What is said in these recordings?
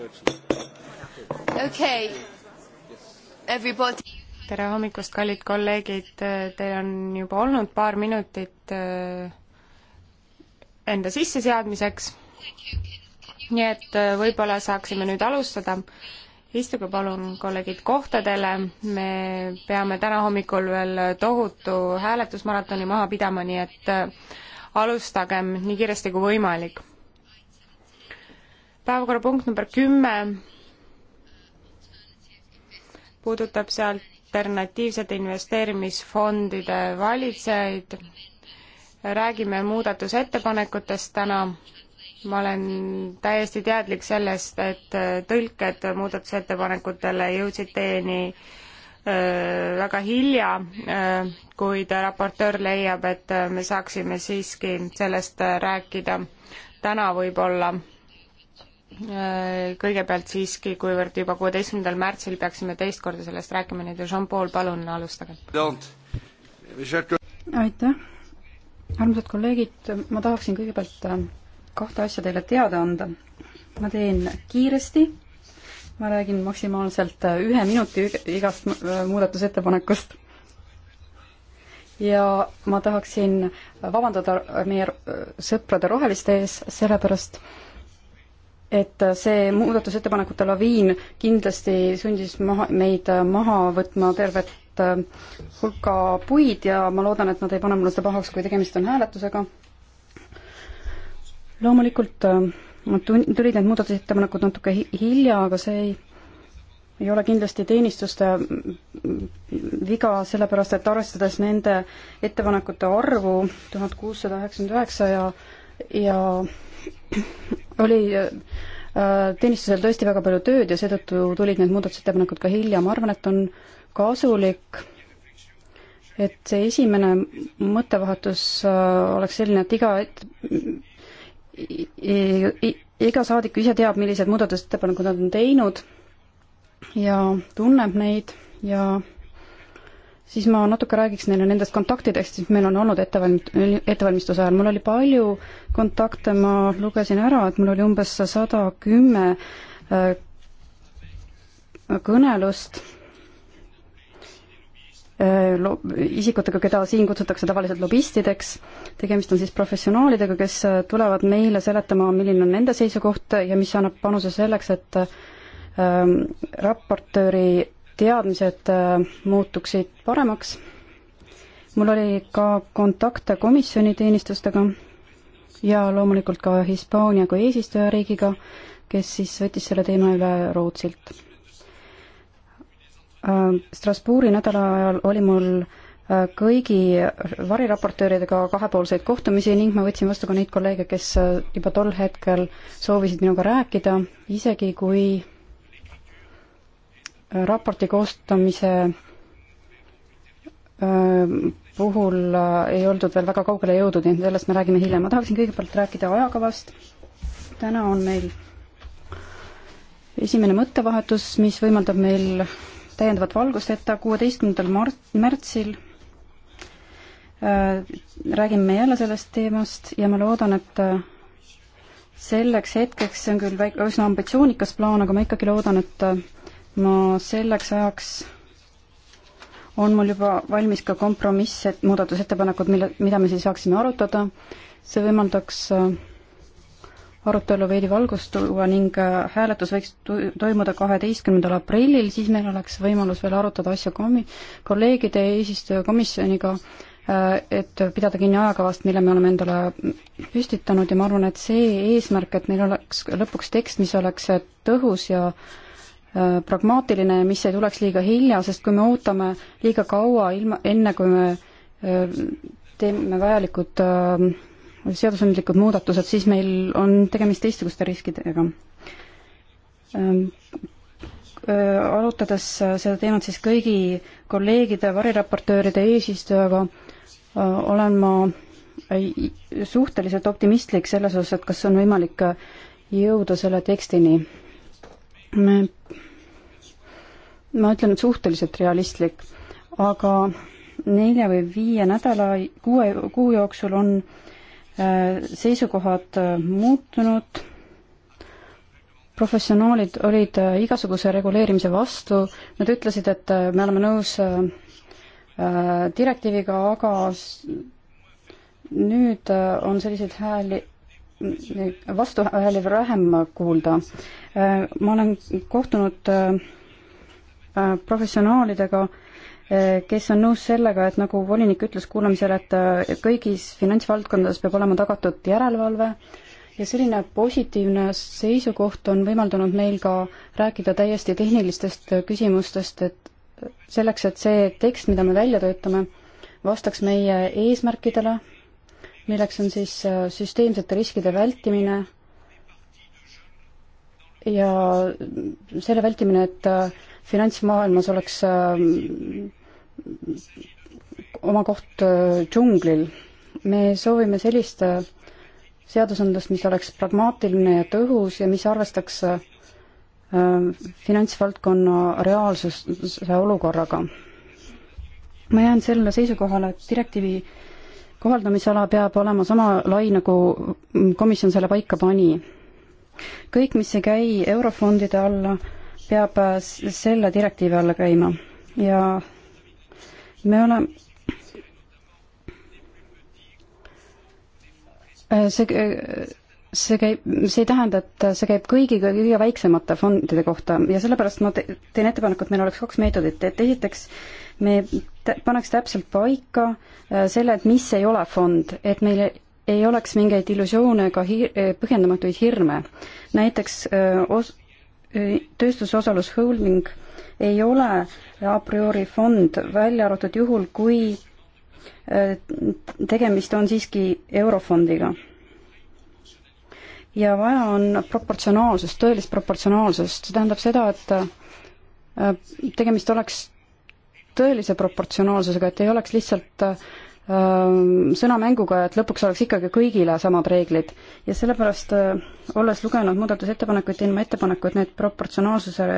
okei okay., everybody. tere hommikust, kallid kolleegid, teil on juba olnud paar minutit eh, enda sisseseadmiseks. nii et eh, võib-olla saaksime nüüd alustada. istuge palun, kolleegid, kohtadele. me peame täna hommikul veel tohutu hääletusmaratoni maha pidama, nii et eh, alustagem nii kiiresti kui võimalik päevakorrapunkt number kümme puudutab see alternatiivsete investeerimisfondide valitsejaid. räägime muudatusettepanekutest täna. ma olen täiesti teadlik sellest, et tõlked muudatusettepanekutele jõudsid teieni väga hilja, kuid raportöör leiab, et me saaksime siiski sellest rääkida täna võib-olla Äh, kõigepealt siiski, kuivõrd juba kuueteistkümnendal märtsil peaksime teist korda sellest rääkima, nii et Jean-Paul, palun alustage. aitäh, armsad kolleegid, ma tahaksin kõigepealt äh, kahte asja teile teada anda. ma teen kiiresti, ma räägin maksimaalselt äh, ühe minuti igast muudatusettepanekust ja ma tahaksin vabandada meie sõprade roheliste ees, sellepärast et see muudatusettepanekute laviin kindlasti sundis maha, meid maha võtma tervet äh, hulka puid ja ma loodan, et nad ei pane mulle seda pahaks, kui tegemist on hääletusega. loomulikult äh, tulid need muudatusettepanekud natuke hilja, aga see ei ei ole kindlasti teenistuste viga, sellepärast et arvestades nende ettepanekute arvu, tuhat kuussada üheksakümmend üheksa ja, ja oli äh, teenistusel tõesti väga palju tööd ja seetõttu tulid need muudatusettepanekud ka hilja, ma arvan, et on kasulik, et see esimene mõttevahetus äh, oleks selline, et iga et, iga saadik ise teab, millised muudatusettepanekud nad on teinud ja tunneb neid ja siis ma natuke räägiks neile nendest kontaktidest, mis meil on olnud ettevalmist-, ettevalmistuse ajal. mul oli palju kontakte, ma lugesin ära, et mul oli umbes sada kümme äh, kõnelust äh, isikutega, keda siin kutsutakse tavaliselt lobistideks. tegemist on siis professionaalidega, kes tulevad meile seletama, milline on nende seisukoht ja mis annab panuse selleks, et ähm, raportööri teadmised äh, muutuksid paremaks. mul oli ka kontakte komisjoni teenistustega ja loomulikult ka Hispaania kui eesistujariigiga, kes siis võttis selle teema üle Rootsilt. Äh, Strasbourgi nädala ajal oli mul äh, kõigi variraportööridega kahepoolseid kohtumisi ning ma võtsin vastu ka neid kolleege, kes juba tol hetkel soovisid minuga rääkida, isegi kui raporti koostamise puhul äh, ei oldud veel väga kaugele jõudnud, nii et sellest me räägime hiljem. ma tahaksin kõigepealt rääkida ajakavast. täna on meil esimene mõttevahetus, mis võimaldab meil täiendavat valgust jätta. kuueteistkümnendal mart-, märtsil räägime jälle sellest teemast ja ma loodan, et äh, selleks hetkeks, see on küll väike, üsna ambitsioonikas plaan, aga ma ikkagi loodan, et äh, ma selleks ajaks on mul juba valmis ka kompromiss, et muudatusettepanekud, mille, mida me siis saaksime arutada, see võimaldaks äh, arutelu veidi valgustuua ning äh, hääletus võiks toimuda kaheteistkümnendal aprillil, siis meil oleks võimalus veel arutada asju komi-, kolleegide eesistuja komisjoniga, äh, et pidada kinni ajakavast, mille me oleme endale püstitanud ja ma arvan, et see eesmärk, et meil oleks lõpuks tekst, mis oleks tõhus ja äh, Äh, pragmaatiline ja mis ei tuleks liiga hilja, sest kui me ootame liiga kaua ilma, enne kui me äh, teeme vajalikud äh, seadusandlikud muudatused, siis meil on tegemist teistsuguste riskidega. Ähm, arutades seda teemat siis kõigi kolleegide, variraportööride, eesistujaga, olen ma suhteliselt optimistlik selles osas, et kas on võimalik jõuda selle tekstini. me ma ütlen, et suhteliselt realistlik, aga nelja või viie nädala, kuue kuu jooksul on äh, seisukohad äh, muutunud, professionaalid olid äh, igasuguse reguleerimise vastu, nad ütlesid, et me oleme nõus direktiiviga, aga nüüd on selliseid hääli, vastuhääli vähem kuulda. ma olen kohtunud Äh, professionaalidega, äh, kes on nõus sellega, et nagu volinik ütles kuulamisel, et äh, kõigis finantsvaldkondades peab olema tagatud järelevalve ja selline positiivne seisukoht on võimaldanud meil ka rääkida täiesti tehnilistest küsimustest, et selleks, et see tekst, mida me välja töötame, vastaks meie eesmärkidele, milleks on siis süsteemsete riskide vältimine ja selle vältimine, et finantsmaailmas oleks ähm, oma koht äh, džunglil. me soovime sellist äh, seadusandlust, mis oleks pragmaatiline ja tõhus ja mis arvestaks äh, finantsvaldkonna reaalsuse olukorraga. ma jään sellele seisukohale, et direktiivi kohaldamisala peab olema sama lai, nagu komisjon selle paika pani. kõik, mis ei käi eurofondide alla, peab äh, selle direktiivi alla käima ja me oleme äh, see, äh, see käib, see ei tähenda, et see käib kõigi kõige väiksemate fondide kohta ja sellepärast ma te, teen ettepaneku, et meil oleks kaks meetodit, et esiteks me paneks täpselt paika selle, et mis ei ole fond, et meil ei oleks mingeid illusioone ega hir põhjendamatuid hirme. näiteks os-, tööstusosalus holding ei ole a priori fond, välja arvatud juhul, kui äh, tegemist on siiski eurofondiga. ja vaja on proportsionaalsust, tõelist proportsionaalsust, see tähendab seda, et äh, tegemist oleks tõelise proportsionaalsusega, et ei oleks lihtsalt äh, sõna mänguga, et lõpuks oleks ikkagi kõigile samad reeglid. ja sellepärast, olles lugenud muudatusettepanekuid, teen ma ettepaneku, et need proportsionaalsuse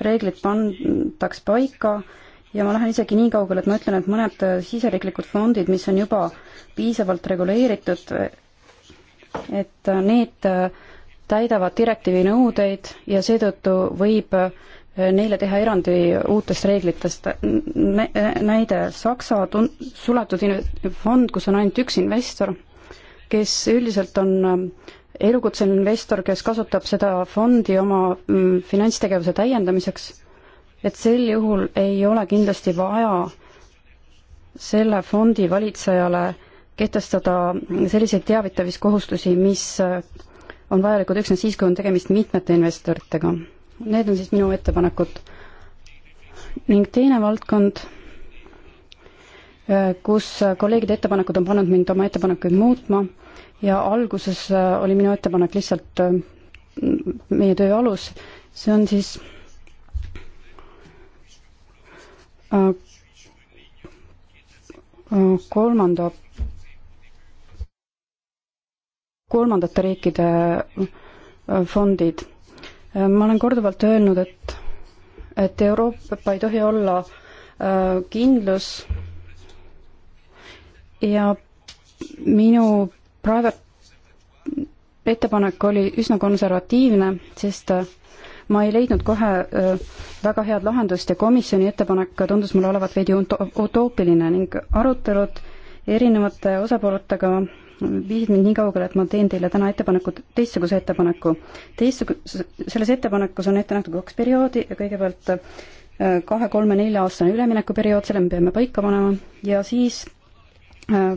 reeglid pandaks paika ja ma lähen isegi nii kaugele, et ma ütlen, et mõned siseriiklikud fondid, mis on juba piisavalt reguleeritud, et need täidavad direktiivi nõudeid ja seetõttu võib äh, neile teha erandi uutest reeglitest. näide Saksa tun-, suletud fond, kus on ainult üks investor, kes üldiselt on ähm, elukutseline investor, kes kasutab seda fondi oma mm, finantstegevuse täiendamiseks, et sel juhul ei ole kindlasti vaja selle fondi valitsejale kehtestada selliseid teavitamiskohustusi, mis äh, on vajalikud üksnes siis, kui on tegemist mitmete investoritega Need on siis minu ettepanekud. ning teine valdkond, äh, kus kolleegide ettepanekud on pannud mind oma ettepanekuid muutma ja alguses äh, oli minu ettepanek lihtsalt äh, meie töö alus, see on siis kolmanda, kolmandate riikide fondid ma olen korduvalt öelnud, et, et Euroopa ei tohi olla äh, kindlus ja minu praegu ettepanek oli üsna konservatiivne, sest äh, ma ei leidnud kohe äh, väga head lahendust ja komisjoni ettepanek tundus mulle olevat veidi utoopiline ning arutelud erinevate osapooltega viisid mind nii kaugele, et ma teen teile täna ettepaneku, teistsuguse ettepaneku. teistsuguse, selles ettepanekus on ette nähtud kaks perioodi ja kõigepealt äh, kahe-kolme-nelja-aastane üleminekuperiood, selle me peame paika panema, ja siis äh,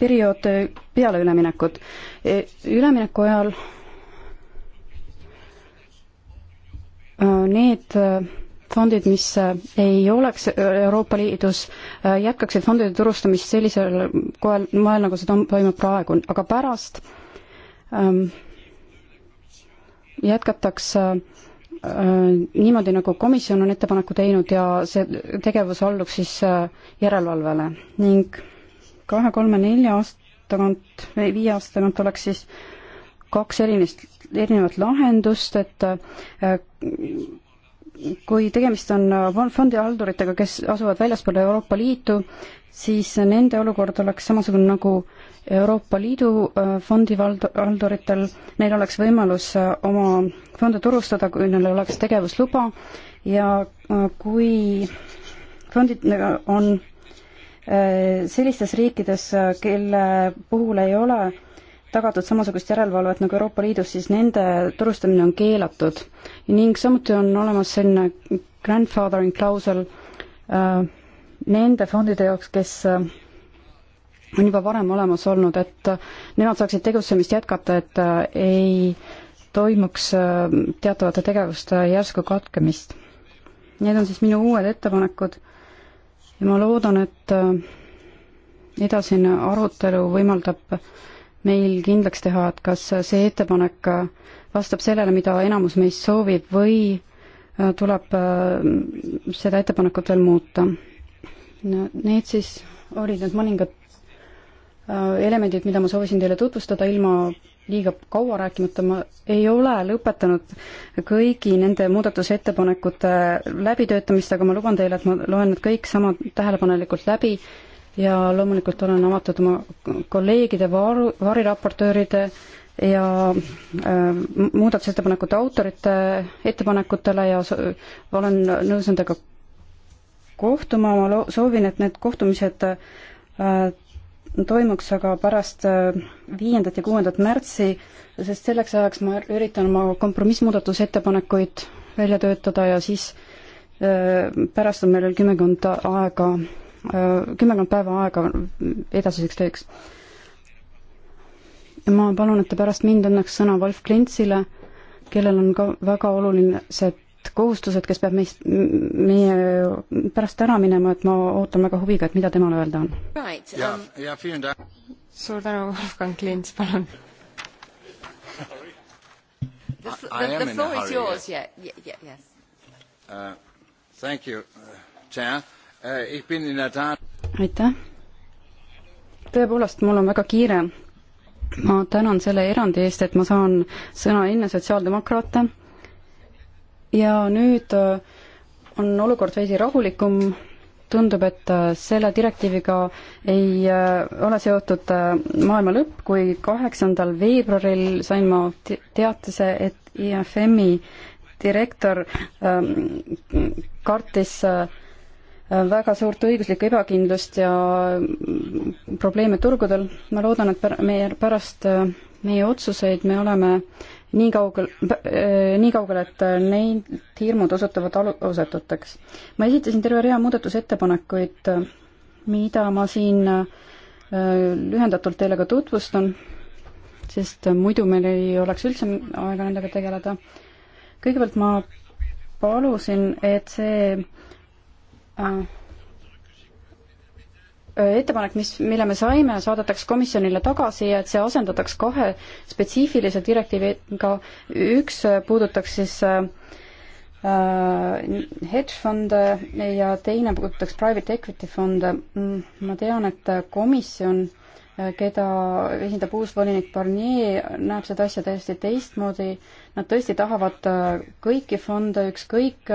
periood äh, peale üleminekut. E, ülemineku ajal need fondid, mis äh, ei oleks äh, Euroopa Liidus, äh, jätkaksid fondide turustamist sellisel koel, moel, nagu see toimub praegu, aga pärast ähm, jätkatakse äh, niimoodi, nagu komisjon on ettepaneku teinud ja see tegevus alluks siis järelevalvele ning kahe-kolme-nelja aasta tagant või viie aasta tagant oleks siis kaks erinevist, erinevat lahendust, et kui tegemist on fondihalduritega, kes asuvad väljaspool Euroopa Liitu, siis nende olukord oleks samasugune nagu Euroopa Liidu äh, fondihalduritel, neil oleks võimalus äh, oma fonde turustada, kui neil oleks tegevusluba ja äh, kui fondid on sellistes riikides, kelle puhul ei ole tagatud samasugust järelevalvet nagu Euroopa Liidus, siis nende turustamine on keelatud. ning samuti on olemas selline grandfathering klausel äh, nende fondide jaoks, kes äh, on juba varem olemas olnud, et äh, nemad saaksid tegutsemist jätkata, et äh, ei toimuks äh, teatavate tegevuste järsku katkemist. Need on siis minu uued ettepanekud ja ma loodan, et äh, edasine arutelu võimaldab äh, meil kindlaks teha, et kas see ettepanek vastab sellele, mida enamus meist soovib või äh, tuleb äh, seda ettepanekut veel muuta. no need siis olid need mõningad äh, elemendid, mida ma soovisin teile tutvustada, ilma liiga kaua rääkimata, ma ei ole lõpetanud kõigi nende muudatusettepanekute läbitöötamist, aga ma luban teile, et ma loen need kõik sama tähelepanelikult läbi ja loomulikult olen avatud oma kolleegide, varu, variraportööride ja ähm, muudatusettepanekute autorite ettepanekutele ja olen nõus nendega kohtuma, ma lo-, soovin, et need kohtumised äh, toimuks aga pärast äh, viiendat ja kuuendat märtsi, sest selleks ajaks ma üritan oma kompromissmuudatusettepanekuid välja töötada ja siis äh, pärast on meil veel kümmekond aega Äh, kümmekond päeva aega edasiseks tööks. ma palun, et te pärast mind annaks sõna Wolf Klintsile, kellel on ka väga olulised kohustused, kes peab meist, meie pärast ära minema, et ma ootan väga huviga, et mida temal öelda on right,. Um... Ja, ja, suur tänu, Wolfgang Klints, palun The, the, the floor is yours. Yeah, yeah, yes. Uh, thank you, uh, Chair. Eh, aitäh. tõepoolest, mul on väga kiire. ma tänan selle erandi eest, et ma saan sõna enne sotsiaaldemokraate. ja nüüd eh, on olukord veidi rahulikum tundub, et eh, selle direktiiviga ei ole seotud maailma lõpp, kui kaheksandal veebruaril sain ma teatise, et IFM-i direktor kartis äh, väga suurt õiguslikku ebakindlust ja probleeme turgudel. ma loodan, et meie pärast äh, meie otsuseid me oleme nii kaugel, äh, nii kaugel, et äh, neid hirmud osutuvad alusetuteks. ma esitasin terve rea muudatusettepanekuid, mida ma siin lühendatult teile ka tutvustan, sest muidu meil ei oleks üldse aega nendega tegeleda. kõigepealt ma palusin, et see Äh, äh, ettepanek, mis, mille me saime, saadetakse komisjonile tagasi, et see asendataks kahe spetsiifilise direktiiviga, üks äh, puudutaks siis hedge fonde ja teine puudutaks private equity fonde. Mm, ma tean, et komisjon keda esindab uus volinik Barnier, näeb seda asja täiesti teistmoodi. Nad tõesti tahavad kõiki fonde, ükskõik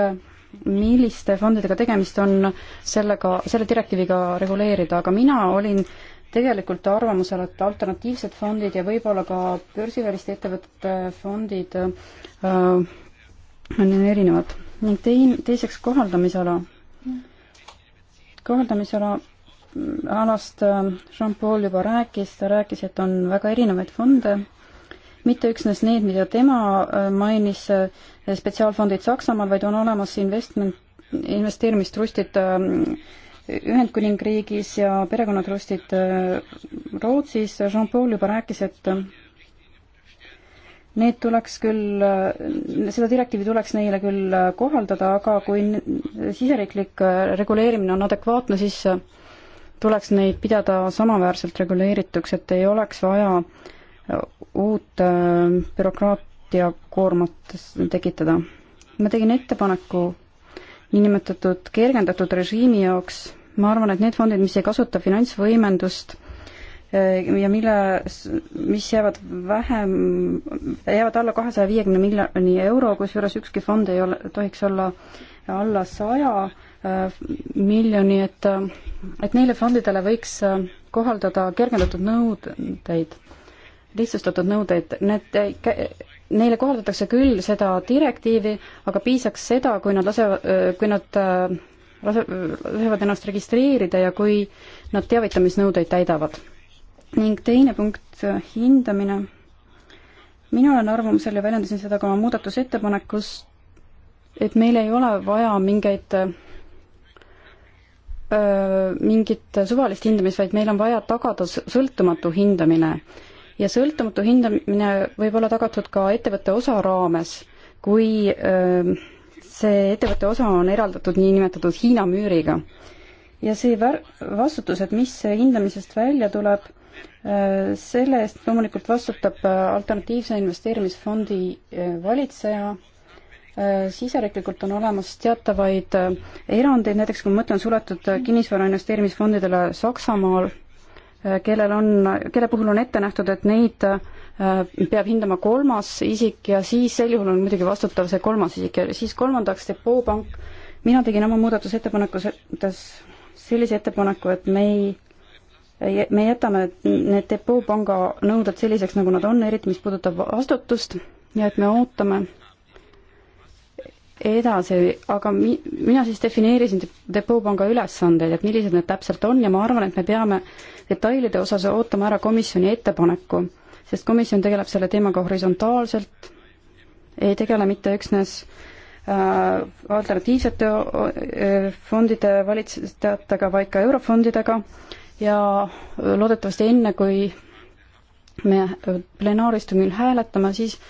milliste fondidega tegemist on, sellega, selle direktiiviga reguleerida, aga mina olin tegelikult arvamusel, et alternatiivsed fondid ja võib-olla ka börsiväliste ettevõtete fondid äh, on erinevad. ning tein-, teiseks kohaldamisala. kohaldamisala äh, alast äh, Jean-Paul juba rääkis, ta rääkis, et on väga erinevaid fonde mitte üksnes need, mida tema äh, mainis, äh, spetsiaalfondid Saksamaal, vaid on olemas investment, investeerimistrustid äh, Ühendkuningriigis ja perekonnatrustid Rootsis. Jean-Paul juba rääkis, et need tuleks küll, seda direktiivi tuleks neile küll kohaldada, aga kui siseriiklik reguleerimine on adekvaatne, siis tuleks neid pidada samaväärselt reguleerituks, et ei oleks vaja äh, uut äh, bürokraatiakoormat tekitada. ma tegin ettepaneku niinimetatud kergendatud režiimi jaoks, ma arvan, et need fondid, mis ei kasuta finantsvõimendust äh, ja mille, mis jäävad vähem, jäävad alla kahesaja viiekümne miljoni euro, kusjuures ükski fond ei ole, tohiks olla alla saja äh, miljoni, et, et neile fondidele võiks kohaldada kergendatud nõudeid lihtsustatud nõudeid, need, neile kohaldatakse küll seda direktiivi, aga piisaks seda, kui nad lasevad, kui nad äh, lase, lasevad ennast registreerida ja kui nad teavitamisnõudeid täidavad. ning teine punkt, äh, hindamine. mina olen arvamusel ja väljendasin seda ka oma muudatusettepanekus, et meil ei ole vaja mingeid äh, mingit suvalist hindamist, vaid meil on vaja tagada sõltumatu hindamine ja sõltumatu hindamine võib olla tagatud ka ettevõtte osa raames, kui see ettevõtte osa on eraldatud niinimetatud Hiina müüriga. ja see vär-, vastutus, et mis hindamisest välja tuleb, selle eest loomulikult vastutab alternatiivse investeerimisfondi valitseja, siseriiklikult on olemas teatavaid erandeid, näiteks kui ma mõtlen suletud kinnisvara investeerimisfondidele Saksamaal kellel on, kelle puhul on ette nähtud, et neid äh, peab hindama kolmas isik ja siis sel juhul on muidugi vastutav see kolmas isik ja siis kolmandaks Depoo pank. mina tegin oma muudatusettepanekus sellise ettepaneku, et me ei me jätame need Depoo panga nõuded selliseks, nagu nad on, eriti mis puudutab vastutust ja et me ootame edasi, aga mi-, mina siis defineerisin Depoopanga ülesandeid, et millised need täpselt on ja ma arvan, et me peame detailide osas ootama ära komisjoni ettepaneku, sest komisjon tegeleb selle teemaga horisontaalselt, ei tegele mitte üksnes äh, alternatiivsete äh, fondide valitsejatega, vaid ka eurofondidega ja loodetavasti enne, kui me plenaaristumil hääletame, siis äh,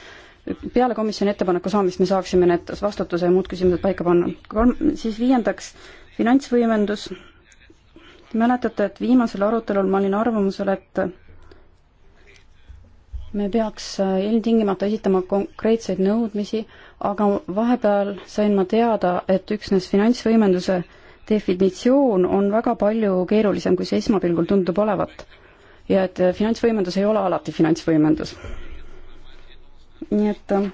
peale komisjoni ettepaneku saamist me saaksime need vastutuse ja muud küsimused paika panna. kolm, siis viiendaks, finantsvõimendus. mäletate, et viimasel arutelul ma olin arvamusel, et me peaks ilmtingimata esitama konkreetseid nõudmisi, aga vahepeal sain ma teada, et üksnes finantsvõimenduse definitsioon on väga palju keerulisem, kui see esmapilgul tundub olevat. ja et finantsvõimendus ei ole alati finantsvõimendus nii et äh,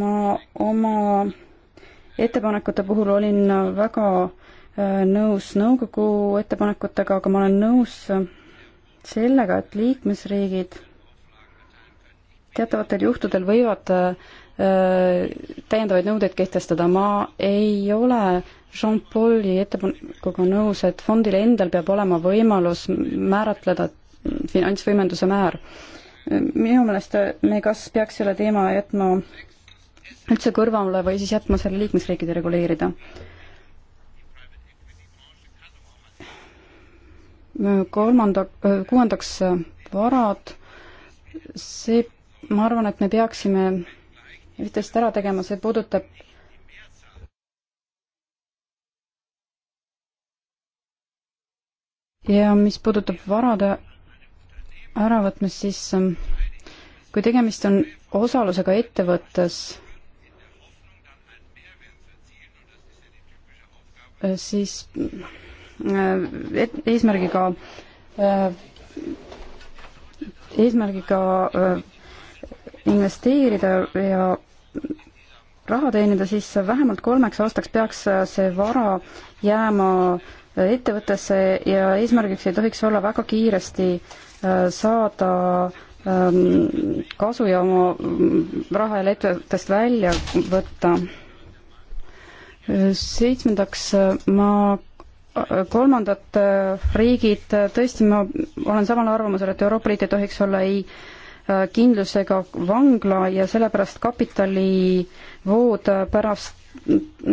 ma oma ettepanekute puhul olin väga äh, nõus nõukogu ettepanekutega, aga ma olen nõus sellega, et liikmesriigid teatavatel juhtudel võivad äh, täiendavaid nõudeid kehtestada, ma ei ole Jean-Pauli ettepanekuga nõus, et fondil endal peab olema võimalus määratleda finantsvõimenduse määr minu meelest me kas peaks selle teema jätma üldse kõrvale või siis jätma selle liikmesriikide reguleerida. kolmanda, kuuendaks varad, see, ma arvan, et me peaksime ühte asja ära tegema, see puudutab ja mis puudutab varade äravõtmist, siis ähm, kui tegemist on osalusega ettevõttes, äh, siis äh, eesmärgiga, äh, eesmärgiga investeerida ja raha teenida, siis vähemalt kolmeks aastaks peaks see vara jääma ettevõttesse ja eesmärgiks ei tohiks olla väga kiiresti äh, saada ähm, kasu ja oma mm, raha elektritest välja võtta. seitsmendaks äh, ma äh, kolmandad äh, riigid, tõesti, ma olen samal arvamusel, et Euroopa Liit ei tohiks olla ei kindlusega vangla ja sellepärast kapitalivood pärast,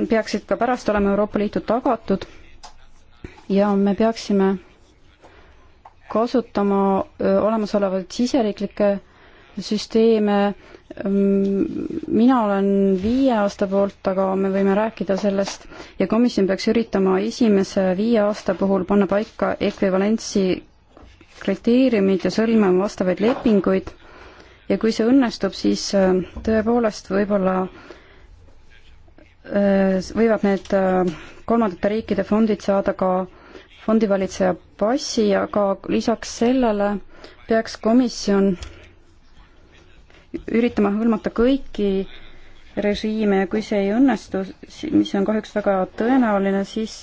peaksid ka pärast olema Euroopa Liitu tagatud ja me peaksime kasutama olemasolevaid siseriiklikke süsteeme. mina olen viie aasta poolt, aga me võime rääkida sellest ja komisjon peaks üritama esimese viie aasta puhul panna paika ekvivalentsi kriteeriumid ja sõlmima vastavaid lepinguid. ja kui see õnnestub, siis tõepoolest võib-olla võivad need kolmandate riikide fondid saada ka fondivalitseja passi, aga lisaks sellele peaks komisjon üritama hõlmata kõiki režiime ja kui see ei õnnestu, mis on kahjuks väga tõenäoline, siis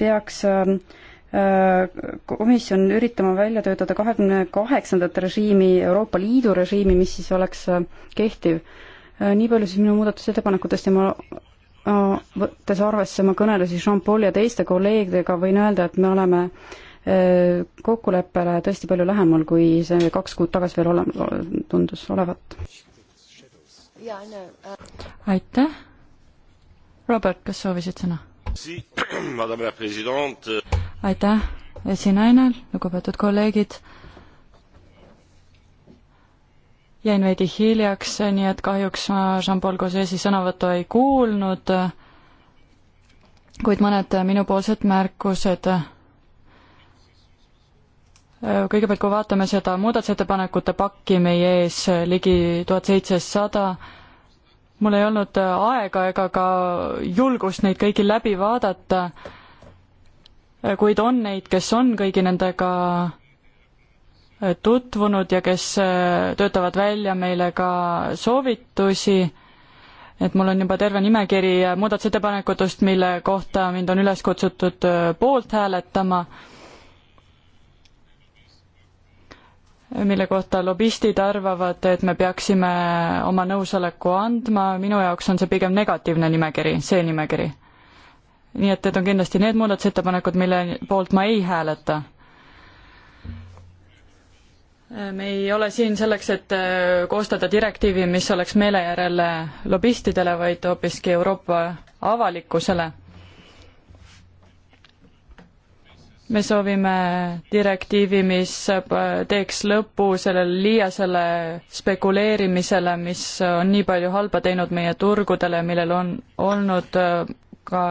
peaks ähm, äh, komisjon üritama välja töötada kahekümne kaheksandat režiimi, Euroopa Liidu režiimi, mis siis oleks äh, kehtiv. Äh, nii palju siis minu muudatusettepanekutest ja ma võttes arvesse oma kõnelusi Jean-Paul ja teiste kolleegidega, võin öelda, et me oleme e, kokkuleppele tõesti palju lähemal, kui see kaks kuud tagasi veel ole-, tundus olevat. aitäh. Robert, kas soovisid sõna? aitäh, esinaine, lugupeetud kolleegid jäin veidi hiljaks, nii et kahjuks ma Jean-Paul Gauzesi sõnavõttu ei kuulnud, kuid mõned minupoolsed märkused. kõigepealt, kui vaatame seda muudatusettepanekute pakki meie ees, ligi tuhat seitsesada, mul ei olnud aega ega ka julgust neid kõiki läbi vaadata, kuid on neid, kes on kõigi nendega tutvunud ja kes äh, töötavad välja meile ka soovitusi, et mul on juba terve nimekiri muudatusettepanekutest, mille kohta mind on üles kutsutud äh, poolt hääletama, mille kohta lobistid arvavad, et me peaksime oma nõusoleku andma, minu jaoks on see pigem negatiivne nimekiri, see nimekiri. nii et need on kindlasti need muudatusettepanekud, mille poolt ma ei hääleta me ei ole siin selleks, et äh, koostada direktiivi, mis oleks meele järel lobistidele, vaid hoopiski Euroopa avalikkusele. me soovime direktiivi, mis äh, teeks lõpu sellele liiasele spekuleerimisele, mis on nii palju halba teinud meie turgudele, millel on olnud äh, ka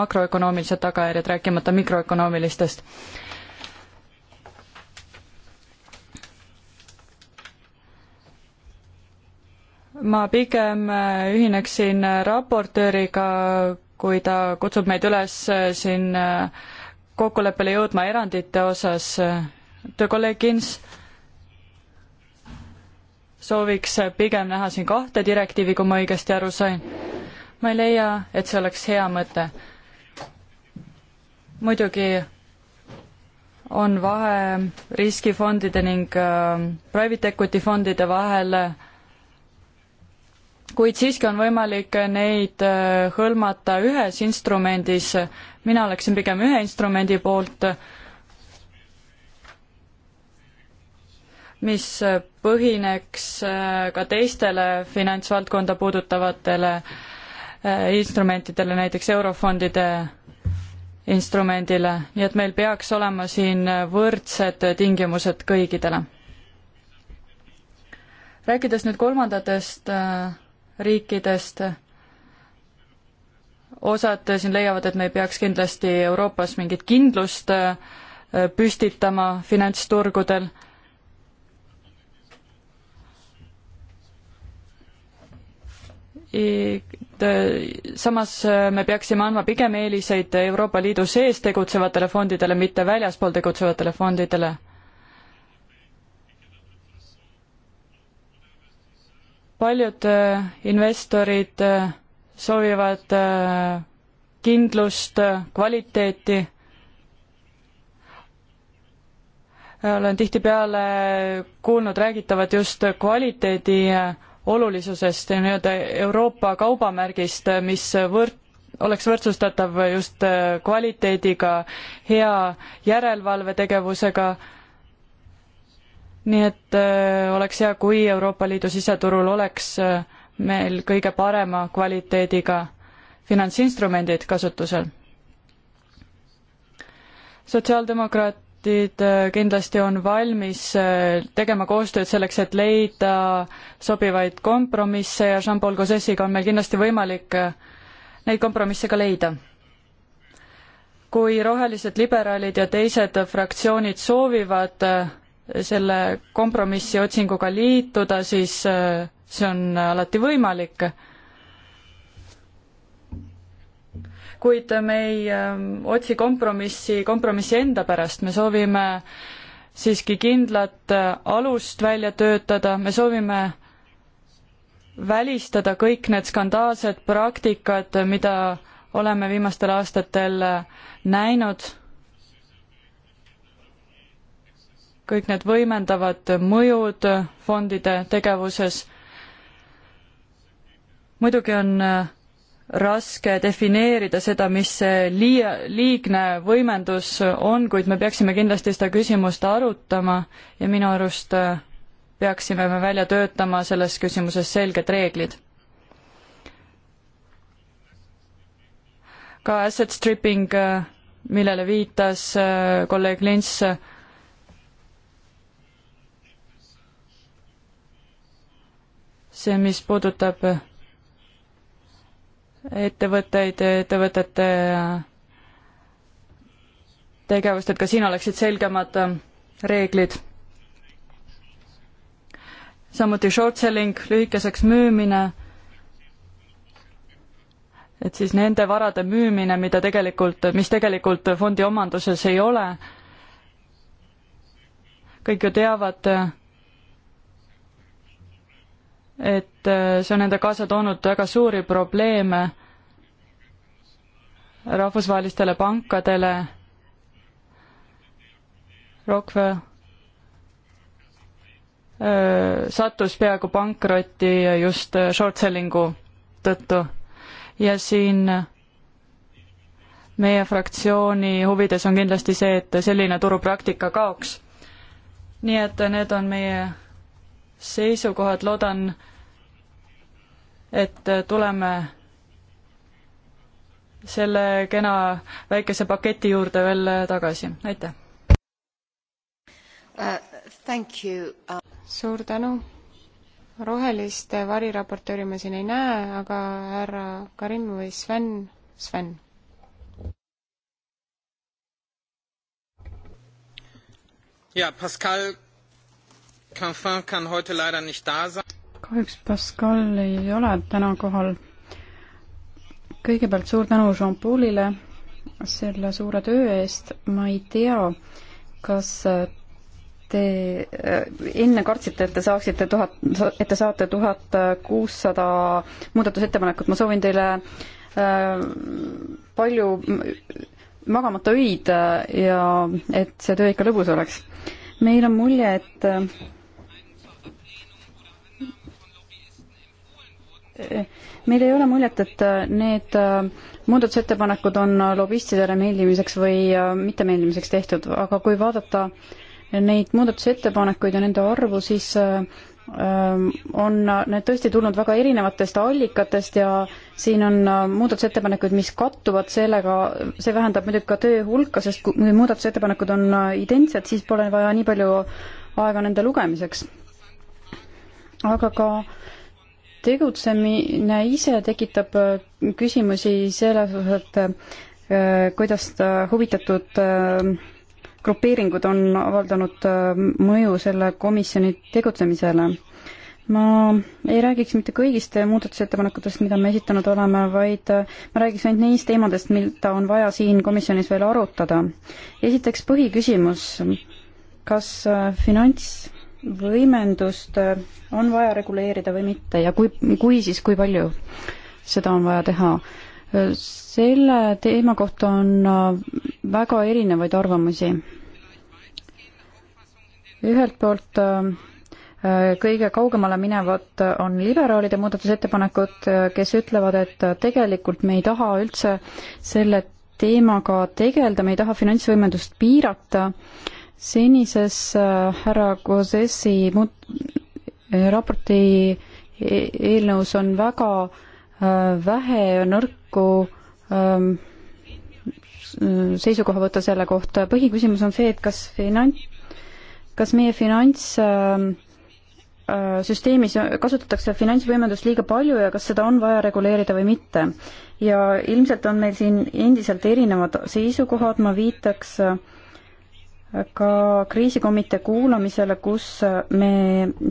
makroökonoomilised tagajärjed, rääkimata mikroökonoomilistest ma pigem äh, ühineksin äh, raportööriga, kui ta kutsub meid üles äh, siin kokkuleppele jõudma erandite osas. kolleeg Kins sooviks pigem näha siin kahte direktiivi, kui ma õigesti aru sain. ma ei leia, et see oleks hea mõte. muidugi on vahe riskifondide ning private equity fondide vahel äh, kuid siiski on võimalik neid äh, hõlmata ühes instrumendis, mina oleksin pigem ühe instrumendi poolt, mis põhineks äh, ka teistele finantsvaldkonda puudutavatele äh, instrumentidele, näiteks eurofondide instrumendile, nii et meil peaks olema siin võrdsed tingimused kõigidele. rääkides nüüd kolmandatest äh, riikidest. osad siin leiavad, et me ei peaks kindlasti Euroopas mingit kindlust äh, püstitama finantsturgudel. samas äh, me peaksime andma pigem eeliseid Euroopa Liidu sees tegutsevatele fondidele, mitte väljaspool tegutsevatele fondidele paljud äh, investorid äh, soovivad äh, kindlust, kvaliteeti. olen tihtipeale kuulnud räägitavat just kvaliteedi olulisusest ja nii-öelda Euroopa kaubamärgist, mis võrd-, oleks võrdsustatav just kvaliteediga, hea järelevalvetegevusega nii et äh, oleks hea, kui Euroopa Liidu siseturul oleks äh, meil kõige parema kvaliteediga finantsinstrumendid kasutusel. sotsiaaldemokraatid äh, kindlasti on valmis tegema koostööd selleks, et leida sobivaid kompromisse ja Jean-Paul Gossessiga on meil kindlasti võimalik neid kompromisse ka leida kui rohelised liberaalid ja teised fraktsioonid soovivad selle kompromissi otsinguga liituda, siis äh, see on alati võimalik. kuid me ei ähm, otsi kompromissi kompromissi enda pärast, me soovime siiski kindlat äh, alust välja töötada, me soovime välistada kõik need skandaalsed praktikad, mida oleme viimastel aastatel äh, näinud kõik need võimendavad mõjud fondide tegevuses. muidugi on äh, raske defineerida seda, mis see lii-, liigne võimendus on, kuid me peaksime kindlasti seda küsimust arutama ja minu arust äh, peaksime me välja töötama selles küsimuses selged reeglid. ka asset stripping, äh, millele viitas kolleeg Lints, see, mis puudutab ettevõtteid, ettevõtete tegevust, et ka siin oleksid selgemad reeglid. samuti short selling, lühikeseks müümine, et siis nende varade müümine, mida tegelikult, mis tegelikult fondi omanduses ei ole, kõik ju teavad, et äh, see on enda kaasa toonud väga suuri probleeme rahvusvahelistele pankadele. Rockwell äh, sattus peaaegu pankrotti just äh, short selling'u tõttu ja siin meie fraktsiooni huvides on kindlasti see, et selline turupraktika kaoks. nii et need on meie seisukohad, loodan, et tuleme selle kena väikese paketi juurde veel tagasi, aitäh uh,! Uh... suur tänu! roheliste variraportööri ma siin ei näe, aga härra Karim või Sven, Sven. jaa, Pascal kahjuks Pascal ei ole täna kohal. kõigepealt suur tänu Jean-Paulile selle suure töö eest, ma ei tea, kas te äh, enne kartsite, et te saaksite tuhat, et te saate tuhat kuussada muudatusettepanekut, ma soovin teile äh, palju magamata öid äh, ja et see töö ikka lõbus oleks. meil on mulje, et äh, meil ei ole muljet, et äh, need äh, muudatusettepanekud on äh, lobistidele meeldimiseks või mittemeeldimiseks tehtud, aga kui vaadata neid muudatusettepanekuid ja nende arvu, siis on need tõesti tulnud väga erinevatest allikatest ja siin on muudatusettepanekuid, mis kattuvad sellega, see vähendab muidugi ka töö hulka, sest kui muudatusettepanekud on identsed, siis pole vaja nii palju aega nende lugemiseks. aga ka äh, tegutsemine ise tekitab äh, küsimusi selles osas, et äh, kuidas äh, huvitatud grupeeringud on avaldanud mõju selle komisjoni tegutsemisele. ma ei räägiks mitte kõigist muudatusettepanekutest, mida me esitanud oleme, vaid ma räägiks ainult neist teemadest, mida on vaja siin komisjonis veel arutada. esiteks põhiküsimus, kas finants võimendust äh, on vaja reguleerida või mitte ja kui, kui, siis kui palju seda on vaja teha? selle teema kohta on äh, väga erinevaid arvamusi. ühelt poolt äh, kõige kaugemale minevad on liberaalide muudatusettepanekud, kes ütlevad, et tegelikult me ei taha üldse selle teemaga tegeleda, me ei taha finantsvõimendust piirata äh, senises äh, härra Gozesi raporti e-, eelnõus on väga äh, vähe nõrku ähm, seisukoha võtta selle kohta. põhiküsimus on see, et kas finant, kas meie finants ähm, äh, süsteemis kasutatakse finantsvõimendust liiga palju ja kas seda on vaja reguleerida või mitte. ja ilmselt on meil siin endiselt erinevad seisukohad, ma viitaks äh, ka kriisikomitee kuulamisele, kus me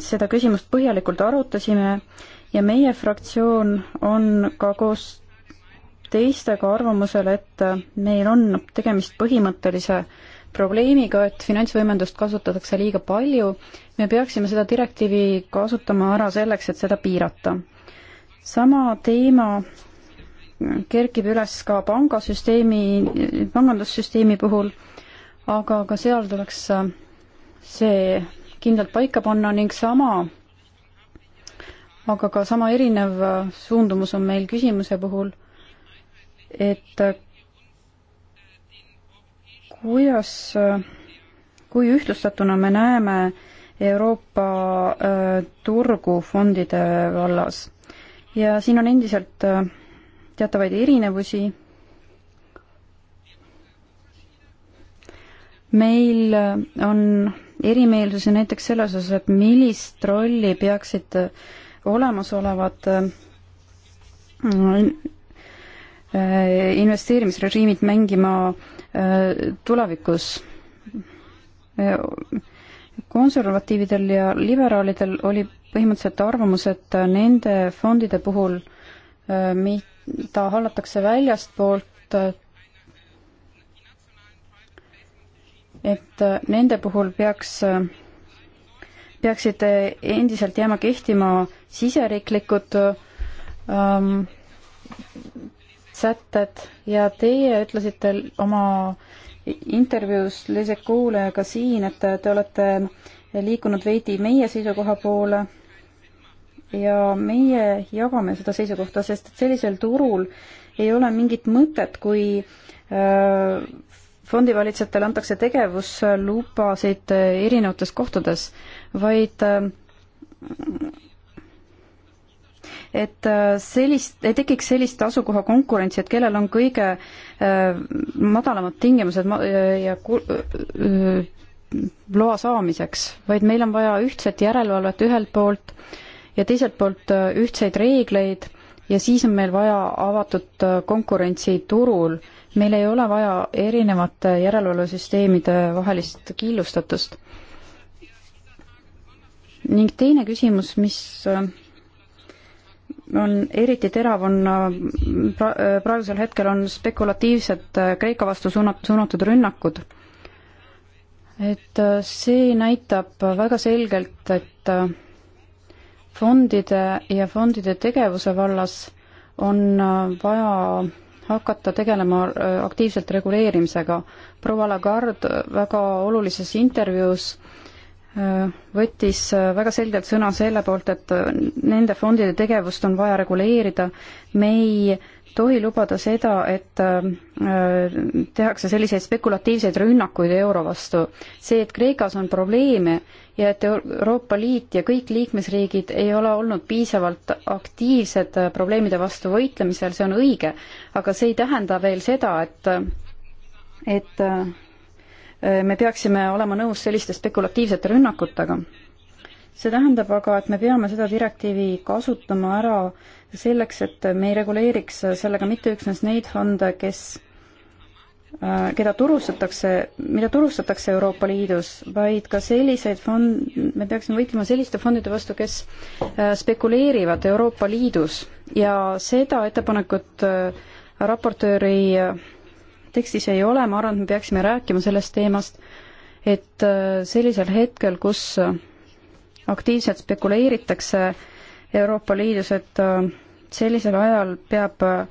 seda küsimust põhjalikult arutasime ja meie fraktsioon on ka koos teistega arvamusel, et meil on tegemist põhimõttelise probleemiga, et finantsvõimendust kasutatakse liiga palju, me peaksime seda direktiivi kasutama ära selleks, et seda piirata. sama teema kerkib üles ka pangasüsteemi, pangandussüsteemi puhul aga ka seal tuleks äh, see kindlalt paika panna ning sama, aga ka sama erinev äh, suundumus on meil küsimuse puhul, et äh, kuidas, kui ühtlustatuna me näeme Euroopa turgu fondide vallas ja siin on endiselt teatavaid erinevusi meil on erimeelsusi näiteks selles osas, et millist rolli peaksid olemasolevad äh, äh, investeerimisrežiimid mängima äh, tulevikus. konservatiividel ja liberaalidel oli põhimõtteliselt arvamus, et nende fondide puhul, mida hallatakse väljastpoolt, et äh, nende puhul peaks, äh, peaksid äh, endiselt jääma kehtima siseriiklikud ähm, sätted ja teie ütlesite oma intervjuus Lise Kuule ka siin, et te olete liikunud veidi meie seisukoha poole ja meie jagame seda seisukohta, sest et sellisel turul ei ole mingit mõtet, kui fondivalitsetele antakse tegevuslubasid äh, erinevates kohtades, vaid äh, et äh, sellist, ei tekiks sellist asukoha konkurentsi, et kellel on kõige äh, madalamad tingimused ma- ja ku- äh,, loa saamiseks, vaid meil on vaja ühtset järelevalvet ühelt poolt ja teiselt poolt ühtseid reegleid ja siis on meil vaja avatud konkurentsi turul äh, meil ei ole vaja erinevate järelevalvesüsteemide vahelist killustatust. ning teine küsimus, mis äh, on eriti terav, on äh, pra-, äh, praegusel hetkel on spekulatiivsed Kreeka vastu suunat-, suunatud rünnakud. et see näitab väga selgelt, et fondide ja fondide tegevuse vallas on vaja hakata tegelema äh, aktiivselt reguleerimisega. proua Lagarde väga olulises intervjuus äh, võttis äh, väga selgelt sõna selle poolt, et nende fondide tegevust on vaja reguleerida. me ei tohi lubada seda, et äh, tehakse selliseid spekulatiivseid rünnakuid euro vastu. see, et Kreekas on probleeme ja et Euroopa Liit ja kõik liikmesriigid ei ole olnud piisavalt aktiivsed äh, probleemide vastu võitlemisel, see on õige, aga see ei tähenda veel seda, et et äh, me peaksime olema nõus selliste spekulatiivsete rünnakutega see tähendab aga, et me peame seda direktiivi kasutama ära selleks, et me ei reguleeriks sellega mitte üksnes neid fonde, kes, äh, keda turustatakse, mida turustatakse Euroopa Liidus, vaid ka selliseid fond, me peaksime võitlema selliste fondide vastu, kes äh, spekuleerivad Euroopa Liidus ja seda ettepanekut äh, raportööri tekstis ei ole, ma arvan, et me peaksime rääkima sellest teemast, et sellisel hetkel, kus aktiivselt spekuleeritakse Euroopa Liidus, et äh, sellisel ajal peab äh,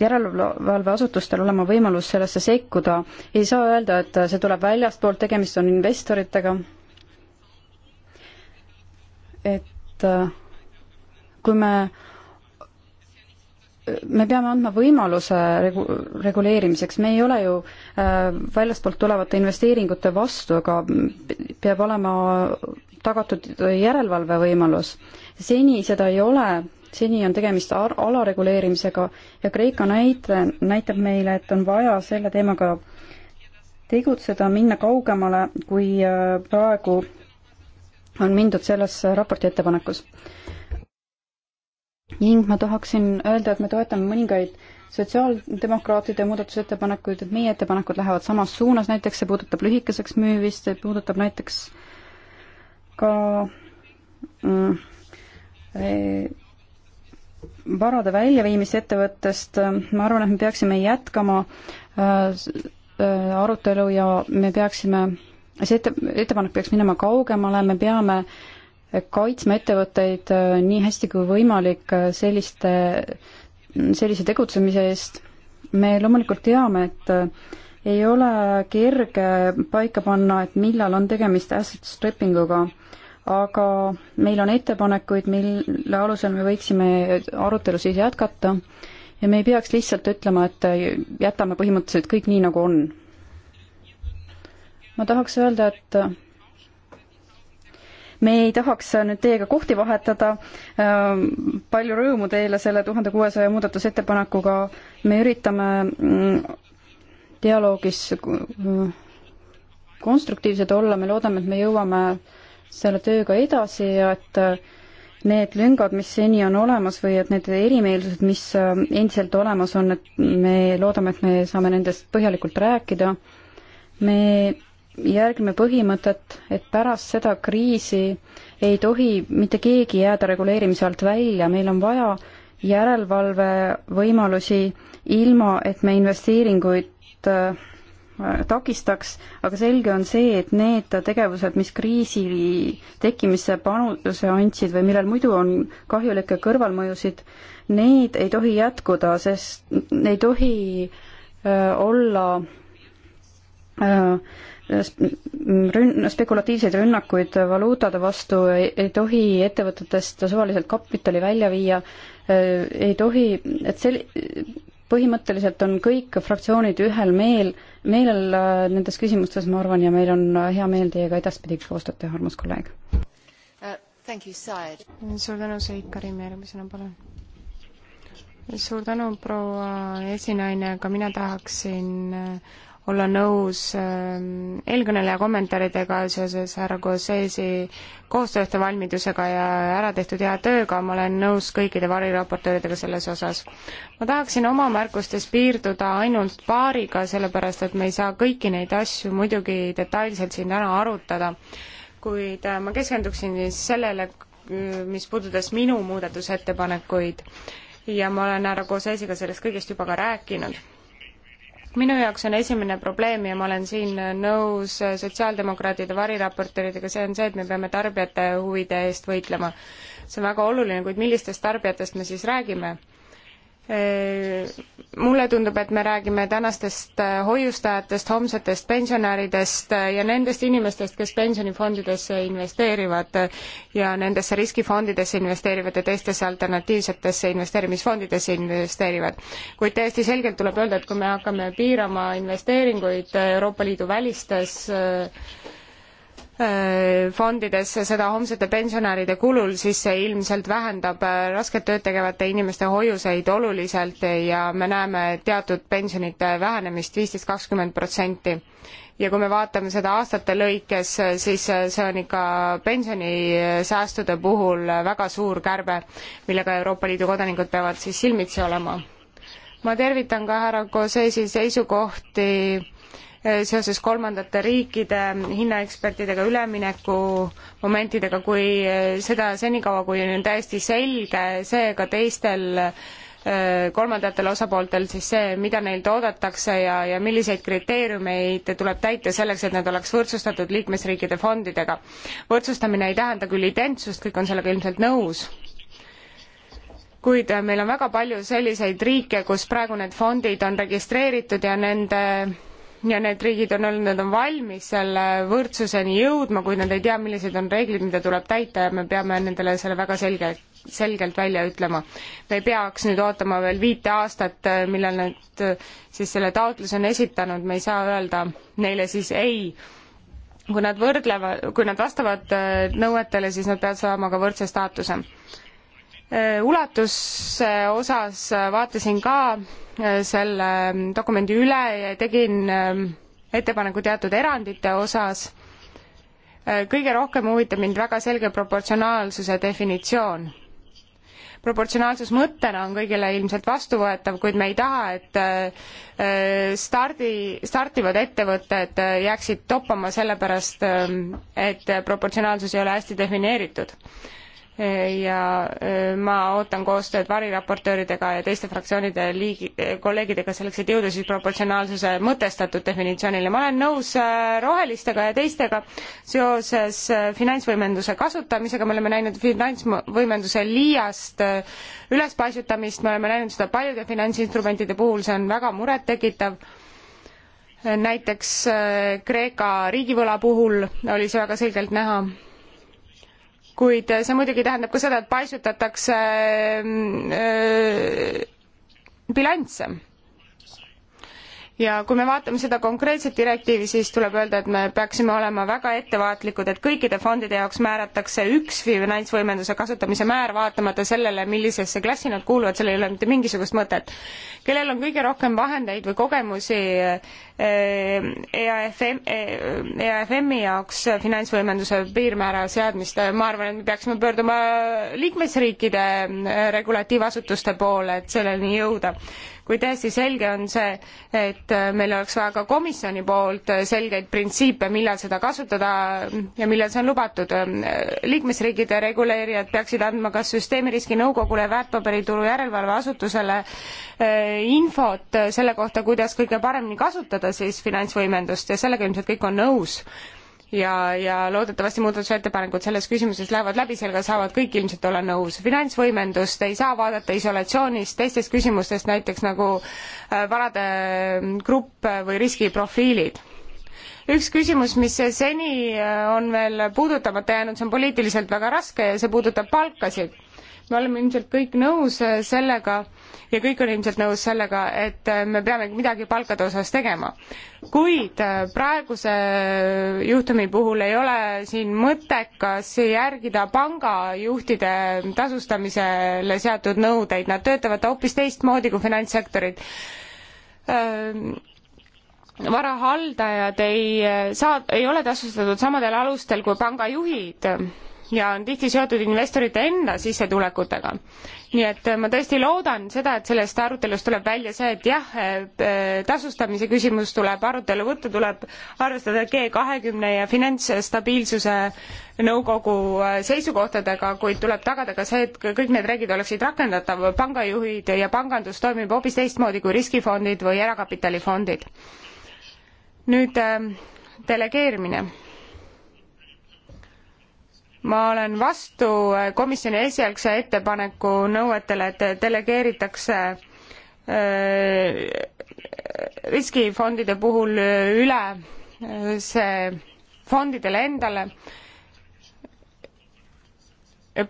järelevalveasutustel olema võimalus sellesse sekkuda. ei saa öelda, et äh, see tuleb väljastpoolt, tegemist on investoritega. et kui me me peame andma võimaluse regu-, reguleerimiseks, me ei ole ju äh, väljastpoolt tulevate investeeringute vastu, aga peab olema tagatud järelevalve võimalus. seni seda ei ole, seni on tegemist alareguleerimisega ja Kreeka näite näitab meile, et on vaja selle teemaga tegutseda, minna kaugemale, kui äh, praegu on mindud selles raporti ettepanekus ning ma tahaksin öelda, et me toetame mõningaid sotsiaaldemokraatide muudatusettepanekuid, et meie ettepanekud lähevad samas suunas, näiteks see puudutab lühikeseks müümist, see puudutab näiteks ka mm, e, varade väljaviimist ettevõttest, ma arvan, et me peaksime jätkama äh, äh, arutelu ja me peaksime, see ette, ettepanek peaks minema kaugemale, me peame äh, kaitsma ettevõtteid äh, nii hästi kui võimalik äh, selliste, sellise tegutsemise eest. me loomulikult teame, et äh, ei ole kerge paika panna, et millal on tegemist asset stripping uga, aga meil on ettepanekuid, mille alusel me võiksime arutelu siis jätkata ja me ei peaks lihtsalt ütlema, et jätame põhimõtteliselt kõik nii, nagu on. ma tahaks öelda, et me ei tahaks nüüd teiega kohti vahetada. Ähm, palju rõõmu teile selle tuhande kuuesaja muudatusettepanekuga. me üritame mm, dialoogis äh, konstruktiivsed olla, me loodame, et me jõuame selle tööga edasi ja et äh, need lüngad, mis seni on olemas või et need erimeelsused, mis äh, endiselt olemas on, et me loodame, et me saame nendest põhjalikult rääkida. me järgime põhimõtet, et pärast seda kriisi ei tohi mitte keegi jääda reguleerimise alt välja, meil on vaja järelevalvevõimalusi, ilma et me investeeringuid äh, takistaks, aga selge on see, et need tegevused, mis kriisi tekkimisse panuse andsid või millel muidu on kahjulikke kõrvalmõjusid, need ei tohi jätkuda, sest ei tohi öö, äh, olla öö, äh, rünn-, spekulatiivseid rünnakuid valuutade vastu ei, ei tohi ettevõtetest suvaliselt kapitali välja viia, äh, ei tohi, et sel-, põhimõtteliselt on kõik fraktsioonid ühel meel, meelel äh, nendes küsimustes, ma arvan, ja meil on äh, hea meel teiega edaspidi koostööd teha, armas kolleeg uh,. suur tänu, Seik Karim, järgmisena palun suur tänu, proua esinaine, ka mina tahaksin äh, olla nõus ähm, eelkõneleja kommentaaridega seoses härra Gossesi koostöövalmidusega ja ära tehtud hea tööga, ma olen nõus kõikide variraportööridega selles osas. ma tahaksin oma märkustes piirduda ainult paariga, sellepärast et me ei saa kõiki neid asju muidugi detailselt siin täna arutada, kuid äh, ma keskenduksin siis sellele, mis puudutas minu muudatusettepanekuid ja ma olen härra Gossesiga sellest kõigest juba ka rääkinud minu jaoks on esimene probleem ja ma olen siin nõus sotsiaaldemokraatide variraportööridega, see on see, et me peame tarbijate huvide eest võitlema. see on väga oluline, kuid millistest tarbijatest me siis räägime? Äh, mulle tundub, et me räägime tänastest äh, hoiustajatest, homsetest pensionäridest äh, ja nendest inimestest, kes pensionifondidesse investeerivad ja nendesse riskifondidesse investeerivad ja teistesse alternatiivsetesse investeerimisfondidesse investeerivad. kuid täiesti selgelt tuleb öelda, et kui me hakkame piirama investeeringuid Euroopa Liidu välistes Äh, fondidesse seda homsete pensionäride kulul, siis see ilmselt vähendab äh, rasket tööd tegevate inimeste hoiuseid oluliselt ja me näeme teatud pensionite vähenemist viisteist, kakskümmend protsenti. ja kui me vaatame seda aastate lõikes, äh, siis see on ikka pensionisäästude puhul väga suur kärbe, millega Euroopa Liidu kodanikud peavad siis silmitsi olema. ma tervitan ka härra Kosesi seisukohti Eh, seoses kolmandate riikide hinnaekspertidega ülemineku momentidega, kui eh, seda senikaua, kui on täiesti selge see ka teistel eh, kolmandatel osapooltel siis see, mida neilt oodatakse ja, ja milliseid kriteeriumeid tuleb täita selleks, et nad oleks võrdsustatud liikmesriikide fondidega. võrdsustamine ei tähenda küll identsust, kõik on sellega ilmselt nõus, kuid meil on väga palju selliseid riike, kus praegu need fondid on registreeritud ja nende ja need riigid on olnud, nad on valmis selle võrdsuseni jõudma, kuid nad ei tea, millised on reeglid, mida tuleb täita ja me peame nendele selle väga selge, selgelt välja ütlema. me ei peaks nüüd ootama veel viite aastat, millal nad siis selle taotluse on esitanud, me ei saa öelda neile siis ei. kui nad võrdlevad, kui nad vastavad äh, nõuetele, siis nad peavad saama ka võrdse staatuse Äh, ulatuse osas äh, vaatasin ka äh, selle mm, dokumendi üle ja tegin ähm, ettepaneku teatud erandite osas. kõige rohkem huvitab mind väga selge proportsionaalsuse definitsioon. proportsionaalsus mõttena on kõigile ilmselt vastuvõetav, kuid me ei taha, et stardi, startivad ettevõtted jääksid toppama sellepärast, ähm, et proportsionaalsus ei ole hästi defineeritud ja e, ma ootan koostööd variraportööridega ja teiste fraktsioonide liigi-, kolleegidega selleks, et jõuda siis proportsionaalsuse mõtestatud definitsioonile. ma olen nõus e, rohelistega ja teistega seoses e, finantsvõimenduse kasutamisega, me oleme näinud finantsvõimenduse liiast ülespaisutamist, me oleme näinud seda paljude finantsinstrumentide puhul, see on väga murettekitav näiteks Kreeka riigivõla puhul oli see väga selgelt näha kuid see muidugi tähendab ka seda, et paisutatakse mm, äh, bilansse ja kui me vaatame seda konkreetset direktiivi, siis tuleb öelda, et me peaksime olema väga ettevaatlikud, et kõikide fondide jaoks määratakse üks finantsvõimenduse kasutamise määr, vaatamata sellele, millisesse klassi nad kuuluvad, sellel ei ole mitte mingisugust mõtet. kellel on kõige rohkem vahendeid või kogemusi EAFM, eh, e EAFM-i eh, e jaoks finantsvõimenduse piirmäära seadmist, ma arvan, et me peaksime pöörduma liikmesriikide eh, regulatiivasutuste poole, et selleni jõuda kui täiesti selge on see, et äh, meil oleks vaja ka komisjoni poolt äh, selgeid printsiipe, millal seda kasutada ja millal see on lubatud. Äh, liikmesriigide reguleerijad peaksid andma kas süsteemiriski nõukogule ja väärtpaberituru järelevalveasutusele infot selle kohta, kuidas kõige paremini kasutada siis finantsvõimendust ja sellega ilmselt kõik on nõus ja, ja loodetavasti muudatusettepanekud selles küsimuses lähevad läbi, sellega saavad kõik ilmselt olla nõus. finantsvõimendust ei saa vaadata isolatsioonis teistest küsimustest, näiteks nagu äh, varade mm, grupp või riskiprofiilid üks küsimus, mis seni äh, on veel puudutamata jäänud, see on poliitiliselt väga raske ja see puudutab palkasid me oleme ilmselt kõik nõus äh, sellega ja kõik on ilmselt nõus sellega, et äh, me peame midagi palkade osas tegema. kuid äh, praeguse juhtumi puhul ei ole siin mõttekas järgida pangajuhtide tasustamisele seatud nõudeid, nad töötavad hoopis teistmoodi kui finantssektorid ähm, varahaldajad ei saa, ei ole tasustatud samadel alustel kui pangajuhid ja on tihti seotud investorite enda sissetulekutega. nii et äh, ma tõesti loodan seda, et sellest arutelust tuleb välja see, et jah, äh, tasustamise küsimus tuleb arutelu võtta, tuleb arvestada G kahekümne ja finantsstabiilsuse nõukogu äh, seisukohtadega, kuid tuleb tagada ka see, et kõik need reeglid oleksid rakendatav, pangajuhid ja pangandus toimib hoopis teistmoodi kui riskifondid või erakapitalifondid. nüüd delegeerimine ma olen vastu äh, komisjoni esialgse ettepaneku nõuetele, et delegeeritakse äh, riskifondide puhul äh, üle see fondidele endale.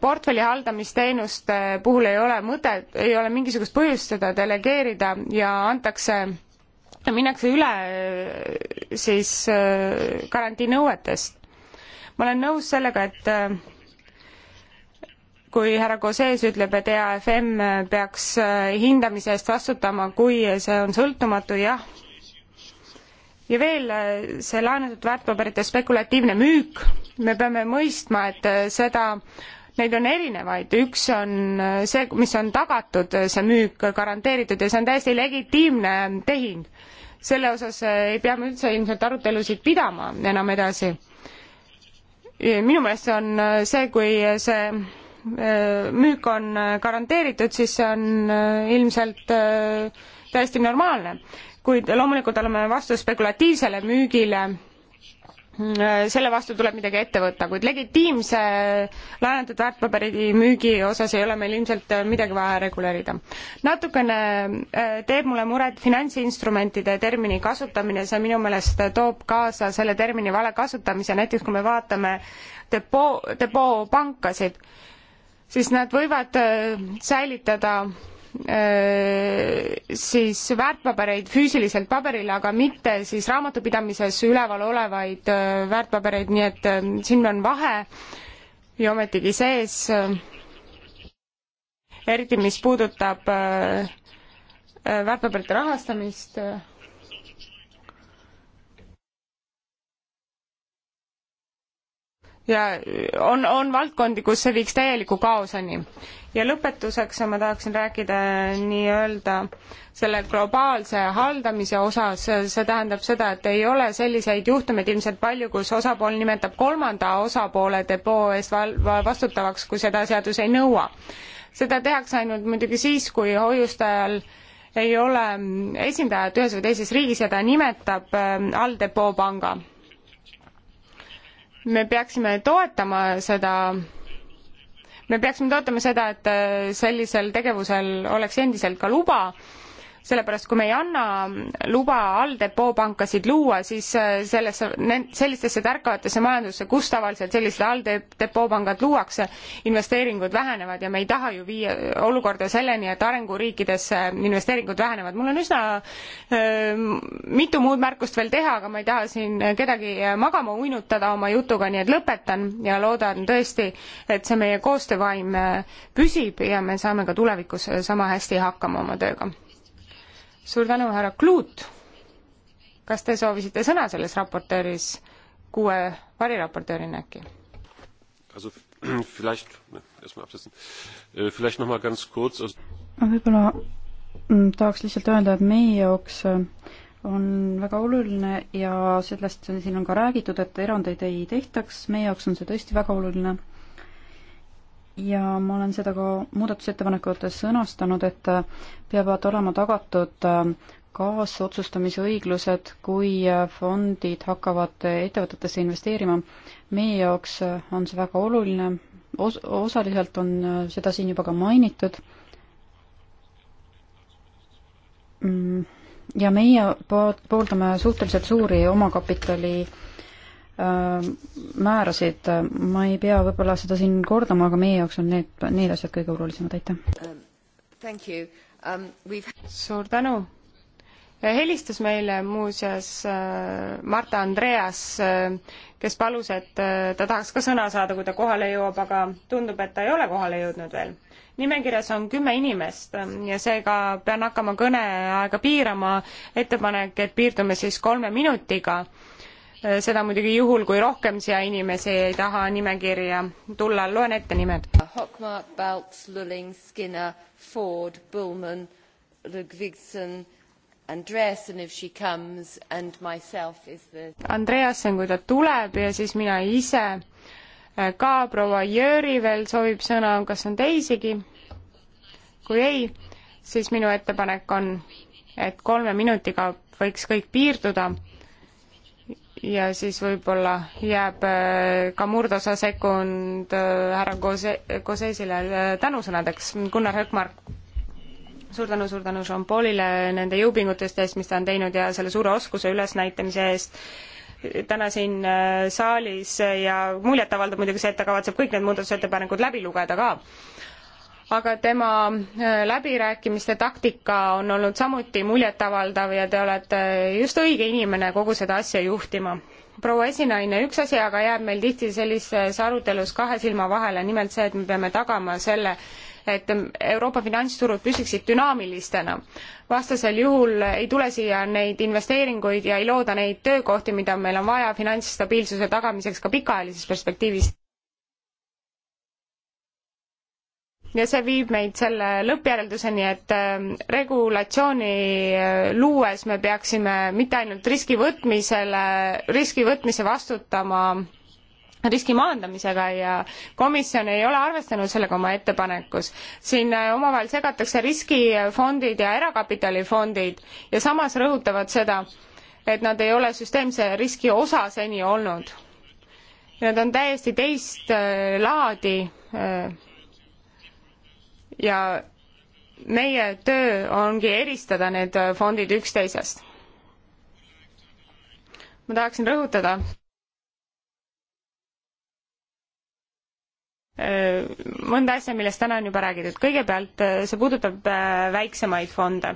portfelli haldamisteenuste puhul ei ole mõtet, ei ole mingisugust põhjust seda delegeerida ja antakse, minnakse üle siis garantiinõuetest ma olen nõus sellega, et äh, kui härra Koses ütleb, et EAFM peaks äh, hindamise eest vastutama, kui see on sõltumatu, jah. ja veel äh, see laenatud väärtpaberite spekulatiivne müük, me peame mõistma, et seda neid on erinevaid, üks on see, mis on tagatud, see müük garanteeritud ja see on täiesti legitiimne tehing. selle osas ei pea me üldse ilmselt arutelusid pidama enam edasi minu meelest see on äh, see, kui äh, see äh, müük on garanteeritud, siis see on ilmselt täiesti normaalne. kuid loomulikult oleme vastu spekulatiivsele müügile Mm, äh, selle vastu tuleb midagi ette võtta, kuid legitiimse laenatud väärtpaberide müügi osas ei ole meil ilmselt äh, midagi vaja reguleerida. natukene äh, teeb mulle muret finantsinstrumentide termini kasutamine, see minu meelest toob kaasa selle termini vale kasutamise, näiteks kui me vaatame depoo, depoopankasid, siis nad võivad säilitada Äh, siis väärtpabereid füüsiliselt paberile, aga mitte siis raamatupidamises üleval olevaid äh, väärtpabereid, nii et äh, siin on vahe ju ometigi sees, eriti mis puudutab väärtpaberite rahastamist ja on, on valdkondi, kus see viiks täieliku kaoseni ja lõpetuseks ma tahaksin rääkida nii-öelda selle globaalse haldamise osas, see tähendab seda, et ei ole selliseid juhtumeid ilmselt palju, kus osapool nimetab kolmanda osapoole depoo eest vastutavaks, kui seda seadus ei nõua. seda tehakse ainult muidugi siis, kui hoiustajal ei ole esindajat ühes või teises riigis ja ta nimetab ähm, alldepoo panga. me peaksime toetama seda me peaksime toetama seda, et äh, sellisel tegevusel oleks endiselt ka luba sellepärast kui me ei anna luba alldepo pankasid luua, siis äh, sellesse, sellistesse tärkavatesse majandusse, kus tavaliselt sellised alldepo pangad luuakse, investeeringud vähenevad ja me ei taha ju viia olukorda selleni, et arenguriikidesse investeeringud vähenevad. mul on üsna öö, äh, mitu muud märkust veel teha, aga ma ei taha siin kedagi magama uinutada oma jutuga, nii et lõpetan ja loodan tõesti, et see meie koostöövaim äh, püsib ja me saame ka tulevikus sama hästi hakkama oma tööga suur tänu, härra Kluut. kas te soovisite sõna selles raportööris kuue variraportöörina äkki? Also vielleicht erstmal absetzen. Äh, vielleicht nochmal ganz kurz. Võib-olla mm, tahaks lihtsalt öelda, et meie jaoks äh, on väga oluline ja sellest siin on ka räägitud, et erandeid ei tehtaks, meie jaoks on see tõesti väga oluline ja ma olen seda ka muudatusettepanekutes sõnastanud, et peavad olema tagatud äh, kaasotsustamise õiglused, kui äh, fondid hakkavad ettevõtetesse investeerima. meie jaoks äh, on see väga oluline, os-, osaliselt on seda siin juba ka mainitud. Mm, ja meie pooldame suhteliselt suuri omakapitali äh, määrasid, ma ei pea võib-olla seda siin kordama, aga meie jaoks on need, need asjad kõige olulisemad, aitäh um, um,! suur tänu! helistas meile muuseas Marta Andreas, kes palus, et ta tahaks ka sõna saada, kui ta kohale jõuab, aga tundub, et ta ei ole kohale jõudnud veel. nimekirjas on kümme inimest ja seega pean hakkama kõneaega piirama, ettepanek, et piirdume siis kolme minutiga Eh, seda muidugi juhul, kui rohkem siia inimesi ei taha nimekirja tulla, loen ette nimed. Hockmark, Balts, Lulling, Skinner, Ford, Bullman, Ludvigson, Andreasen if she comes and myself is the Andreasen, kui ta tuleb ja siis mina ise eh, ka proua Jüri veel soovib sõna, kas on teisigi? kui ei, siis minu ettepanek on, et kolme minutiga võiks kõik piirduda ja siis võib-olla jääb äh, ka murdosa sekund äh, härra Kose-, Kosesile äh, tänusõnadeks, Gunnar Hökmark. suur tänu, suur tänu Jean-Paulile nende jõupingutuste eest, mis ta on teinud ja selle suure oskuse ülesnäitamise eest täna siin saalis ja muljet avaldab muidugi see, et ta kavatseb kõik need muudatusettepanekud läbi lugeda ka aga tema äh, läbirääkimiste taktika on olnud samuti muljetavaldav ja te olete just õige inimene kogu seda asja juhtima. proua esinaine, üks asi aga jääb meil tihti sellises arutelus kahe silma vahele, nimelt see, et me peame tagama selle, et Euroopa finantsturud püsiksid dünaamilistena. vastasel juhul ei tule siia neid investeeringuid ja ei looda neid töökohti, mida meil on vaja finantsstabiilsuse tagamiseks ka pikaajalises perspektiivis ja see viib meid selle lõppjärelduseni, et ähm, regulatsiooni äh, luues me peaksime mitte ainult riski võtmisele, riski võtmise vastutama riski maandamisega ja komisjon ei ole arvestanud sellega oma ettepanekus. siin äh, omavahel segatakse riskifondid ja erakapitalifondid ja samas rõhutavad seda, et nad ei ole süsteemse riski osa seni olnud. Nad on täiesti teist äh, laadi ja meie töö ongi eristada need fondid üksteisest. ma tahaksin rõhutada, äh, mõnda asja, millest täna on juba räägitud. kõigepealt äh, see puudutab äh, väiksemaid fonde.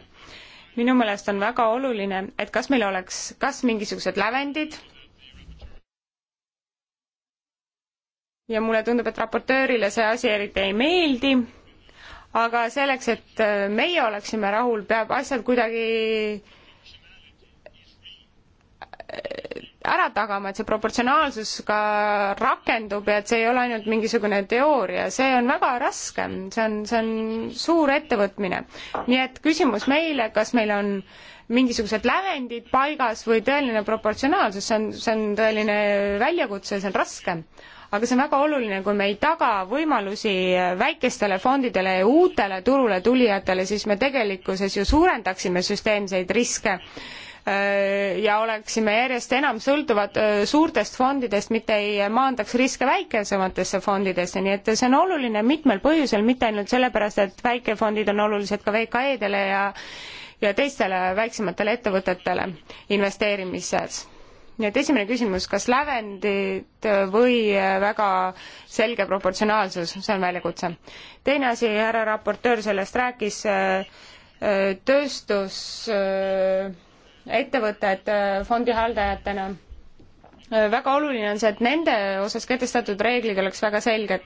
minu meelest on väga oluline, et kas meil oleks kas mingisugused lävendid, ja mulle tundub, et raportöörile see asi eriti ei meeldi aga selleks, et äh, meie oleksime rahul, peab asjad kuidagi äh, ära tagama, et see proportsionaalsus ka rakendub ja et see ei ole ainult mingisugune teooria, see on väga raske, see on, see on suur ettevõtmine. nii et küsimus meile, kas meil on mingisugused lävendid paigas või tõeline proportsionaalsus, see on, see on tõeline väljakutse, see on raske aga see on väga oluline, kui me ei taga võimalusi väikestele fondidele ja uutele turule tulijatele, siis me tegelikkuses ju suurendaksime süsteemseid riske ja oleksime järjest enam sõltuvad suurtest fondidest, mitte ei maandaks riske väikesematesse fondidesse, nii et see on oluline mitmel põhjusel, mitte ainult sellepärast, et väikefondid on olulised ka VKE-dele ja ja teistele väiksematele ettevõtetele investeerimises nii et esimene küsimus, kas lävendid või väga selge proportsionaalsus, see on väljakutse. teine asi, härra raportöör sellest rääkis, tööstusettevõtted fondihaldajatena, väga oluline on see, et nende osas kehtestatud reeglid oleks väga selged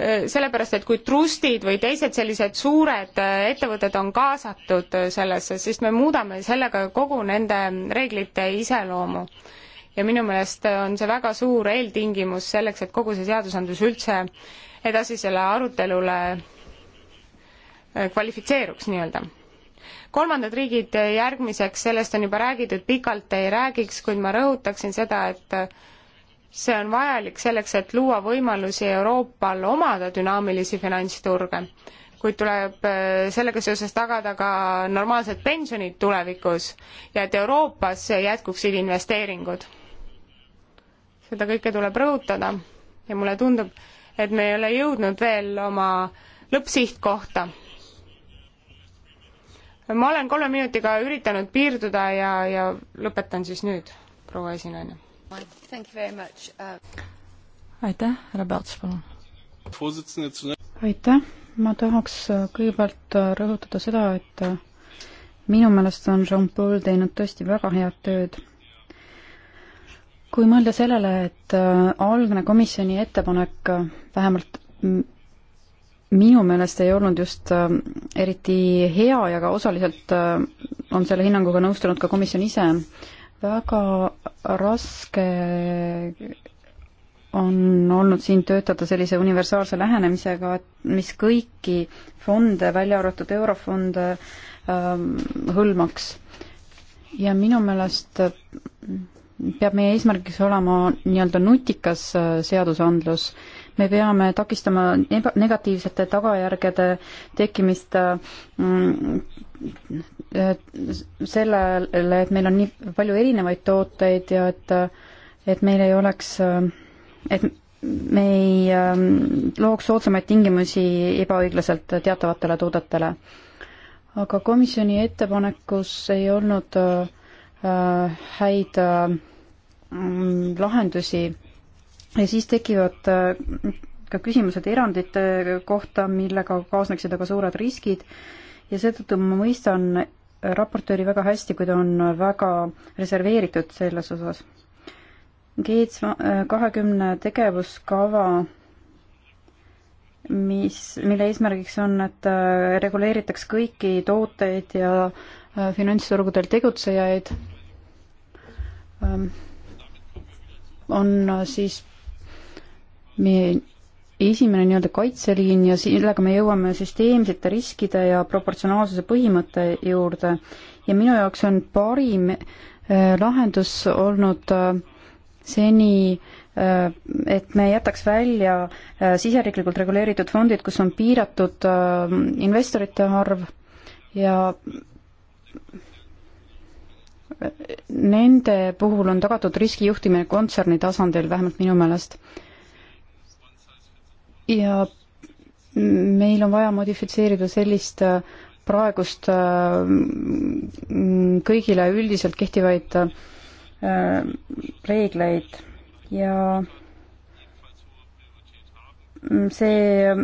Äh, sellepärast, et kui trustid või teised sellised suured äh, ettevõtted on kaasatud äh, sellesse, siis me muudame sellega kogu nende reeglite iseloomu. ja minu meelest on see väga suur eeltingimus selleks, et kogu see seadusandlus üldse edasisele arutelule kvalifitseeruks nii-öelda kolmandad riigid järgmiseks, sellest on juba räägitud, pikalt ei räägiks, kuid ma rõhutaksin seda, et see on vajalik selleks, et luua võimalusi Euroopal omada dünaamilisi finantsturge, kuid tuleb äh, sellega seoses tagada ka normaalsed pensionid tulevikus ja et Euroopas jätkuksid investeeringud. seda kõike tuleb rõhutada ja mulle tundub, et me ei ole jõudnud veel oma lõppsihtkohta. ma olen kolme minutiga üritanud piirduda ja, ja lõpetan siis nüüd, proua esinaine Uh, aitäh, härra Päots, palun. aitäh, ma tahaks äh, kõigepealt äh, rõhutada seda, et äh, minu meelest on Jean-Paul teinud tõesti väga head tööd. kui mõelda sellele, et algne komisjoni ettepanek vähemalt minu meelest ei olnud just eriti hea ja ka osaliselt on selle hinnanguga nõustunud ka komisjon ise, väga raske on olnud siin töötada sellise universaalse lähenemisega, et mis kõiki fonde, välja arvatud eurofonde, ähm, hõlmaks. ja minu meelest peab meie eesmärgiks olema nii-öelda nutikas äh, seadusandlus. me peame takistama negatiivsete tagajärgede tekkimist äh, mm, sellele, et meil on nii palju erinevaid tooteid ja et, et meil ei oleks, et me ei ähm, looks soodsamaid tingimusi ebaõiglaselt teatavatele toodetele. aga komisjoni ettepanekus ei olnud äh, häid äh, lahendusi ja siis tekivad äh, ka küsimused erandite kohta, millega kaasneksid aga suured riskid ja seetõttu ma mõistan raportööri väga hästi, kui ta on väga reserveeritud selles osas. Gates äh, kahekümne tegevuskava mis, mille eesmärgiks on, et äh, reguleeritaks kõiki tooteid ja äh, finantsturgudel tegutsejaid, ähm, on siis meie esimene nii-öelda kaitseliin ja sellega me jõuame süsteemsete riskide ja proportsionaalsuse põhimõtte juurde ja minu jaoks on parim äh, lahendus olnud äh, seni äh, et me jätaks välja siseriiklikult reguleeritud fondid, kus on piiratud investorite arv ja nende puhul on tagatud riskijuhtimine kontserni tasandil, vähemalt minu meelest ja meil on vaja modifitseerida sellist äh, praegust äh, kõigile üldiselt kehtivaid äh, reegleid ja see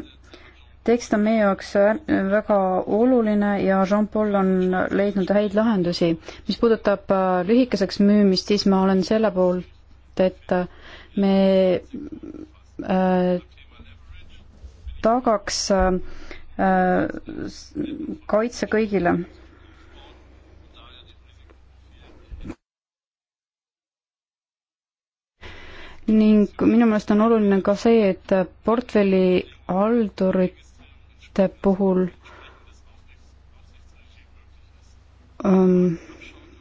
tekst on meie jaoks väga oluline ja Jean-Paul on leidnud häid lahendusi. mis puudutab lühikeseks müümist, siis ma olen selle poolt, et me tagaks äh, kaitse kõigile. ning minu meelest on oluline ka see, et portfelli haldurite puhul um,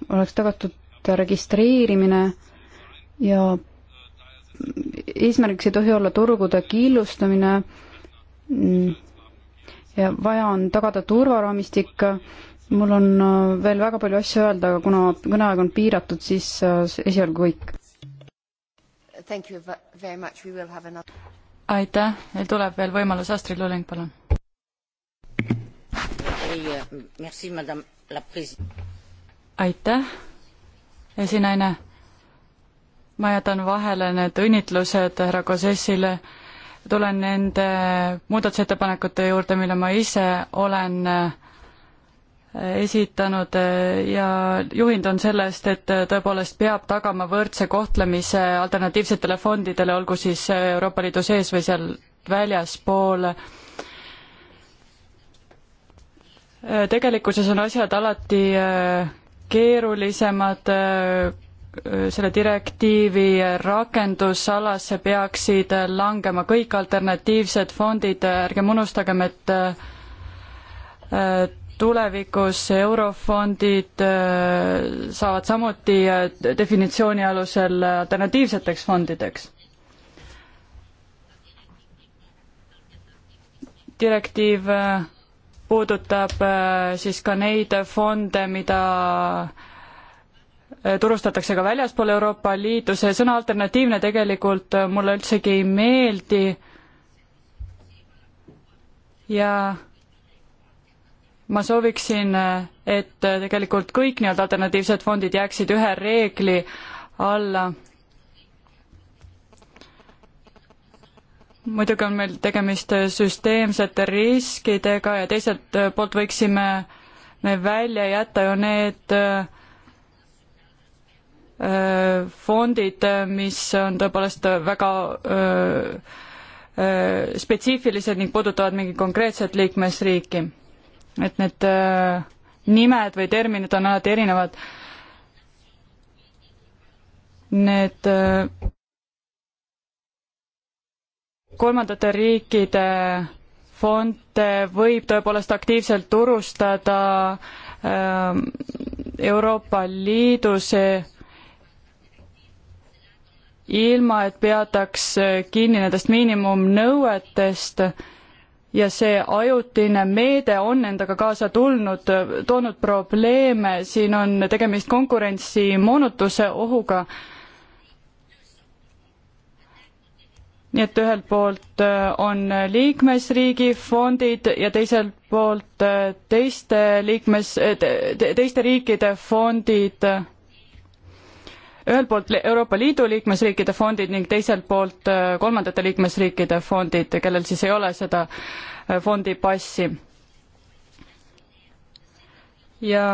oleks tagatud registreerimine ja eesmärgiks ei tohi olla turgude killustamine Mm. ja vaja on tagada turvaraamistik, mul on äh, veel väga palju asju öelda, aga kuna kõneaeg on piiratud, siis äh, esialgu kõik. Another... aitäh, meil tuleb veel võimalus, Astrid Luling, palun. Eh, aitäh, esinaine. ma jätan vahele need õnnitlused härra Kosessile tulen nende muudatusettepanekute juurde, mille ma ise olen äh, esitanud äh, ja juhindun sellest, et äh, tõepoolest peab tagama võrdse kohtlemise alternatiivsetele fondidele, olgu siis Euroopa Liidu sees või seal väljaspool. tegelikkuses on asjad alati keerulisemad selle direktiivi rakendusalasse peaksid langema kõik alternatiivsed fondid, ärgem unustagem, et äh, tulevikus eurofondid äh, saavad samuti äh, definitsiooni alusel alternatiivseteks fondideks. direktiiv puudutab siis ka neid fonde, mida Äh, turustatakse ka väljaspool Euroopa Liitu, see sõna alternatiivne tegelikult äh, mulle üldsegi ei meeldi ja ma sooviksin, äh, et tegelikult kõik nii-öelda alternatiivsed fondid jääksid ühe reegli alla. muidugi on meil tegemist süsteemsete riskidega ja teiselt poolt võiksime me välja jätta ju need äh, Äh, fondid, äh, mis on tõepoolest väga öö, äh, öö, spetsiifilised ning puudutavad mingit konkreetset liikmesriiki. et need öö, nimed või terminid on alati erinevad. Need kolmandate riikide fonte võib tõepoolest aktiivselt turustada Euroopa Liidus ilma et peataks kinni nendest miinimumnõuetest ja see ajutine meede on endaga kaasa tulnud, toonud probleeme, siin on tegemist konkurentsi moonutuse ohuga. nii et ühelt poolt äh, on liikmesriigi fondid ja teiselt poolt äh, teiste liikmes äh, te,, teiste riikide fondid ühelt poolt Euroopa Liidu liikmesriikide fondid ning teiselt poolt äh, kolmandate liikmesriikide fondid, kellel siis ei ole seda äh, fondipassi. ja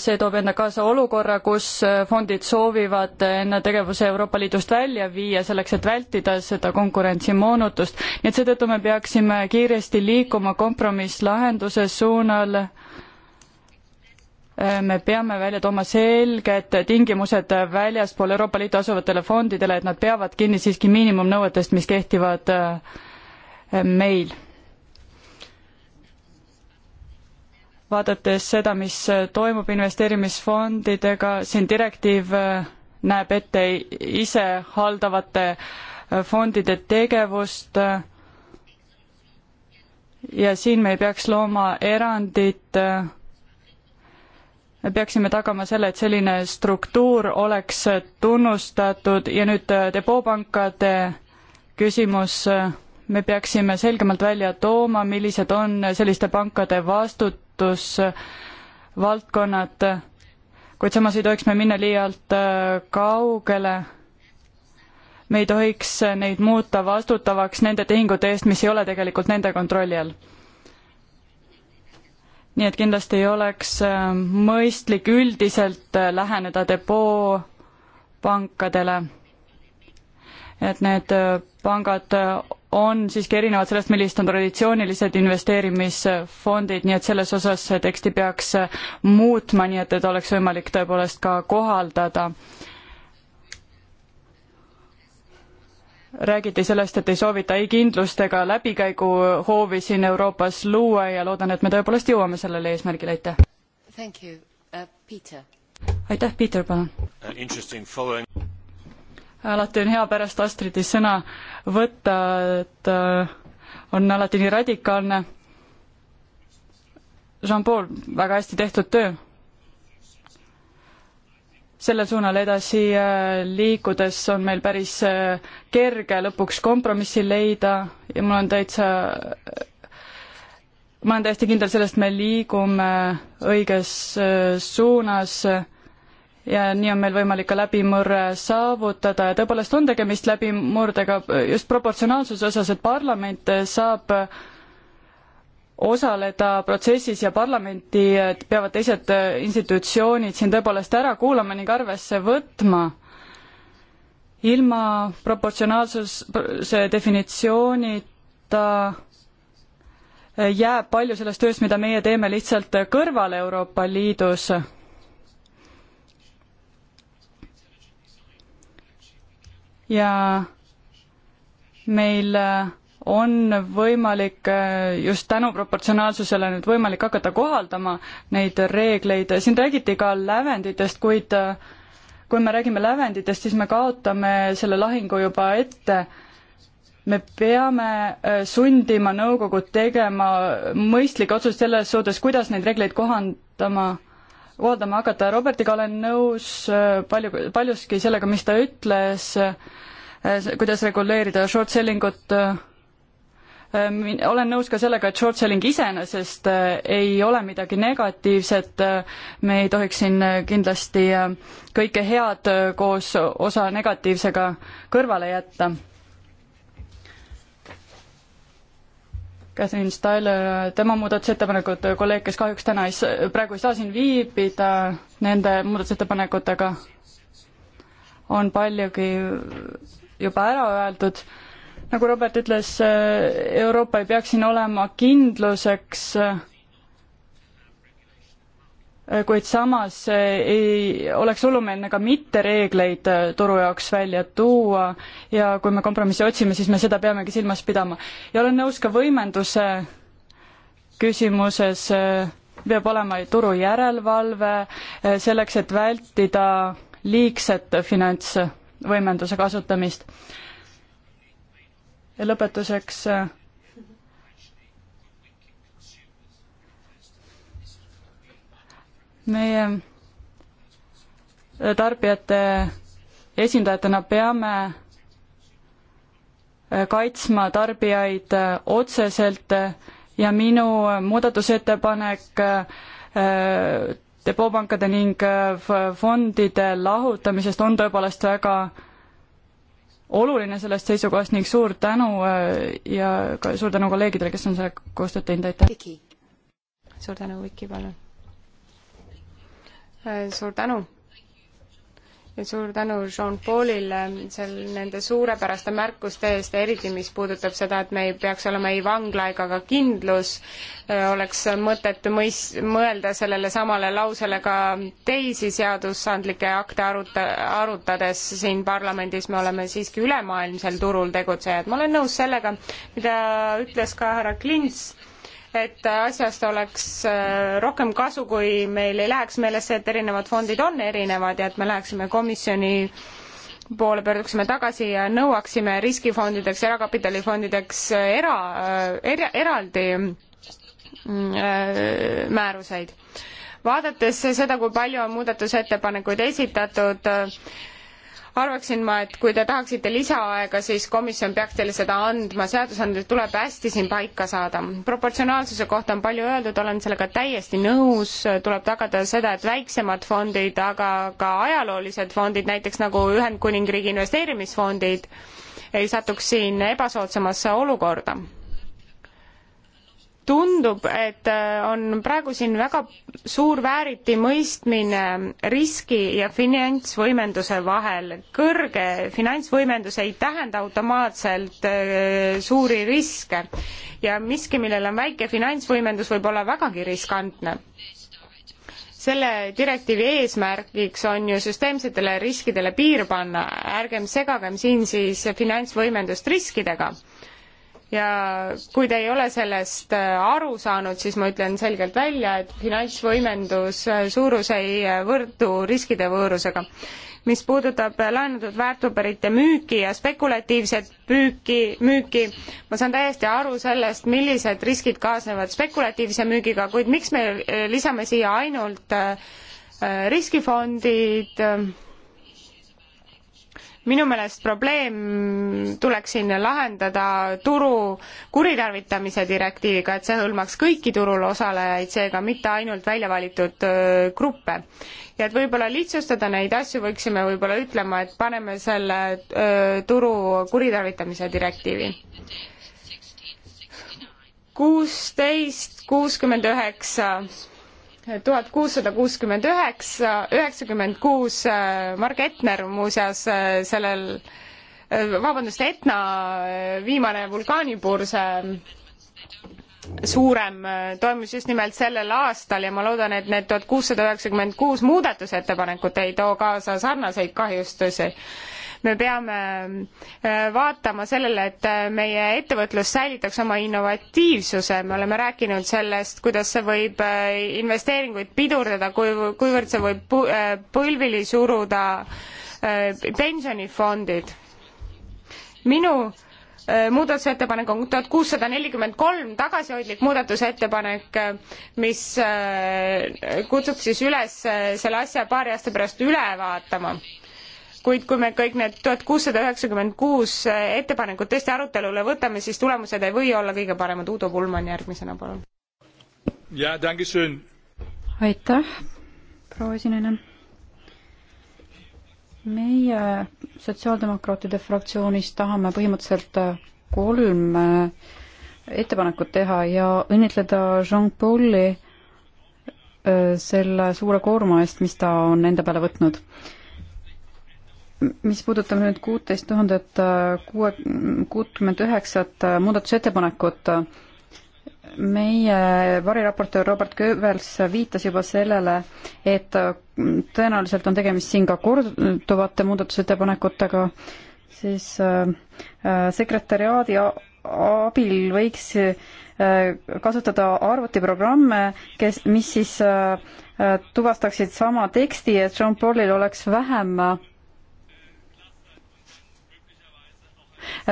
see toob enda kaasa olukorra, kus äh, fondid soovivad enda tegevuse Euroopa Liidust välja viia, selleks et vältida seda konkurentsimoonutust. nii et seetõttu me peaksime kiiresti liikuma kompromisslahenduse suunal äh, me peame välja tooma selged tingimused väljaspool Euroopa Liitu asuvatele fondidele, et nad peavad kinni siiski miinimumnõuetest, mis kehtivad äh, meil. vaadates seda, mis toimub investeerimisfondidega, siin direktiiv äh, näeb ette ise haldavate äh, fondide tegevust ja siin me ei peaks looma erandit äh, me peaksime tagama selle, et selline struktuur oleks tunnustatud ja nüüd äh, depoopankade küsimus, me peaksime selgemalt välja tooma, millised on selliste pankade vastutusvaldkonnad, kuid samas ei tohiks me minna liialt äh, kaugele me ei tohiks neid muuta vastutavaks nende tehingute eest, mis ei ole tegelikult nende kontrolli all nii et kindlasti ei oleks ähm, mõistlik üldiselt äh, läheneda depoo pankadele. et need äh, pangad äh, on siiski erinevad sellest, millised on traditsioonilised investeerimisfondid, nii et selles osas teksti peaks muutma, nii et, et oleks võimalik tõepoolest ka kohaldada äh, räägiti sellest, et ei soovita ei kindlust ega läbikäiguhoovi siin Euroopas luua ja loodan, et me tõepoolest jõuame sellele eesmärgile, aitäh! Uh, aitäh, Peter, palun! Uh, alati on hea pärast Astridi sõna võtta, et uh, on alati nii radikaalne. Jean-Paul, väga hästi tehtud töö sellel suunal edasi äh, liikudes on meil päris äh, kerge lõpuks kompromissi leida ja mul on täitsa, ma olen täiesti kindel sellest, me liigume äh, õiges suunas ja nii on meil võimalik ka läbimurre saavutada ja tõepoolest on tegemist läbimurdega just proportsionaalsuse osas, et parlament saab osaleda protsessis ja parlamenti peavad teised äh, institutsioonid siin tõepoolest ära kuulama ning arvesse võtma. ilma proportsionaalsuse definitsioonita äh, jääb palju sellest tööst, mida meie teeme, lihtsalt äh, kõrvale Euroopa Liidus. ja meil on võimalik eh, just tänu proportsionaalsusele nüüd võimalik hakata kohaldama neid reegleid, siin räägiti ka lävenditest, kuid eh, kui me räägime lävenditest, siis me kaotame selle lahingu juba ette. me peame eh, sundima nõukogud tegema mõistlikke otsuseid selles suhtes, kuidas neid reegleid kohandama kohaldama hakata, Robertiga olen nõus palju, paljuski sellega, mis ta ütles, kuidas reguleerida short selling ut Ehm, olen nõus ka sellega, et short selling iseenesest eh, ei ole midagi negatiivset, eh, me ei tohiks siin eh, kindlasti kõike head koos osa negatiivsega kõrvale jätta. Catherine Styler, tema muudatusettepanekud, kolleeg, kes kahjuks täna ei, praegu ei saa siin viibida nende muudatusettepanekutega, on paljugi juba ära öeldud nagu Robert ütles, äh, Euroopa ei peaks siin olema kindluseks, äh, kuid samas äh, ei oleks hullumeelne ka mitte reegleid turu jaoks välja tuua ja kui me kompromissi otsime, siis me seda peamegi silmas pidama. ja olen nõus ka võimenduse küsimuses, peab olema turu järelevalve selleks, et vältida liigset finantsvõimenduse kasutamist ja lõpetuseks äh, meie äh, tarbijate esindajatena peame äh, kaitsma tarbijaid otseselt ja minu muudatusettepanek depoopankade ning fondide lahutamisest on tõepoolest väga oluline sellest seisukohast ning suur tänu äh, ja ka suur tänu kolleegidele, kes on selle koostööd teinud, aitäh! suur tänu, Viki, palun! Äh, suur tänu! suur tänu Jean-Paulile seal nende suurepäraste märkuste eest ja eriti, mis puudutab seda, et me ei peaks olema ei vangla ega ka kindlus, äh, oleks mõtet mõis-, mõelda sellele samale lausele ka teisi seadusandlikke akte aruta-, arutades siin parlamendis, me oleme siiski ülemaailmsel turul tegutsejad. ma olen nõus sellega, mida ütles ka härra Klints et asjast oleks äh, rohkem kasu, kui meil ei läheks meelesse, et erinevad fondid on erinevad ja et me läheksime komisjoni poole pöörduksime tagasi ja nõuaksime riskifondideks, erakapitalifondideks äh, era, äh, era, eraldi mm, määruseid. vaadates seda, kui palju on muudatusettepanekuid esitatud, arvaksin ma, et kui te tahaksite lisaaega, siis komisjon peaks teile seda andma, seadusandlus tuleb hästi siin paika saada. proportsionaalsuse kohta on palju öeldud, olen sellega täiesti nõus, tuleb tagada seda, et väiksemad fondid, aga ka ajaloolised fondid, näiteks nagu Ühendkuningriigi investeerimisfondid, ei satuks siin ebasoodsamasse olukorda tundub, et äh, on praegu siin väga suur vääritimõistmine riski ja finantsvõimenduse vahel. kõrge finantsvõimendus ei tähenda automaatselt äh, suuri riske ja miski, millel on väike finantsvõimendus, võib olla vägagi riskantne selle direktiivi eesmärgiks on ju süsteemsetele riskidele piir panna, ärgem segagem siin siis finantsvõimendust riskidega ja kui te ei ole sellest äh, aru saanud, siis ma ütlen selgelt välja, et finantsvõimendus äh, suurus ei äh, võrdu riskide võõrusega. mis puudutab laenatud väärtpaberite müüki ja spekulatiivset püüki, müüki, ma saan täiesti aru sellest, millised riskid kaasnevad spekulatiivse müügiga, kuid miks me lisame siia ainult riskifondid, minu meelest probleem tuleks siin lahendada turu kuritarvitamise direktiiviga, et see hõlmaks kõiki turul osalejaid, seega mitte ainult välja valitud gruppe. ja et võib-olla lihtsustada neid asju, võiksime võib-olla ütlema, et paneme selle öö, turu kuritarvitamise direktiivi kuusteist kuuskümmend üheksa tuhat kuussada kuuskümmend üheksa, üheksakümmend kuus äh, Marg Etner muuseas äh, sellel, äh, vabandust, Etna viimane vulkaanipurse suurem toimus just nimelt sellel aastal ja ma loodan, et need tuhat kuussada üheksakümmend kuus muudatusettepanekut ei too kaasa sarnaseid kahjustusi me peame äh, vaatama sellele, et äh, meie ettevõtlus säilitaks oma innovatiivsuse, me oleme rääkinud sellest, kuidas see võib äh, investeeringuid pidurdada, kui, kuivõrd see võib põlvili suruda pensionifondid. minu muudatusettepanek on tuhat kuussada nelikümmend kolm tagasihoidlik muudatusettepanek, mis kutsub siis üles selle asja paari aasta pärast üle vaatama kuid kui me kõik need tuhat kuussada üheksakümmend kuus ettepanekut tõesti arutelule võtame, siis tulemused ei või olla kõige paremad. Udo Pulman järgmisena, palun. aitäh, proua esinejana. meie Sotsiaaldemokraatide fraktsioonis tahame põhimõtteliselt kolm ettepanekut teha ja õnnitleda Jean-Pauli äh, selle suure koorma eest, mis ta on enda peale võtnud mis puudutab nüüd kuuteist tuhandet äh, kuue, kuutkümmend üheksat äh, muudatusettepanekut, meie variraportöör Robert Goebbels viitas juba sellele, et äh, tõenäoliselt on tegemist siin ka korduvate muudatusettepanekutega, siis äh, sekretäriaadi abil võiks äh, kasutada arvutiprogramme, kes, mis siis äh, tuvastaksid sama teksti, et Jean-Paulil oleks vähem äh,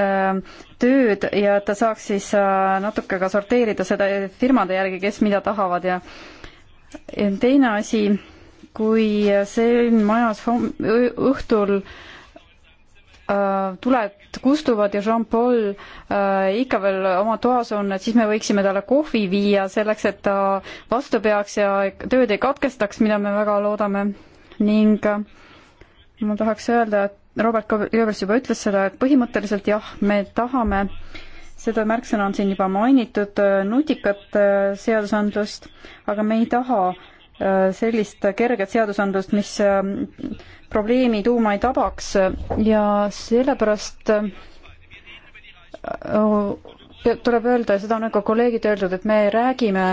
Ähm, tööd ja et ta saaks siis äh, natuke ka sorteerida seda firmade järgi, kes mida tahavad ja teine asi, kui siin majas homm-, õhtul äh, tuled kustuvad ja Jean-Paul äh, ikka veel oma toas on, et siis me võiksime talle kohvi viia selleks, et ta vastu peaks ja tööd ei katkestaks, mida me väga loodame. ning äh, ma tahaks öelda, et Robert Kõivers juba ütles seda, et põhimõtteliselt jah, me tahame, seda märksõna on siin juba mainitud, nutikat äh, seadusandlust, aga me ei taha äh, sellist kerget seadusandlust, mis äh, probleemi tuuma ei tabaks ja sellepärast tuleb öelda ja seda on ka kolleegid öeldud, et me räägime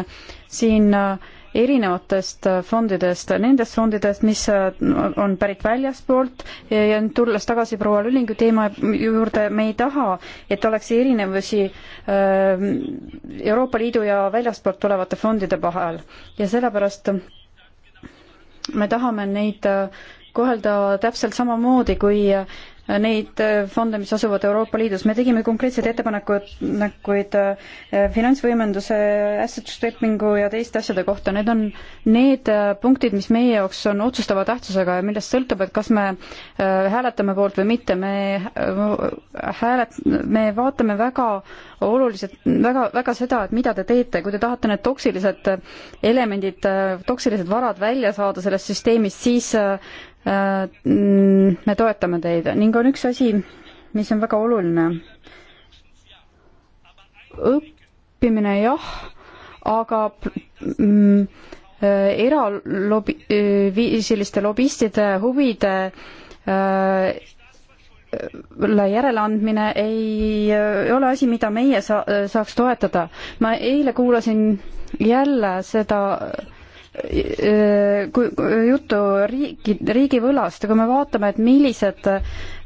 siin äh, erinevatest fondidest, nendest fondidest, mis äh, on pärit väljaspoolt ja nüüd tulles tagasi proua Lüllingu teema juurde, me ei taha, et oleks erinevusi ähm, Euroopa Liidu ja väljaspoolt tulevate fondide vahel ja sellepärast me tahame neid äh, kohelda täpselt samamoodi kui äh, neid äh, fonde, mis asuvad Euroopa Liidus. me tegime konkreetseid ettepanekuid äh, finantsvõimenduse, asset strippingu ja teiste asjade kohta. Need on need äh, punktid, mis meie jaoks on otsustava tähtsusega ja millest sõltub, et kas me hääletame poolt või mitte. me häälet-, me vaatame väga oluliselt, väga, väga seda, et mida te teete, kui te tahate need toksilised elemendid, toksilised varad välja saada sellest süsteemist, siis me toetame teid ning on üks asi, mis on väga oluline. õppimine jah, aga mm, eralobi-, selliste lobistide huvide äh, äh, järeleandmine ei, ei ole asi, mida meie sa-, saaks toetada. ma eile kuulasin jälle seda äh, kui juttu riigi, riigivõlast ja kui me vaatame, et millised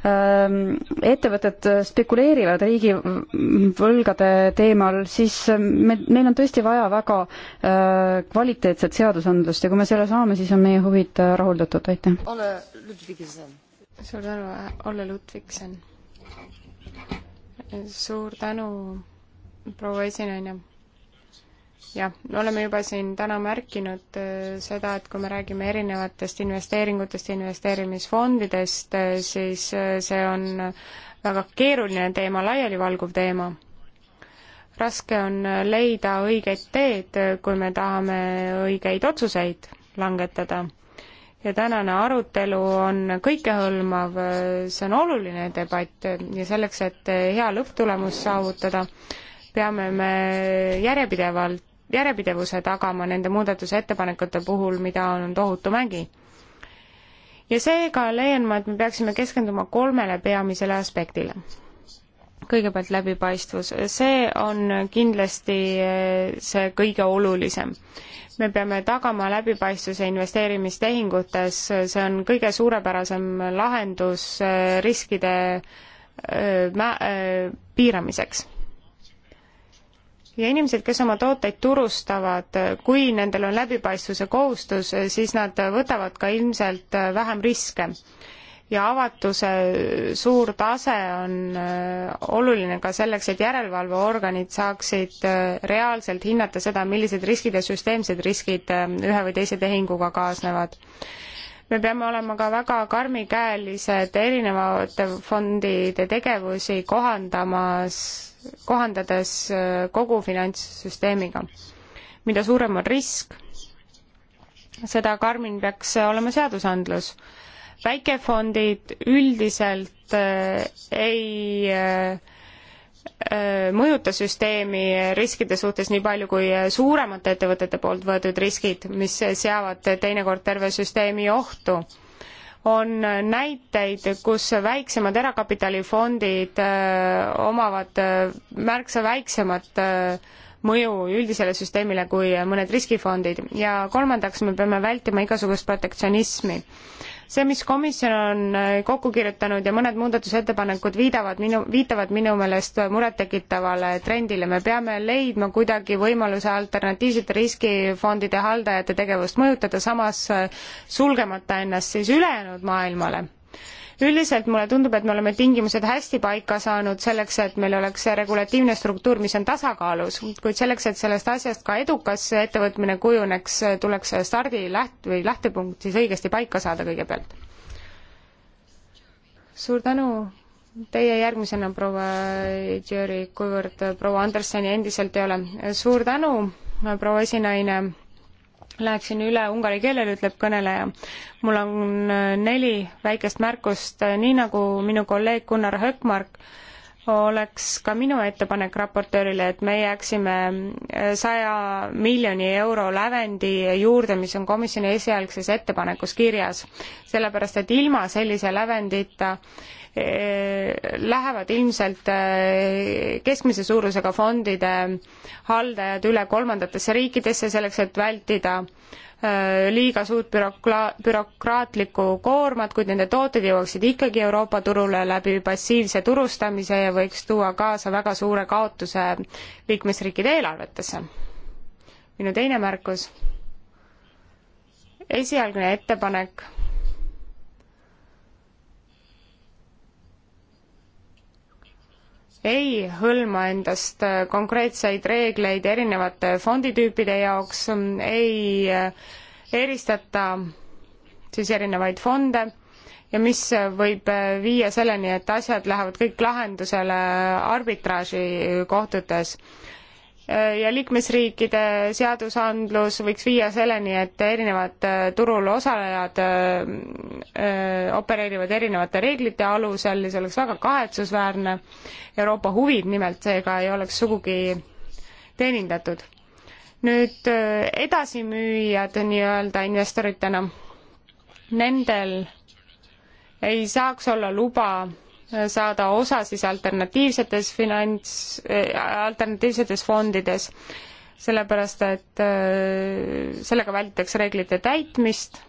Ehm, ettevõtted spekuleerivad riigivõlgade teemal, siis ehm, me, meil on tõesti vaja väga ehm, kvaliteetset seadusandlust ja kui me selle saame, siis on meie huvid rahuldatud, aitäh. suur tänu, äh, Olle Ludvigsen. suur tänu, proua esinaine jah, me oleme juba siin täna märkinud äh, seda, et kui me räägime erinevatest investeeringutest ja investeerimisfondidest, äh, siis äh, see on väga keeruline teema, laialivalguv teema. raske on leida õiget teed, kui me tahame õigeid otsuseid langetada. ja tänane arutelu on kõikehõlmav, see on oluline debatt ja selleks, et hea lõpptulemus saavutada, peame me järjepidevalt järjepidevuse tagama nende muudatusettepanekute puhul, mida on tohutu mägi. ja seega leian ma, et me peaksime keskenduma kolmele peamisele aspektile. kõigepealt läbipaistvus, see on kindlasti eh, see kõige olulisem. me peame tagama läbipaistvuse investeerimistehingutes, see on kõige suurepärasem lahendus eh, riskide eh, mä-, piiramiseks ja inimesed, kes oma tooteid turustavad, kui nendel on läbipaistvuse kohustus, siis nad võtavad ka ilmselt vähem riske. ja avatuse suur tase on äh, oluline ka selleks, et järelevalveorganid saaksid äh, reaalselt hinnata seda, millised riskid ja süsteemsed riskid äh, ühe või teise tehinguga kaasnevad me peame olema ka väga karmikäelised erinevate fondide tegevusi kohandamas kohandades äh, kogu finantssüsteemiga. mida suurem on risk, seda karmim peaks olema seadusandlus. väikefondid üldiselt äh, ei äh, mõjuta süsteemi riskide suhtes nii palju kui suuremate ettevõtete poolt võetud riskid, mis seavad teinekord terve süsteemi ohtu on näiteid, kus väiksemad erakapitalifondid äh, omavad äh, märksa väiksemat äh, mõju üldisele süsteemile kui mõned riskifondid ja kolmandaks me peame vältima igasugust protektsionismi see, mis komisjon on äh, kokku kirjutanud ja mõned muudatusettepanekud viidavad minu, viitavad minu meelest murettekitavale trendile. me peame leidma kuidagi võimaluse alternatiivsete riskifondide haldajate tegevust mõjutada, samas äh, sulgemata ennast siis ülejäänud maailmale üldiselt mulle tundub, et me oleme tingimused hästi paika saanud selleks, et meil oleks regulatiivne struktuur, mis on tasakaalus, kuid selleks, et sellest asjast ka edukas ettevõtmine kujuneks, tuleks stardi läht- või lähtepunkt siis õigesti paika saada kõigepealt. suur tänu Teie järgmisena, proua Jüri, kuivõrd proua Andersoni endiselt ei ole. suur tänu, proua esinaine Läheksin üle ungari keelele, ütleb kõneleja. mul on äh, neli väikest märkust, nii nagu minu kolleeg Gunnar Hökmark oleks ka minu ettepanek raportöörile, et me jääksime äh, saja miljoni euro lävendi juurde, mis on komisjoni esialgses ettepanekus kirjas. sellepärast, et ilma sellise lävendita äh, Eh, lähevad ilmselt eh, keskmise suurusega fondide haldajad üle kolmandatesse riikidesse selleks, et vältida eh, liiga suurt bürokla-, bürokraatlikku koormat, kuid nende tooted jõuaksid ikkagi Euroopa turule läbi passiivse turustamise ja võiks tuua kaasa väga suure kaotuse liikmesriikide eelarvetesse. minu teine märkus, esialgne ettepanek ei hõlma endast konkreetseid reegleid erinevate fonditüüpide jaoks, ei eristata siis erinevaid fonde ja mis võib viia selleni, et asjad lähevad kõik lahendusele arbitraažikohtutes ja liikmesriikide seadusandlus võiks viia selleni, et erinevad äh, turul osalejad äh, äh, opereerivad erinevate reeglite alusel ja see oleks väga kahetsusväärne. Euroopa huvid nimelt seega ei oleks sugugi teenindatud. nüüd edasimüüjad nii-öelda investoritena, nendel ei saaks olla luba saada osa siis alternatiivsetes finants, eh, alternatiivsetes fondides, sellepärast et eh, sellega välditakse reeglite täitmist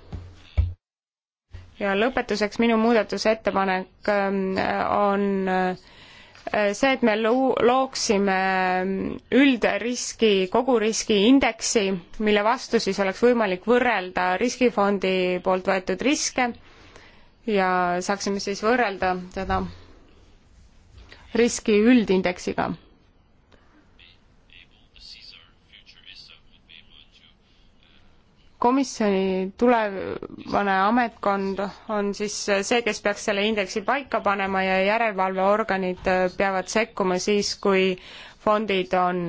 ja lõpetuseks minu muudatusettepanek ähm, on äh, see, et me looksime ähm, üldriski, koguriski indeksi, mille vastu siis oleks võimalik võrrelda riskifondi poolt võetud riske ja saaksime siis võrrelda seda riski üldindeksiga. komisjoni tulevane ametkond on siis see, kes peaks selle indeksi paika panema ja järelevalveorganid peavad sekkuma siis, kui fondid on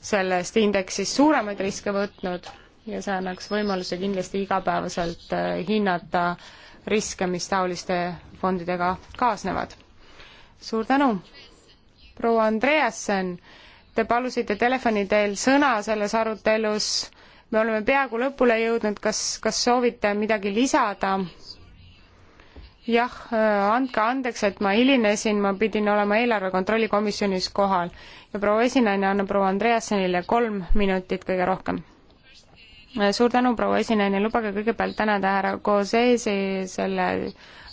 sellest indeksist suuremaid riske võtnud ja see annaks võimaluse kindlasti igapäevaselt hinnata äh, riske, mis taoliste fondidega kaasnevad. suur tänu! proua Andreasen, te palusite telefoni teel sõna selles arutelus, me oleme peaaegu lõpule jõudnud, kas, kas soovite midagi lisada? jah, äh, andke andeks, et ma hilinesin, ma pidin olema eelarve kontrolli komisjonis kohal ja proua esinaine annab proua Andreasenile kolm minutit kõige rohkem Äh, suur tänu, proua esinaine, lubage kõigepealt tänada härra Kozesi selle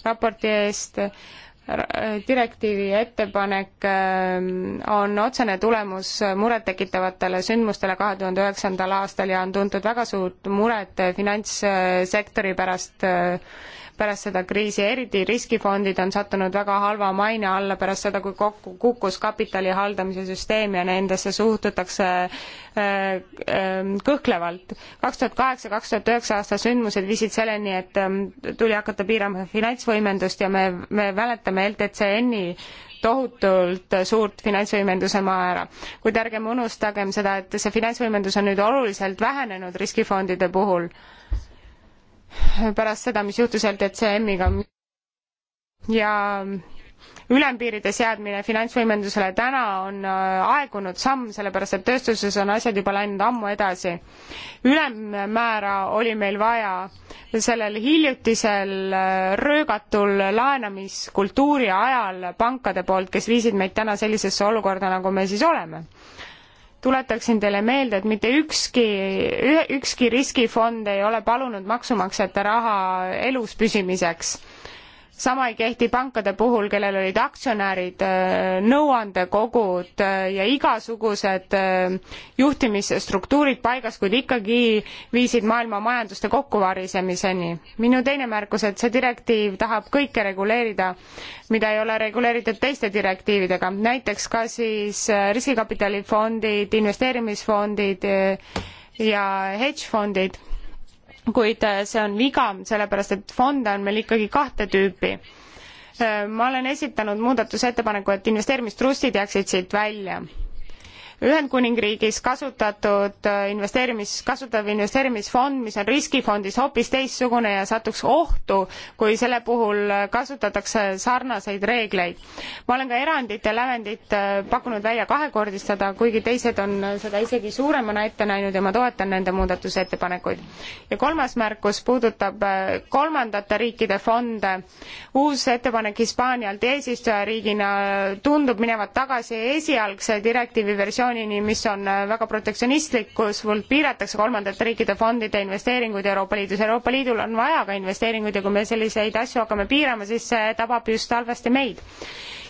raporti eest. Äh, direktiivi ettepanek ähm, on otsene tulemus murettekitavatele sündmustele kahe tuhande üheksandal aastal ja on tuntud väga suurt muret äh, finantssektori pärast pärast seda kriisi, eriti riskifondid on sattunud väga halva maine alla pärast seda, kui kokku kukkus kapitali haldamise süsteem ja nendesse suhtutakse äh, äh, kõhklevalt. kaks tuhat kaheksa, kaks tuhat üheksa aasta sündmused viisid selleni, et ähm, tuli hakata piirama finantsvõimendust ja me, me mäletame LTCN-i tohutult suurt finantsvõimenduse maäära. kuid ärgem unustagem seda, et see finantsvõimendus on nüüd oluliselt vähenenud riskifondide puhul pärast seda, mis juhtus LTCM-iga ja ülempiiride seadmine finantsvõimendusele täna on äh, aegunud samm, sellepärast et tööstuses on asjad juba läinud ammu edasi. ülemmäära oli meil vaja sellel hiljutisel äh, röögatul laenamiskultuuri ajal pankade poolt, kes viisid meid täna sellisesse olukorda, nagu me siis oleme tuletaksin teile meelde, et mitte ükski, ükski riskifond ei ole palunud maksumaksjate raha elus püsimiseks sama ei kehti pankade puhul, kellel olid aktsionärid, äh, nõuandekogud äh, ja igasugused äh, juhtimisstruktuurid paigas, kuid ikkagi viisid maailma majanduste kokkuvarisemiseni. minu teine märkus, et see direktiiv tahab kõike reguleerida, mida ei ole reguleeritud teiste direktiividega, näiteks ka siis riskikapitalifondid, investeerimisfondid ja hedgefondid kuid äh, see on viga, sellepärast et fonde on meil ikkagi kahte tüüpi. Äh, ma olen esitanud muudatusettepaneku, et investeerimistrustid jääksid siit välja Ühendkuningriigis kasutatud äh, investeerimis, kasutatav investeerimisfond, mis on riskifondis hoopis teistsugune ja satuks ohtu, kui selle puhul äh, kasutatakse sarnaseid reegleid. ma olen ka erandit ja lävendit äh, pakkunud välja kahekordistada, kuigi teised on seda isegi suuremana ette näinud ja ma toetan nende muudatusettepanekuid. ja kolmas märkus puudutab kolmandate riikide fonde. uus ettepanek Hispaanialt eesistujariigina tundub minevat tagasi esialgse direktiivi versiooni positsioonini, mis on äh, väga protektsionistlik, kus piiratakse kolmandate riikide fondide investeeringuid Euroopa Liidus. Euroopa Liidul on vaja ka investeeringuid ja kui me selliseid asju hakkame piirama, siis see tabab just halvasti meid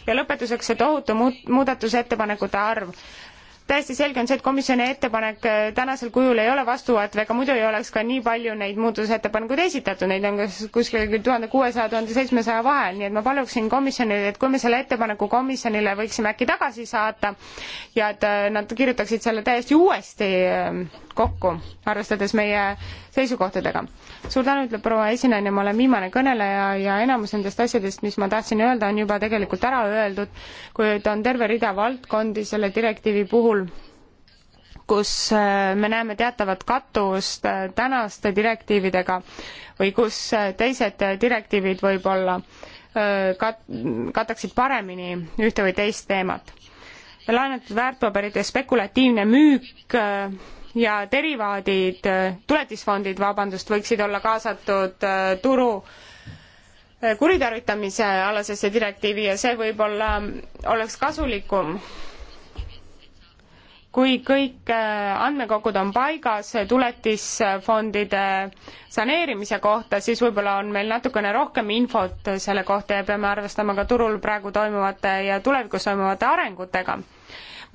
ja lõpetuseks see tohutu muudatusettepanekute arv täiesti selge on see, et komisjoni ettepanek äh, tänasel kujul ei ole vastuvõetav, ega muidu ei oleks ka nii palju neid muudatusettepanekuid esitatud, neid on kas kuskil tuhande kuuesaja, tuhande seitsmesaja vahel, nii et ma paluksin komisjonile, et kui me selle ettepaneku komisjonile võiksime äkki tagasi saata ja et äh, nad kirjutaksid selle täiesti uuesti äh, kokku, arvestades meie seisukohtadega. suur tänu, ütleb proua esinaine, ma olen viimane kõneleja ja enamus nendest asjadest, mis ma tahtsin öelda, on juba tegelikult ära öeldud, kuid on terve rida valdkondi selle direktiivi puhul, kus äh, me näeme teatavat kattuvust äh, tänaste direktiividega või kus äh, teised direktiivid võib-olla kat-, kataksid paremini ühte või teist teemat. laenatud väärtpaberite spekulatiivne müük ja derivaadid, äh, tuletisfondid, vabandust, võiksid olla kaasatud äh, turu äh, kuritarvitamise alasesse direktiivi ja see võib-olla oleks kasulikum kui kõik andmekogud on paigas tuletisfondide saneerimise kohta, siis võib-olla on meil natukene rohkem infot selle kohta ja peame arvestama ka turul praegu toimuvate ja tulevikus toimuvate arengutega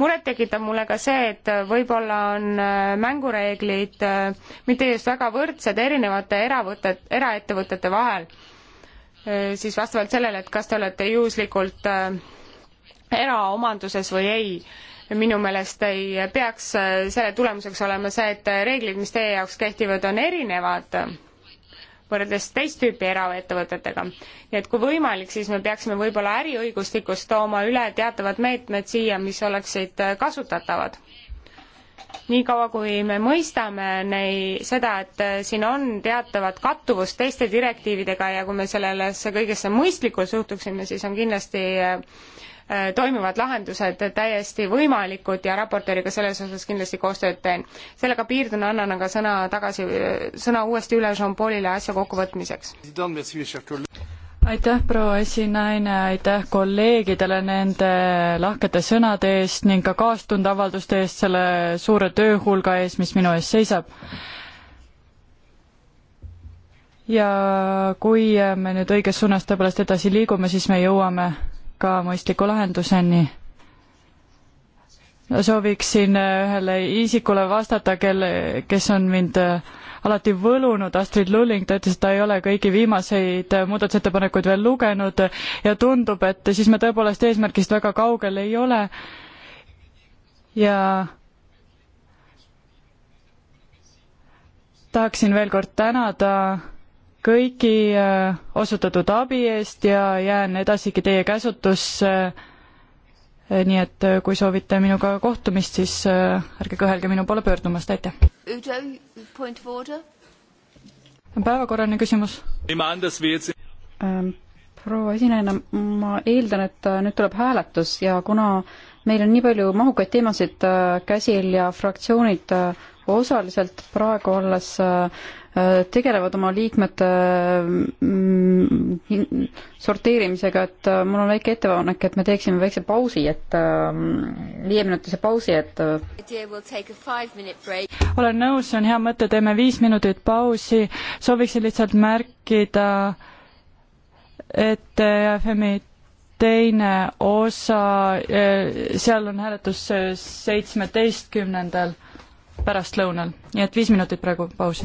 murettekitav mulle ka see, et võib-olla on äh, mängureeglid äh, mitte just väga võrdsed erinevate eravõtet, eraettevõtete vahel, äh, siis vastavalt sellele, et kas te olete juhuslikult eraomanduses või ei minu meelest ei peaks selle tulemuseks olema see, et reeglid, mis teie jaoks kehtivad, on erinevad võrreldes teist tüüpi eraettevõtetega. nii et kui võimalik, siis me peaksime võib-olla äriõigustikust tooma üle teatavad meetmed siia, mis oleksid äh, kasutatavad. niikaua, kui me mõistame nei-, seda, et äh, siin on teatavat kattuvust teiste direktiividega ja kui me sellesse kõigesse mõistlikult suhtuksime, siis on kindlasti äh, Äh, toimivad lahendused täiesti võimalikud ja raportööriga selles osas kindlasti koostööd teen. sellega piirdun, annan aga sõna tagasi, äh, sõna uuesti üle Jean-Paulile asja kokkuvõtmiseks. aitäh, proua esinaine, aitäh kolleegidele nende lahkete sõnade eest ning ka kaastundeavalduste eest selle suure tööhulga ees, mis minu ees seisab ja kui me nüüd õiges suunas tõepoolest edasi liigume, siis me jõuame ka mõistliku lahenduseni. sooviksin äh, ühele isikule vastata, kelle, kes on mind äh, alati võlunud, Astrid Lulling, ta ütles, et ta ei ole kõigi viimaseid äh, muudatusettepanekuid veel lugenud ja tundub, et siis me tõepoolest eesmärgist väga kaugel ei ole ja tahaksin veel kord tänada ta kõigi äh, osutatud abi eest ja jään edasigi teie käsutusse. Äh, nii et äh, kui soovite minuga kohtumist, siis ärge kõhelge minu poole pöördumast, aitäh. päevakorraline küsimus. Ähm, proua esinejana, ma eeldan, et nüüd tuleb hääletus ja kuna meil on nii palju mahukaid teemasid käsil ja fraktsioonid osaliselt praegu alles äh, tegelevad oma liikmete mm, sorteerimisega, et äh, mul on väike ettepanek, et me teeksime väikse pausi, et ähm, viieminutise pausi, et äh, olen nõus, see on hea mõte, teeme viis minutit pausi, sooviksin lihtsalt märkida, et äh, FM-i teine osa, seal on hääletus seitsmeteistkümnendal pärastlõunal, nii et viis minutit praegu pausi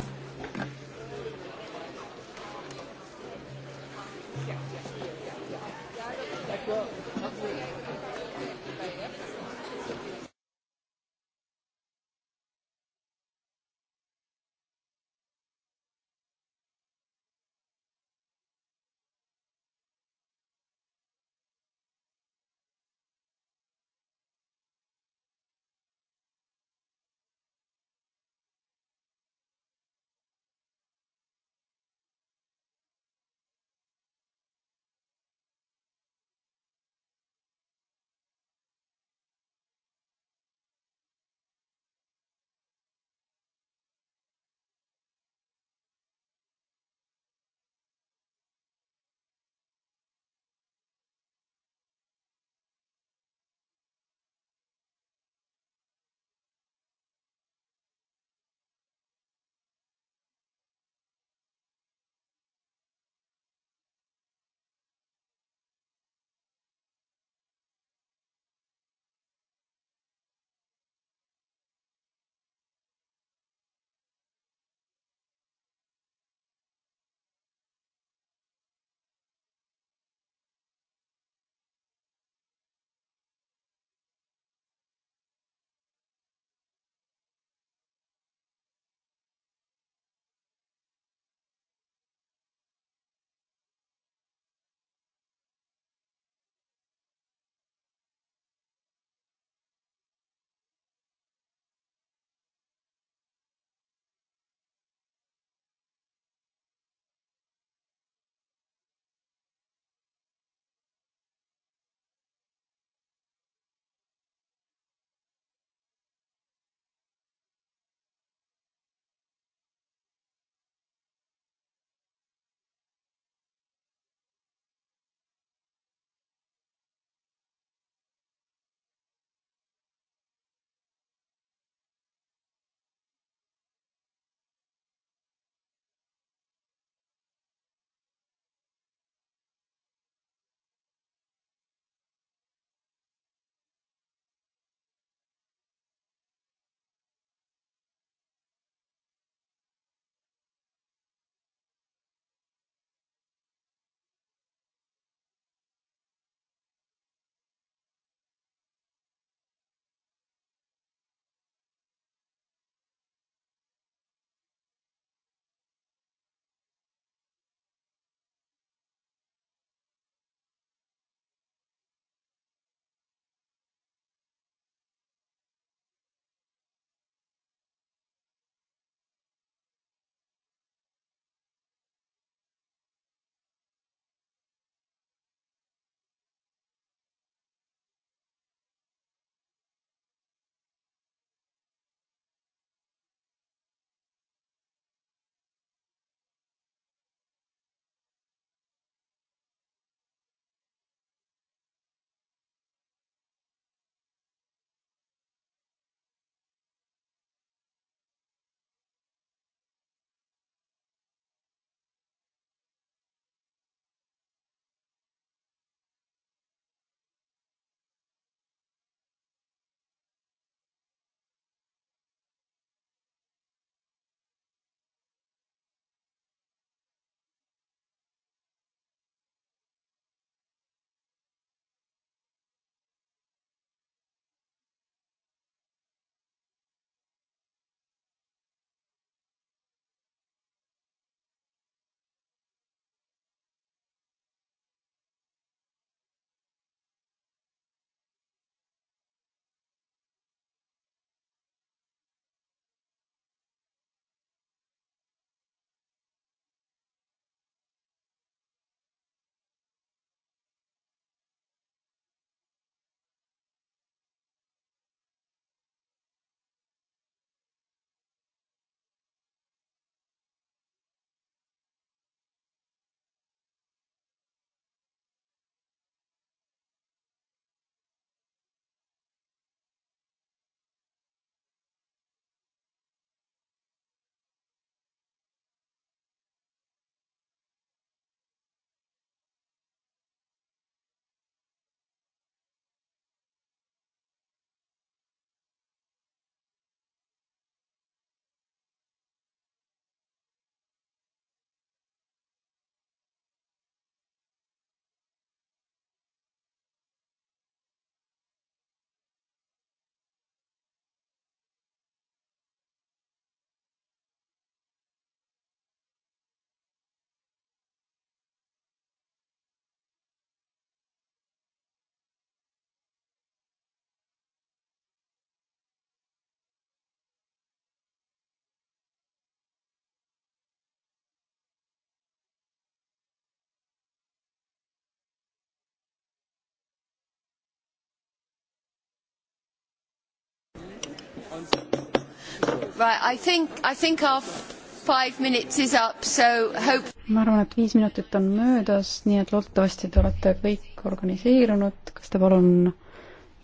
Right, I think, I think our five minutes is up, so hope ma arvan, et viis minutit on möödas, nii et loodetavasti te olete kõik organiseerunud, kas te palun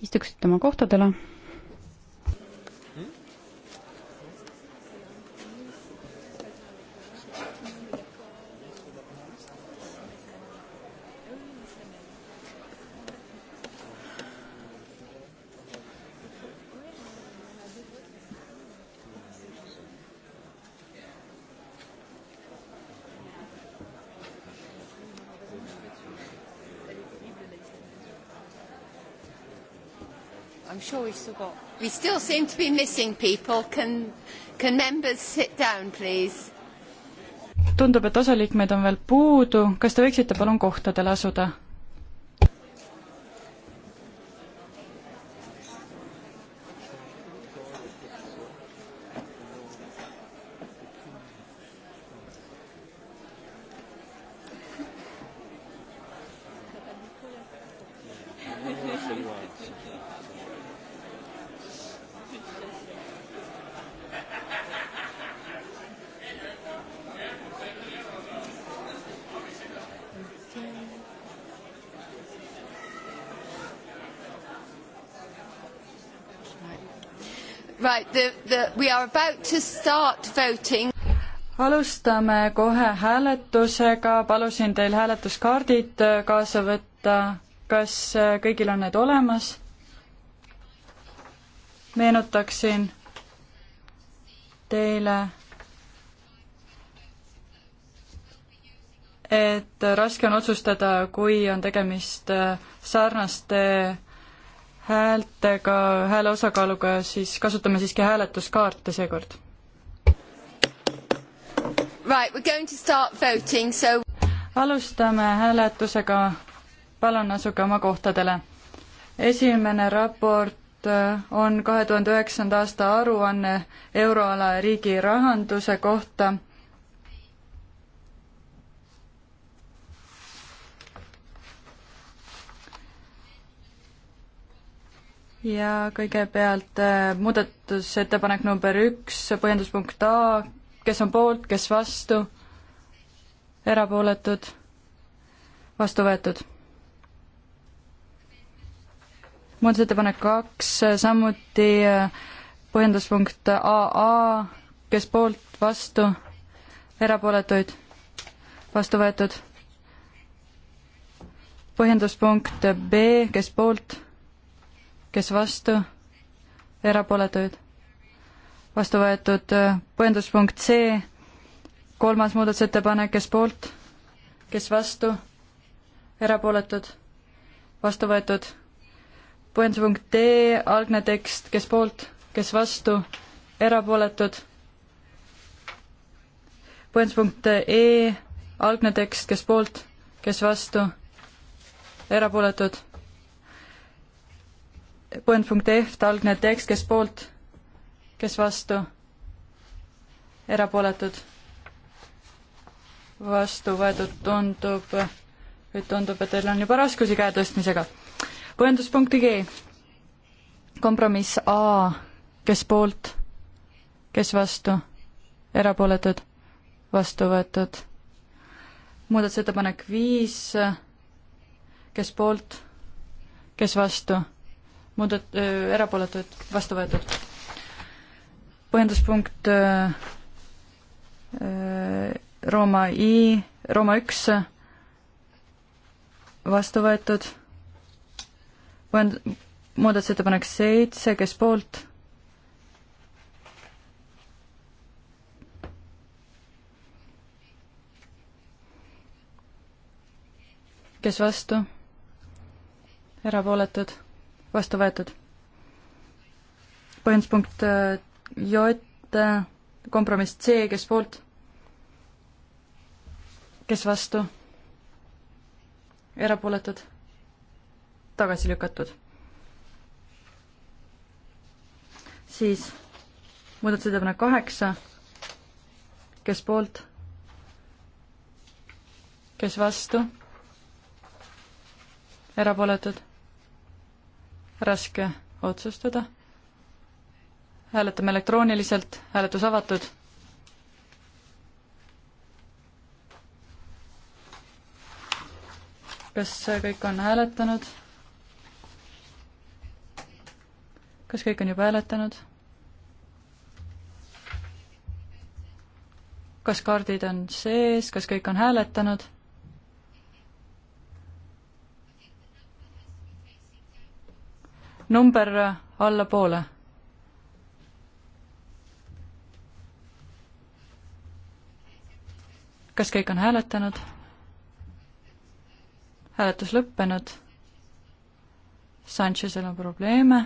istuksite oma kohtadele? poissugò. We still seem to be missing people. Can, can members sit down, please? tundub, et osaliikmeid on veel puudu, kas te võiksite palun kohtadele asuda? Right, the, the, we are about to start voting. alustame kohe hääletusega, palusin teil hääletuskaardid kaasa võtta. kas äh, kõigil on need olemas? meenutaksin teile, et raske on otsustada, kui on tegemist äh, sarnaste häältega, hääle osakaaluga, siis kasutame siiski hääletuskaarte seekord. Right, we are going to start voting, so alustame hääletusega, palun asuge oma kohtadele. esimene raport äh, on kahe tuhande üheksanda aasta aruanne euroala riigi rahanduse kohta ja kõigepealt äh, muudatusettepanek number üks, põhjenduspunkt A, kes on poolt, kes vastu, erapooletud, vastu võetud. muudatusettepanek kaks, äh, samuti äh, põhjenduspunkt AA, kes poolt, vastu, erapooletuid, vastu võetud. põhjenduspunkt B, kes poolt kes vastu, erapooletuid, vastu võetud põhjenduspunkt C, kolmas muudatusettepanek, kes poolt, kes vastu, erapooletud, vastu võetud, põhjenduspunkt D, algne tekst, kes poolt, kes vastu, erapooletud, põhjenduspunkt E, algne tekst, kes poolt, kes vastu, erapooletud põend.f, algne tekst, kes poolt, kes vastu, erapooletud, vastu võetud, tundub, nüüd tundub, et teil on juba raskusi käe tõstmisega. põhjenduspunkti G, kompromiss A, kes poolt, kes vastu, erapooletud, vastu võetud. muudatusettepanek viis, kes poolt, kes vastu muudat-, erapooletuid vastu võetud. põhjenduspunkt Rooma I, Rooma üks vastu võetud, põhjend-, muudatusettepanek seitse, kes poolt? kes vastu? erapooletud vastu võetud. põhjenduspunkt äh, J, kompromiss C, kes poolt? kes vastu? erapooletud? tagasi lükatud? siis muudatusettepanek kaheksa, kes poolt? kes vastu? erapooletud? raske otsustada. hääletame elektrooniliselt, hääletus avatud. kas kõik on hääletanud? kas kõik on juba hääletanud? kas kaardid on sees, kas kõik on hääletanud? number allapoole. kas kõik on hääletanud? hääletus lõppenud. Sanchezil on probleeme.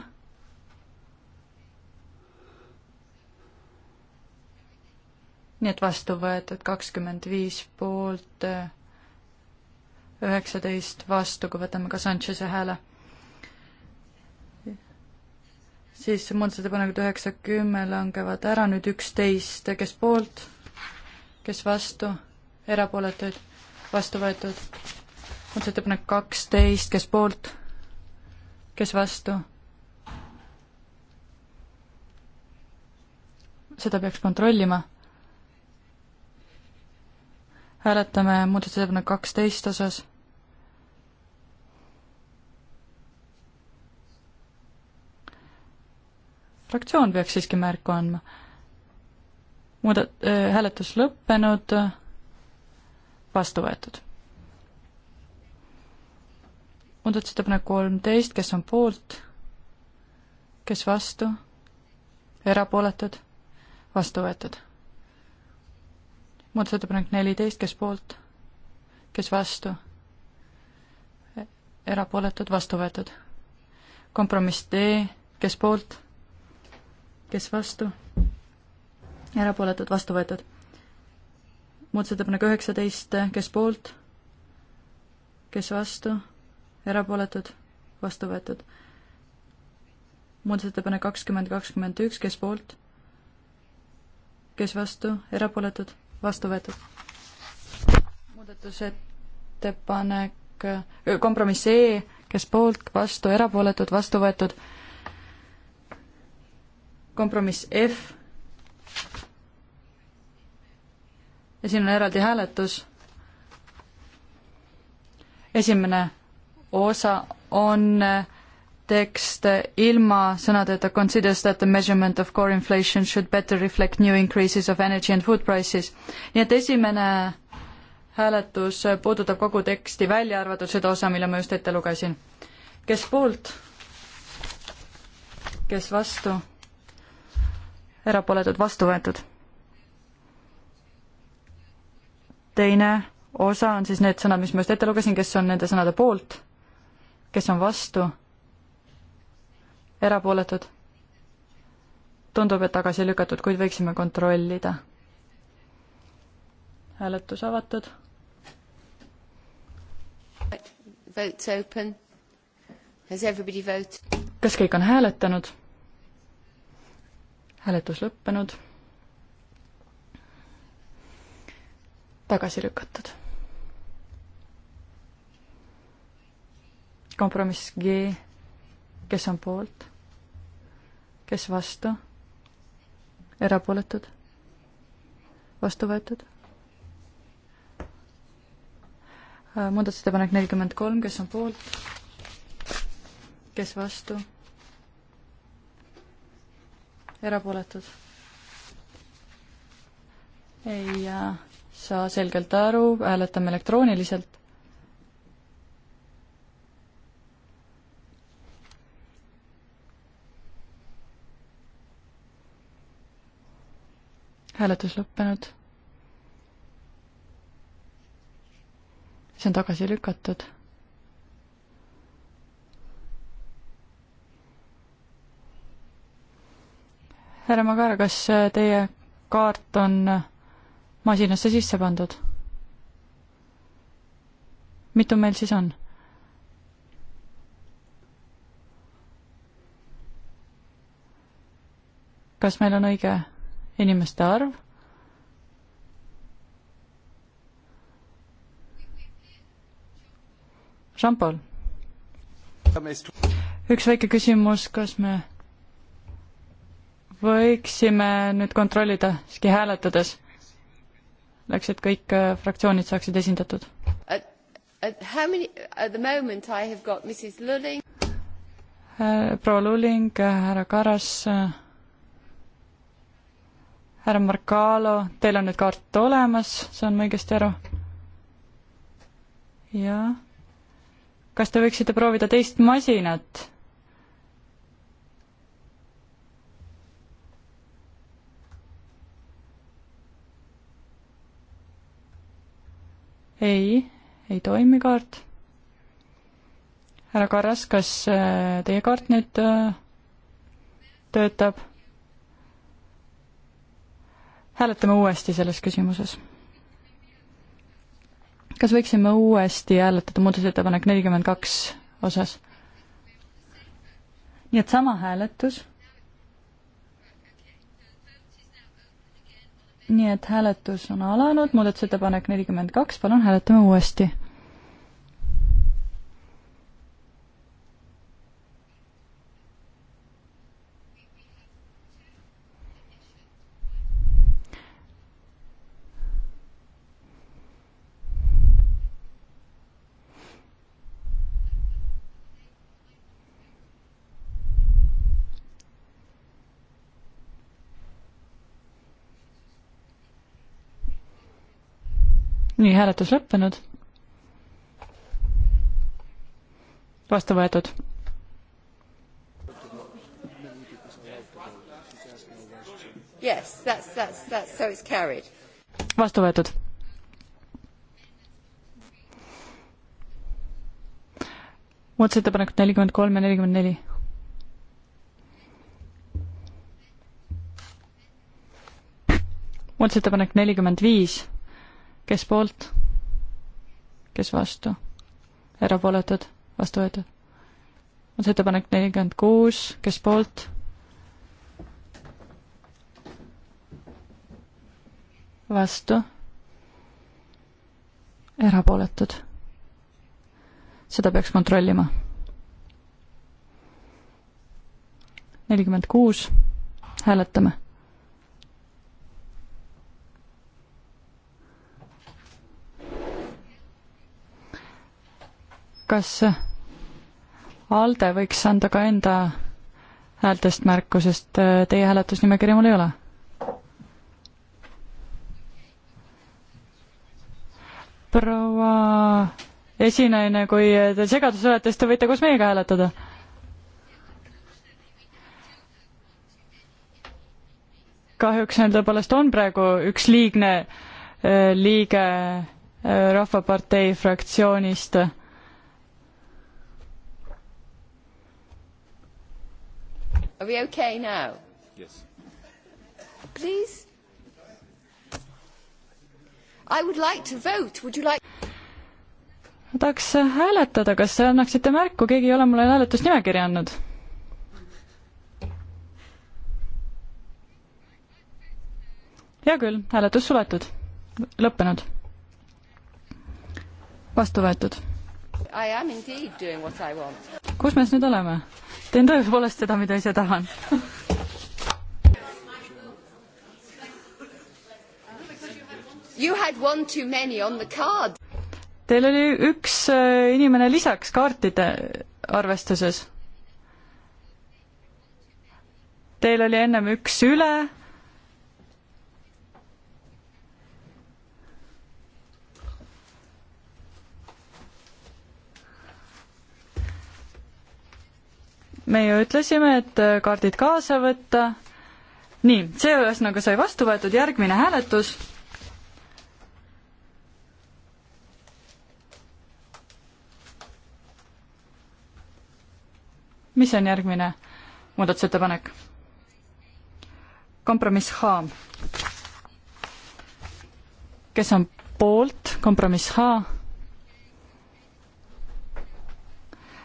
nii et vastu võetud kakskümmend viis poolt, üheksateist vastu, kui võtame ka Sanchez'i hääle siis muudatusettepanekud üheksa, kümme langevad ära, nüüd üksteist, kes poolt, kes vastu, erapooletuid, vastu võetud. muudatusettepanek kaksteist, kes poolt, kes vastu. seda peaks kontrollima. hääletame muudatusettepanek kaksteist osas fraktsioon peaks siiski märku andma. muuda- äh,, hääletus lõppenud, vastu võetud. muudatusettepanek kolmteist, kes on poolt, kes vastu, erapooletud, vastu võetud. muudatusettepanek neliteist, kes poolt, kes vastu, erapooletud, vastu võetud. kompromiss D, kes poolt kes vastu? erapooletud, vastu võetud. muudatusettepanek üheksateist, kes poolt? kes vastu? erapooletud, vastu võetud. muudatusettepanek kakskümmend, kakskümmend üks, kes poolt? kes vastu? erapooletud, vastu võetud. muudatusettepanek, kompromiss E, kes poolt, vastu, erapooletud, vastu võetud kompromiss F. ja siin on eraldi hääletus. esimene osa on tekst ilma sõnadeta considers that the measurement of core inflation should better reflect new increases of energy and food prices. nii et esimene hääletus puudutab kogu teksti, välja arvatud seda osa, mille ma just ette lugesin. kes poolt? kes vastu? erapooletud, vastu võetud. teine osa on siis need sõnad, mis ma just ette lugesin, kes on nende sõnade poolt, kes on vastu, erapooletud. tundub, et tagasi lükatud, kuid võiksime kontrollida. hääletus avatud. Votes open. Has everybody voted? kas kõik on hääletanud? hääletus lõppenud. tagasi lükatud. kompromiss G, kes on poolt, kes vastu, erapooletud, vastu võetud. Äh, muudatusettepanek nelikümmend kolm, kes on poolt, kes vastu erapooletud? ei äh, saa selgelt aru, hääletame elektrooniliselt. hääletus lõppenud. see on tagasi lükatud härra Magara, kas äh, teie kaart on äh, masinasse sisse pandud? mitu meil siis on? kas meil on õige inimeste arv? Jean-Paul. üks väike küsimus, kas me võiksime nüüd kontrollida siiski hääletades, läks, et kõik äh, fraktsioonid saaksid esindatud. Äh, proua Luling, äh, härra Karas, härra Marcalo, teil on nüüd kaart olemas, saan ma õigesti aru? jah. kas te võiksite proovida teist masinat? ei, ei toimi kaart. härra Karas, kas äh, teie kaart nüüd äh, töötab? hääletame uuesti selles küsimuses. kas võiksime uuesti hääletada muudatusettepanek nelikümmend kaks osas? nii et sama hääletus nii et hääletus on alanud, muudatusettepanek nelikümmend kaks, palun hääletame uuesti hääletus lõppenud. vastu võetud. Yes, that's, that's, that's, so it's carried. vastu võetud. muudatusettepanekud nelikümmend kolm ja nelikümmend neli. muudatusettepanek nelikümmend viis kes poolt, kes vastu, erapooletud, vastu võetud. muudatusettepanek nelikümmend kuus, kes poolt, vastu, erapooletud. seda peaks kontrollima. nelikümmend kuus, hääletame kas ALDE võiks anda ka enda häältest märku, sest äh, teie hääletusnimekirja mul ei ole? proua esinaine, kui te segaduses olete, siis te võite koos meiega hääletada kahjuks neil tõepoolest on praegu üks liigne äh, liige äh, Rahvapartei fraktsioonist. Are we okay now? Yes. Please? I would like to vote. Would you like ma tahaks hääletada, kas te annaksite märku, keegi ei ole mulle hääletusnimekirja andnud? hea küll, hääletus suletud, lõppenud, vastu võetud I am indeed doing what I want. kus me siis nüüd oleme? teen tõepoolest seda, mida ise tahan You had one too many on the card. Teil oli üks äh, inimene lisaks kaartide arvestuses. Teil oli ennem üks üle me ju ütlesime, et äh, kaardid kaasa võtta. nii, see ühesõnaga sai vastu võetud, järgmine hääletus. mis on järgmine muudatusettepanek? kompromiss H. kes on poolt, kompromiss H?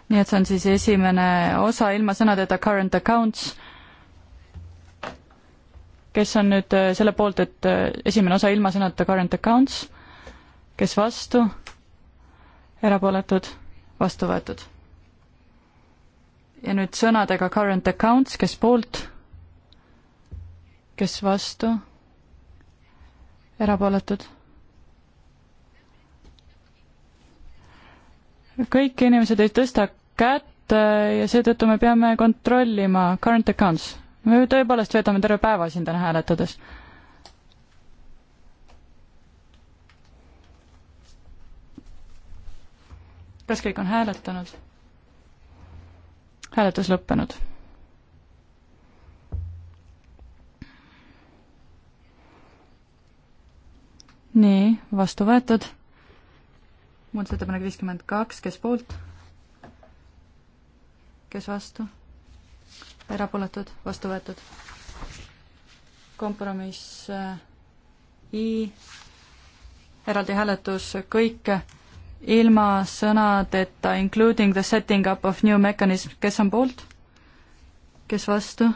nii et see on siis esimene osa ilma sõnadeta current accounts, kes on nüüd äh, selle poolt, et äh, esimene osa ilma sõnadeta current accounts, kes vastu, erapooletud, vastu võetud. ja nüüd sõnadega current accounts, kes poolt, kes vastu, erapooletud kõik inimesed ei tõsta kätt äh, ja seetõttu me peame kontrollima current accounts. me tõepoolest veedame terve päeva siin täna hääletades kas kõik on hääletanud? hääletus lõppenud. nii, vastu võetud muudatusettepanek viiskümmend kaks, kes poolt? kes vastu? erapooletud, vastu võetud. kompromiss äh, I, eraldi hääletus, kõik ilma sõnadeta including the setting up of new mechanism, kes on poolt? kes vastu?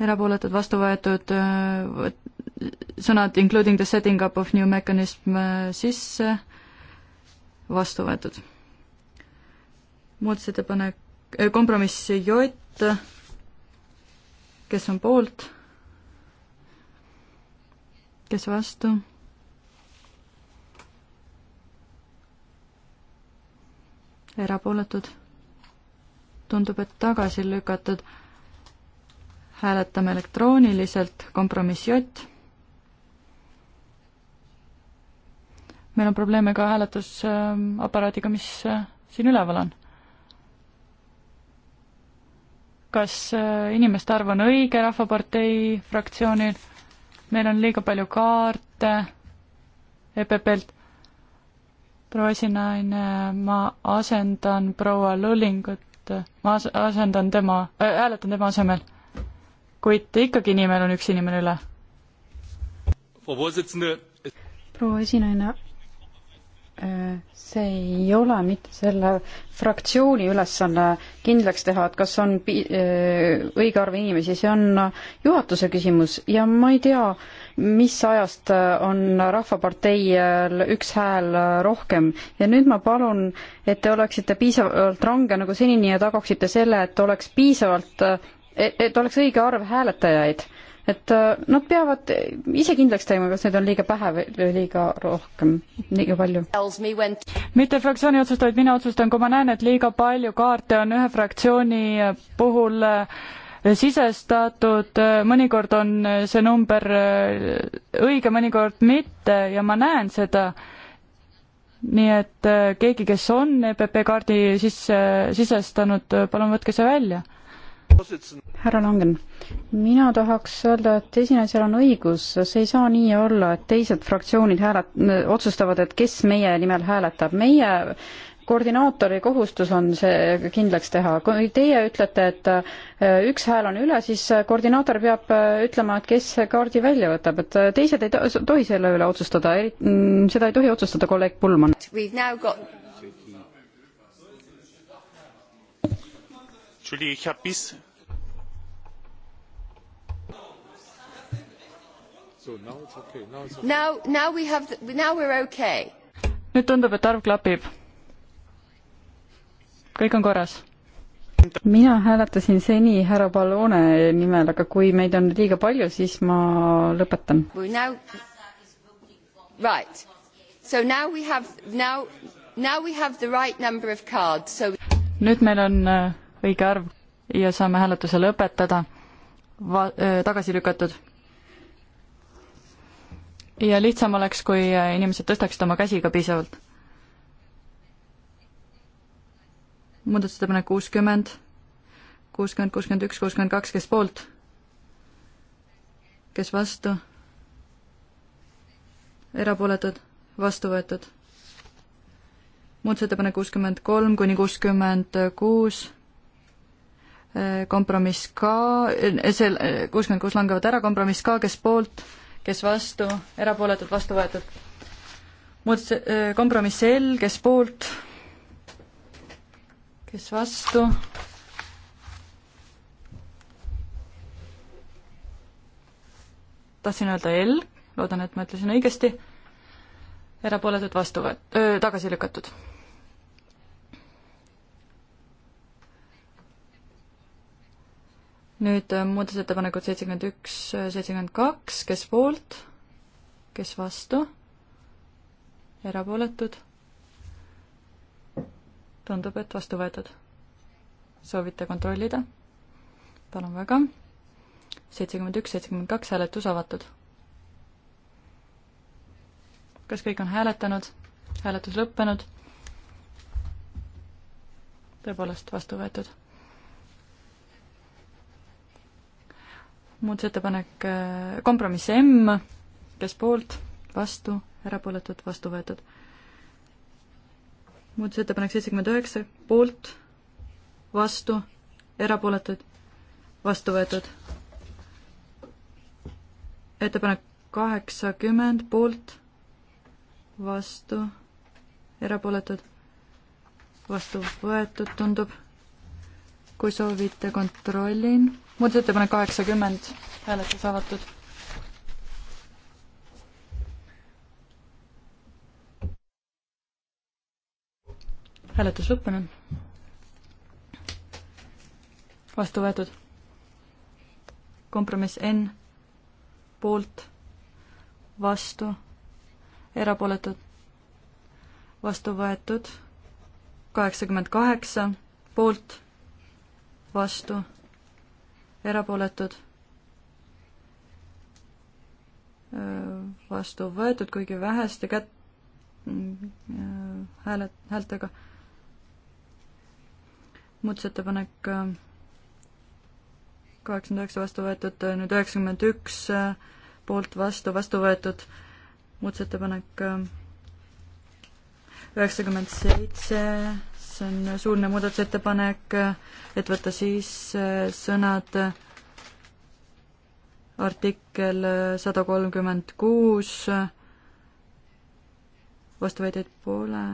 erapooletud, vastu võetud äh, sõnad including the setting up of new mechanism äh, sisse vastu võetud. muudatusettepanek, äh, kompromiss J, kes on poolt, kes vastu, erapooletud, tundub, et tagasi lükatud, hääletame elektrooniliselt, kompromiss J meil on probleeme ka hääletusaparaadiga, mis äh, siin üleval on. kas äh, inimeste arv on õige Rahvapartei fraktsioonil? meil on liiga palju kaarte EPP-lt. proua esinaine, ma asendan proua Lullingut, äh, ma as-, asendan tema äh,, hääletan tema asemel. kuid ikkagi nii, meil on üks inimene üle. proua esinaine, Äh, see ei ole mitte selle fraktsiooni ülesanne kindlaks teha, et kas on pi-, äh, õige arv inimesi, see on juhatuse küsimus ja ma ei tea, mis ajast on Rahvaparteil üks hääl rohkem ja nüüd ma palun, et te oleksite piisavalt range nagu senini ja tagaksite selle, et oleks piisavalt, et oleks õige arv hääletajaid et äh, nad peavad ise kindlaks tegema, kas neid on liiga pähe või liiga rohkem, liiga palju. mitte fraktsiooni otsust, vaid mina otsustan, kui ma näen, et liiga palju kaarte on ühe fraktsiooni puhul äh, sisestatud, äh, mõnikord on see number õige, mõnikord mitte ja ma näen seda nii et keegi, kes on EPP kaardi sisse, sisestanud, palun võtke see välja härra Langen, mina tahaks öelda, et esinaisel on õigus, see ei saa nii olla, et teised fraktsioonid hääled, otsustavad, et kes meie nimel hääletab, meie koordinaatori kohustus on see kindlaks teha, kui teie ütlete, et äh, üks hääl on üle, siis äh, koordinaator peab äh, ütlema, et kes kaardi välja võtab, et teised ei tohi selle üle otsustada, mm, seda ei tohi otsustada kolleeg Pullmann. Entschuldige, ich habe bis So now it's okay. Now it's okay. Now, now we have, the, now we're okay. nüüd tundub, et arv klapib. kõik on korras mina hääletasin seni härra Pallone nimel, aga kui meid on liiga palju, siis ma lõpetan. Now... Right. So now we have now, now we have the right number of cards, so. nüüd meil on äh, õige arv ja saame hääletuse lõpetada. Va-, äh, tagasi lükatud ja lihtsam oleks, kui inimesed tõstaksid oma käsi ka piisavalt. muudatusettepanek kuuskümmend, kuuskümmend, kuuskümmend üks, kuuskümmend kaks, kes poolt? kes vastu? erapooletud? vastu võetud. muudatusettepanek kuuskümmend kolm kuni kuuskümmend kuus, kompromiss ka, see kuuskümmend kuus langevad ära, kompromiss ka, kes poolt? kes vastu, erapooletud, vastu võetud. muudatus, äh, kompromiss L, kes poolt, kes vastu, tahtsin öelda L, loodan, et ma ütlesin õigesti, erapooletud vastu võet-, tagasi lükatud nüüd äh, muudatusettepanekud seitsekümmend üks, äh, seitsekümmend kaks, kes poolt, kes vastu, erapooletud. tundub, et vastu võetud. soovite kontrollida? palun väga. seitsekümmend üks, seitsekümmend kaks, hääletus avatud. kas kõik on hääletanud? hääletus lõppenud. tõepoolest vastu võetud muudatusettepanek äh, kompromiss M, kes poolt, vastu, erapooletud, vastu võetud. muudatusettepanek seitsekümmend üheksa, poolt, vastu, erapooletud, vastu võetud. ettepanek kaheksakümmend, poolt, vastu, erapooletud, vastu võetud, tundub. kui soovite, kontrollin muudatusettepanek kaheksakümmend, hääletus avatud. hääletus lõppenud. vastu võetud. kompromiss N, poolt, vastu, erapooletud, vastu võetud, kaheksakümmend kaheksa, poolt, vastu erapooletud, vastu võetud, kuigi väheste kätt-, hääle, häältega. muudatusettepanek kaheksakümmend üheksa vastu võetud, nüüd üheksakümmend üks poolt vastu, vastu võetud muudatusettepanek üheksakümmend seitse see on suuline muudatusettepanek, et võtta siis äh, sõnad artikkel sada kolmkümmend kuus, vastuväiteid pole,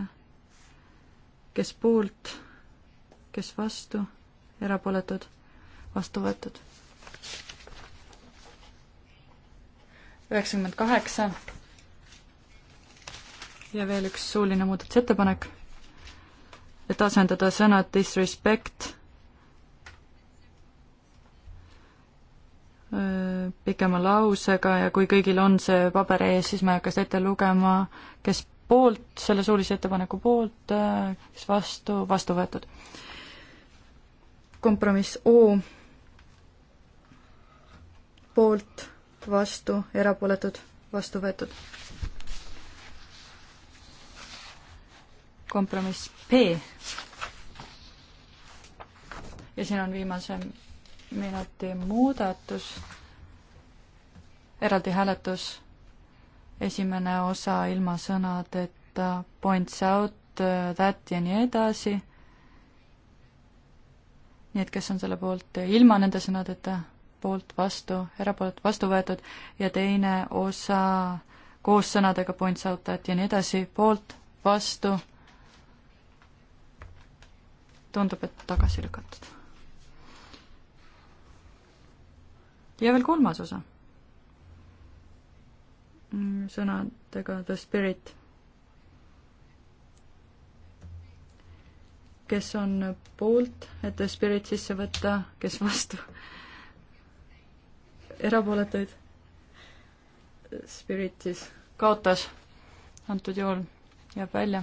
kes poolt, kes vastu, erapooletud, vastu võetud. üheksakümmend kaheksa ja veel üks suuline muudatusettepanek et asendada sõnad disrespect äh, pikema lausega ja kui kõigil on see paber ees, siis ma ei hakka seda ette lugema, kes poolt, selle suulise ettepaneku poolt, äh, kes vastu, vastu võetud. kompromiss O poolt, vastu, erapooletud, vastu võetud kompromiss P. ja siin on viimase minuti muudatus, eraldi hääletus, esimene osa ilma sõnadeta points out, that ja nii edasi. nii et kes on selle poolt ilma nende sõnadeta, poolt, vastu, erapoolt, vastu võetud ja teine osa koos sõnadega points out that ja nii edasi, poolt, vastu tundub, et tagasi lükatud. ja veel kolmas osa. Mm, sõnadega The Spirit. kes on poolt, et The Spirit sisse võtta, kes vastu? erapooletuid? Spirit siis kaotas antud juhul, jääb välja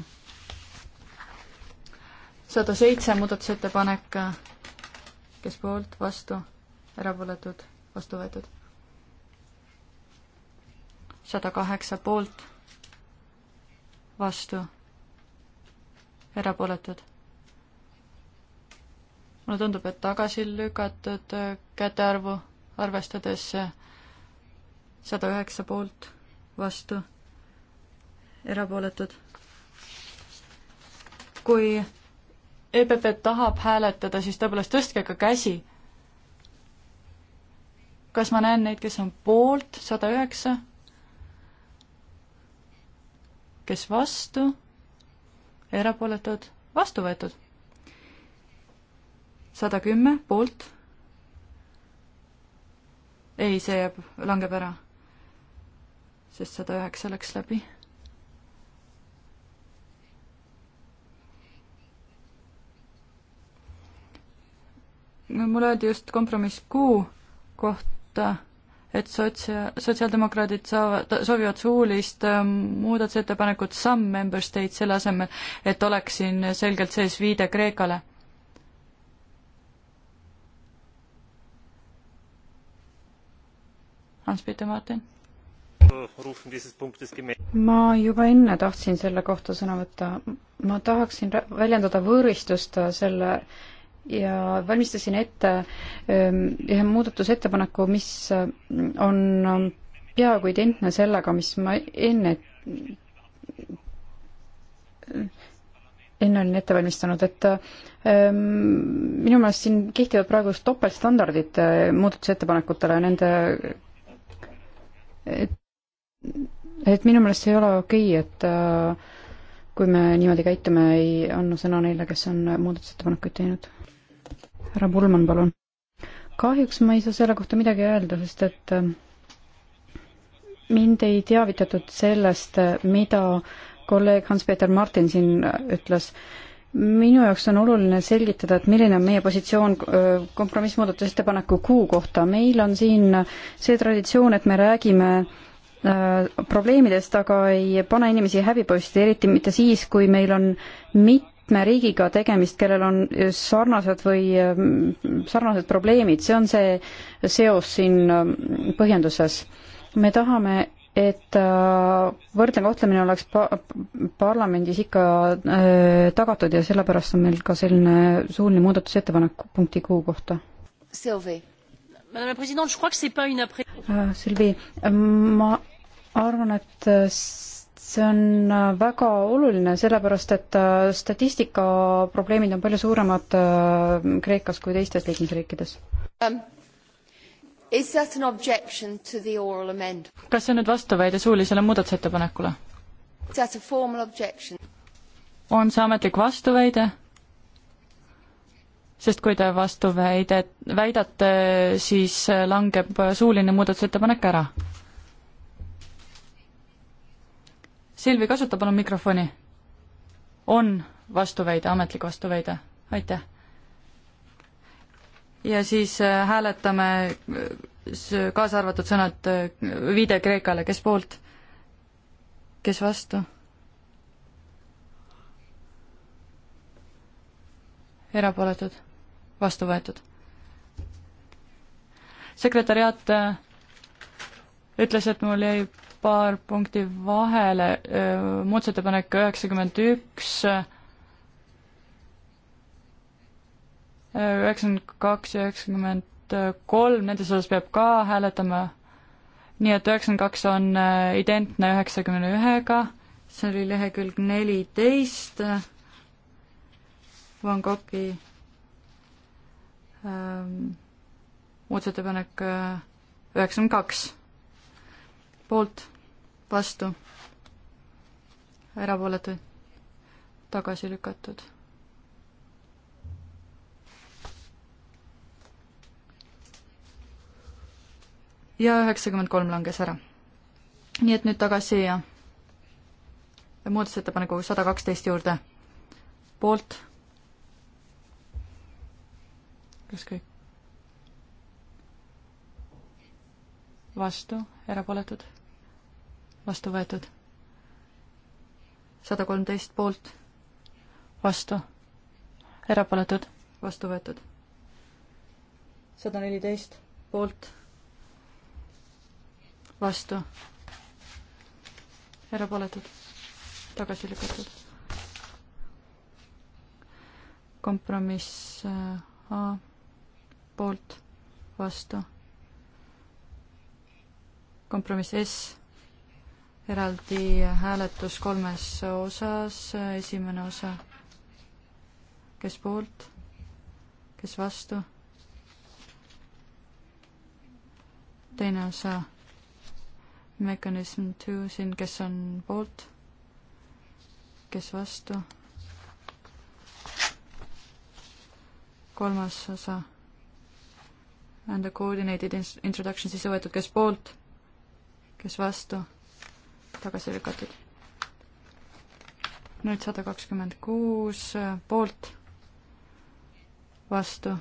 sada seitse muudatusettepanek, kes poolt, vastu, erapooletud, vastu võetud. sada kaheksa poolt, vastu, erapooletud. mulle tundub, et tagasi lükatud käte arvu arvestades sada üheksa poolt, vastu, erapooletud. kui EPP tahab hääletada, siis tõepoolest tõstke ka käsi. kas ma näen neid, kes on poolt, sada üheksa? kes vastu? erapooletud, vastu võetud. sada kümme poolt. ei, see jääb, langeb ära, sest sada üheksa läks läbi mulle öeldi just kompromiss Q kohta, et sotsia-, sotsiaaldemokraadid saavad, soovivad suulist ähm, muudatusettepanekut some member state selle asemel, et oleks siin selgelt sees viide Kreekale. Hans-Peter Martin ma juba enne tahtsin selle kohta sõna võtta. ma tahaksin väljendada võõristust selle äh, ja valmistasin ette ähm, ühe muudatusettepaneku, mis äh, on ähm, peaaegu identne sellega, mis ma enne, enne olin ette valmistanud, et ähm, minu meelest siin kehtivad praegu topeltstandardid äh, muudatusettepanekutele ja nende, et, et minu meelest see ei ole okei okay,, et äh, kui me niimoodi käitume, ei anna sõna neile, kes on muudatusettepanekuid teinud härra Pulman, palun. kahjuks ma ei saa selle kohta midagi öelda, sest et äh, mind ei teavitatud sellest, mida kolleeg Hans-Peter Martin siin äh, ütles. minu jaoks on oluline selgitada, et milline on meie positsioon äh, kompromissmuudatusettepaneku kuu kohta. meil on siin see traditsioon, et me räägime probleemidest, aga ei pane inimesi häbiposti, eriti mitte siis, kui meil on mit-, mitme riigiga tegemist, kellel on sarnased või mm, sarnased probleemid, see on see seos siin mm, põhjenduses. me tahame, et äh, võrdne kohtlemine oleks pa-, parlamendis ikka äh, tagatud ja sellepärast on meil ka selline suuline muudatusettepanek punkti kuu kohta. Sylvie, äh, ma arvan, et äh, see on äh, väga oluline, sellepärast et äh, statistika probleemid on palju suuremad äh, Kreekas kui teistes liikmesriikides um,. kas see on nüüd vastuväide suulisele muudatusettepanekule? on see ametlik vastuväide? sest kui te vastuväidet, väidate, siis langeb suuline muudatusettepanek ära Silvi, kasuta palun mikrofoni. on vastuväide, ametlik vastuväide, aitäh. ja siis äh, hääletame äh, kaasa arvatud sõnad, äh, viide Kreekale, kes poolt, kes vastu? erapooletud, vastu võetud. sekretäriaat ütles, et mul jäi paar punkti vahele, muudatusettepanek üheksakümmend üks, üheksakümmend kaks ja üheksakümmend kolm, nendes osas peab ka hääletama, nii et üheksakümmend kaks on identne üheksakümne ühega, see oli lehekülg neliteist, Van Goghi ähm, muudatusettepanek üheksakümmend kaks poolt, vastu, erapooletuid, tagasi lükatud. ja üheksakümmend kolm langes ära. nii et nüüd tagasi ja muudatusettepaneku sada kaksteist juurde. poolt. kas kõik? vastu, erapooletud vastu võetud. sada kolmteist poolt, vastu, erapooletud, vastu võetud. sada neliteist poolt, vastu, erapooletud, tagasi lükatud. kompromiss äh, A poolt, vastu kompromiss S eraldi hääletus kolmes osas, esimene osa, kes poolt, kes vastu, teine osa, mechanism two siin, kes on poolt, kes vastu, kolmas osa and the coordinated introduction sisse võetud, kes poolt, kes vastu tagasi lükatud. nüüd sada kakskümmend kuus poolt, vastu.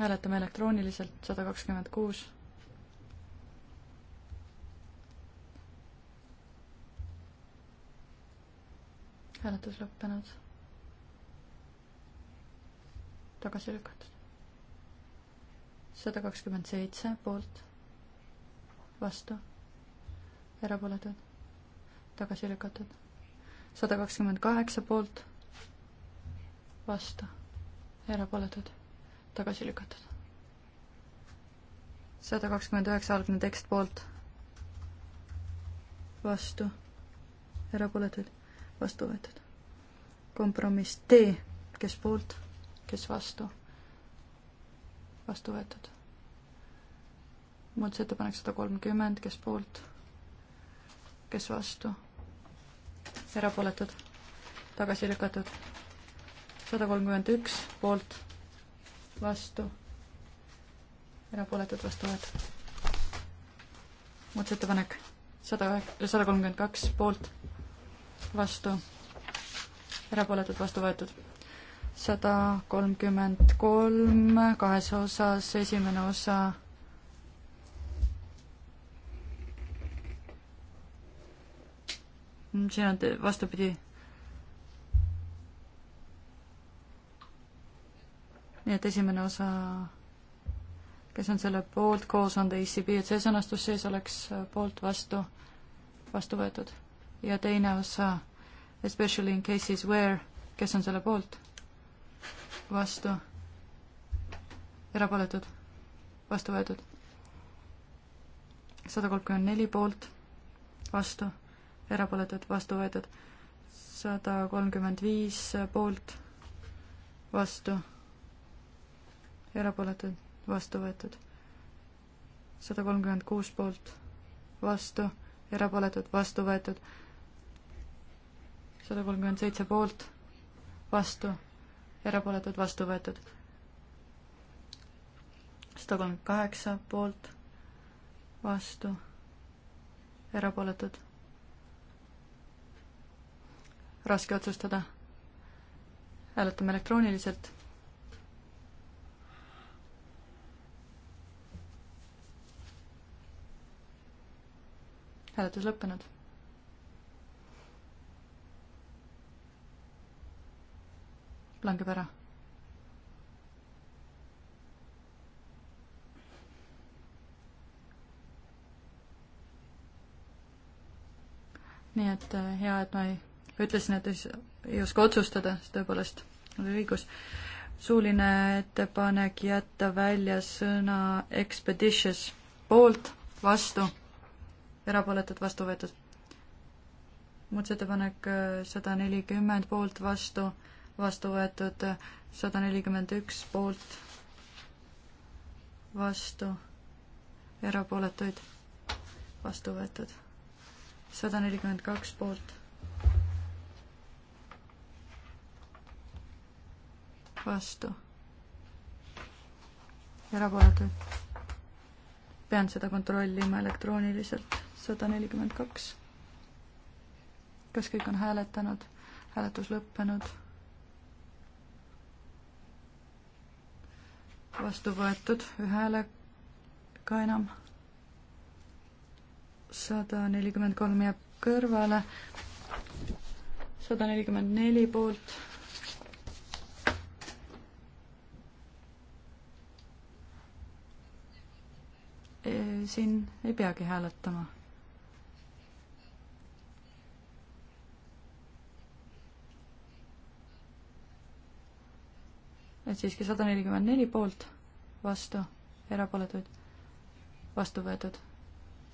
hääletame elektrooniliselt, sada kakskümmend kuus. hääletus lõppenud tagasi lükatud sada kakskümmend seitse poolt, vastu, erapooletud, tagasi lükatud. sada kakskümmend kaheksa poolt, vastu, erapooletud, tagasi lükatud. sada kakskümmend üheksa algne tekst poolt, vastu, erapooletud, vastu võetud. kompromiss D, kes poolt, kes vastu vastu võetud. muudatusettepanek sada kolmkümmend, kes poolt, kes vastu, erapooletud, tagasi lükatud. sada kolmkümmend üks poolt, vastu, erapooletud, vastu võetud. muudatusettepanek sada üheksa, sada kolmkümmend kaks poolt, vastu, erapooletud, vastu võetud sada kolmkümmend kolm kahes osas, esimene osa mm, siin on vastupidi. nii et esimene osa, kes on selle poolt, koos on DCB, et see sõnastus sees oleks poolt vastu, vastu võetud. ja teine osa, especially in cases where, kes on selle poolt vastu, erapooletud, vastu võetud. sada kolmkümmend neli poolt, vastu, erapooletud, vastu võetud. sada kolmkümmend viis poolt, vastu, erapooletud, vastu võetud. sada kolmkümmend kuus poolt, vastu, erapooletud, vastu võetud. sada kolmkümmend seitse poolt, vastu erapooletud, vastu võetud. sada kolmkümmend kaheksa poolt, vastu, erapooletud. raske otsustada. hääletame elektrooniliselt hääletus lõppenud langeb ära. nii et äh, hea, et ma ei, ütlesin, et ei oska otsustada, sest tõepoolest oli õigus. suuline ettepanek jätta välja sõna expeditious poolt, vastu, erapooletud, vastu võetud muudatusettepanek äh, sada nelikümmend poolt vastu, vastu võetud sada nelikümmend üks poolt, vastu, erapooletuid vastu võetud sada nelikümmend kaks poolt vastu. erapooletuid. pean seda kontrollima elektrooniliselt. sada nelikümmend kaks. kas kõik on hääletanud? hääletus lõppenud vastu võetud ühe häälega enam. sada nelikümmend kolm jääb kõrvale. sada nelikümmend neli poolt. siin ei peagi hääletama siiski sada nelikümmend neli poolt, vastu, erapooletuid, vastu võetud.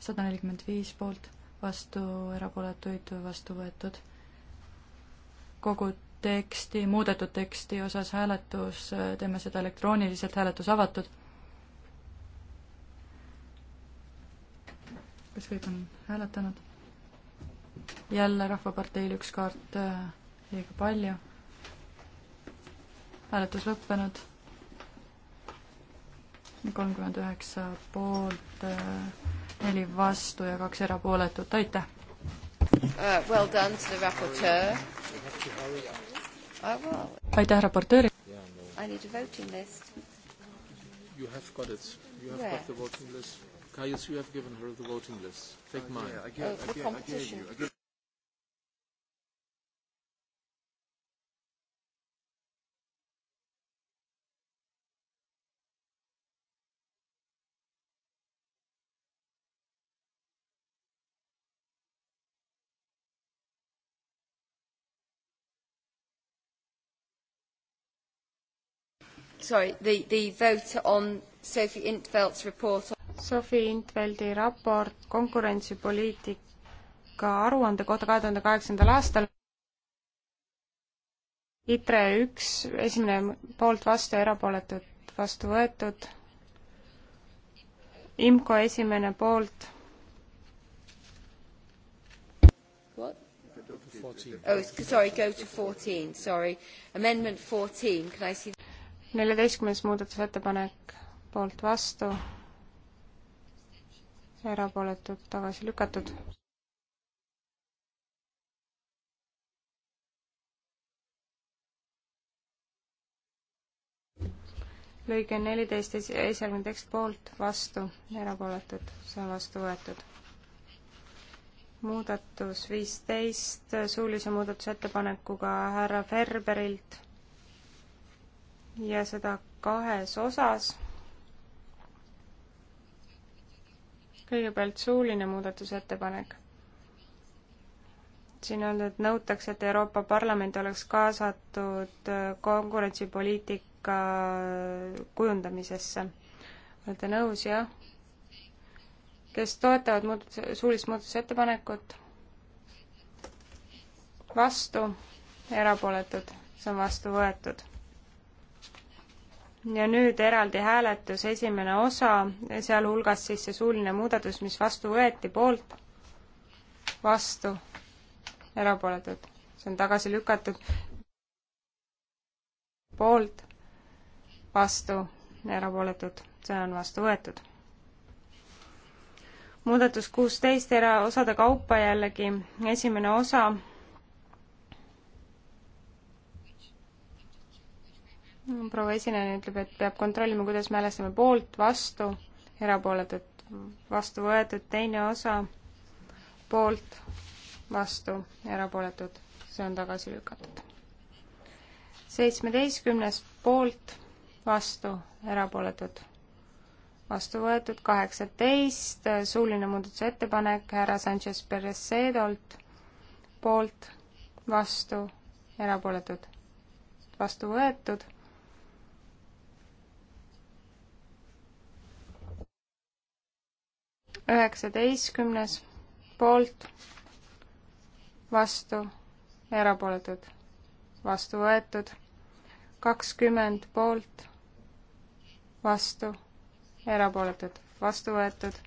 sada nelikümmend viis poolt, vastu, erapooletuid, vastu võetud. kogu teksti, muudetud teksti osas hääletus, teeme seda elektrooniliselt, hääletus avatud. kas kõik on hääletanud? jälle Rahvaparteil üks kaart äh, liiga palju hääletus lõppenud. kolmkümmend üheksa poolt, neli vastu ja kaks erapooletut, aitäh uh,! Well done to the raporteur uh,. Well. aitäh raportööri! I need a voting list. You have got it. You have Where? got the voting list. Caius, you have given her the voting list. Take oh, mine. Yeah, I, gave, oh, I, gave, I gave you. I gave sorry, the, the vote on Sophie Intveld's report. Sophie Intveldi raport konkurentsipoliitika aruande kohta kahe tuhande kaheksandal aastal. ITRE üks, esimene poolt vastu, erapooletud vastu võetud. IMCO esimene poolt. What? Oh, sorry, go to 14, sorry. Amendment 14, can I see? neljateistkümnes muudatusettepanek poolt vastu, erapooletud tagasi lükatud. lõige neliteist esialgne tekst poolt, vastu, erapooletud, see on vastu võetud. muudatus viisteist suulise muudatusettepanekuga härra Ferberilt ja seda kahes osas. kõigepealt suuline muudatusettepanek. siin on, et nõutakse, et Euroopa Parlament oleks kaasatud konkurentsipoliitika kujundamisesse. olete nõus, jah? kes toetavad muudatus, suulist muudatusettepanekut? vastu, erapooletud, see on vastu võetud ja nüüd eraldi hääletus, esimene osa, sealhulgas siis see suuline muudatus, mis vastu võeti, poolt, vastu, erapooletud, see on tagasi lükatud, poolt, vastu, erapooletud, see on vastu võetud. muudatus kuusteist eraosade kaupa jällegi, esimene osa proua esineja ütleb, et peab kontrollima, kuidas me häälestame poolt, vastu, erapooletud, vastu võetud, teine osa poolt, vastu, erapooletud, see on tagasi lükatud. seitsmeteistkümnes poolt, vastu, erapooletud, vastu võetud, kaheksateist, suuline muudatusettepanek härra Sanchez Perecedolt, poolt, vastu, erapooletud, vastu võetud üheksateistkümnes poolt, vastu, erapooletud, vastu võetud, kakskümmend poolt, vastu, erapooletud, vastu võetud,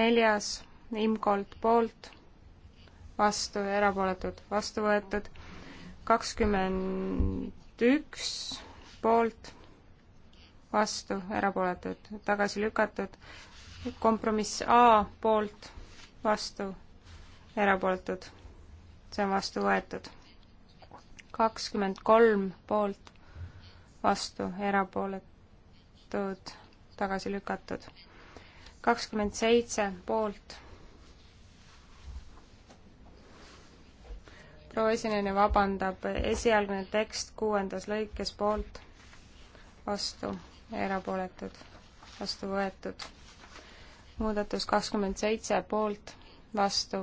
neljas imkolt poolt, vastu, erapooletud, vastu võetud, kakskümmend üks poolt, vastu, erapooletud, tagasi lükatud, kompromiss A poolt, vastu, erapooletud. see on vastu võetud. kakskümmend kolm poolt, vastu, erapooletud, tagasi lükatud. kakskümmend seitse poolt. proua esineja vabandab, esialgne tekst kuuendas lõikes poolt, vastu, erapooletud, vastu võetud muudatus kakskümmend seitse poolt, vastu,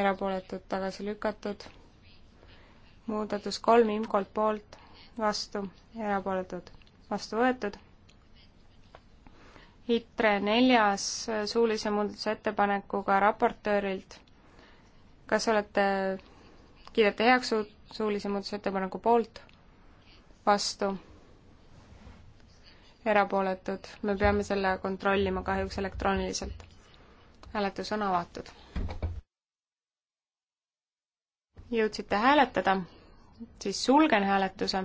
erapooletud, tagasi lükatud. muudatus kolm IMCO-lt poolt, vastu, erapooletud, vastu võetud. ITRE neljas suulise muudatusettepanekuga raportöörilt. kas olete, kiidate heaks suulise muudatusettepaneku poolt, vastu erapooletud, me peame selle kontrollima kahjuks elektrooniliselt. hääletus on avatud. jõudsite hääletada, siis sulgen hääletuse.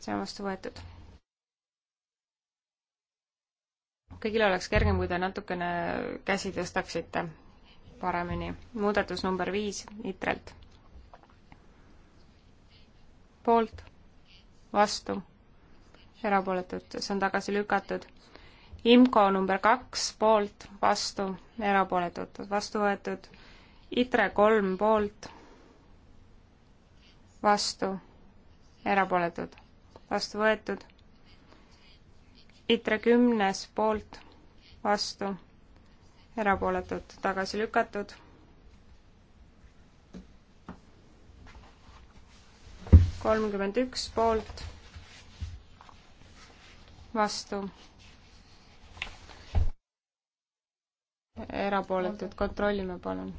see on vastu võetud. kõigil oleks kergem, kui te natukene käsi tõstaksite paremini. muudatus number viis ITRELT. poolt, vastu, erapooletud, see on tagasi lükatud. IMCO number kaks, poolt, vastu, erapooletud, vastu võetud. ITRE kolm, poolt, vastu, erapooletud, vastu võetud. ITRE kümnes, poolt, vastu erapooletud, tagasi lükatud. kolmkümmend üks poolt, vastu. erapooletud, kontrollime palun.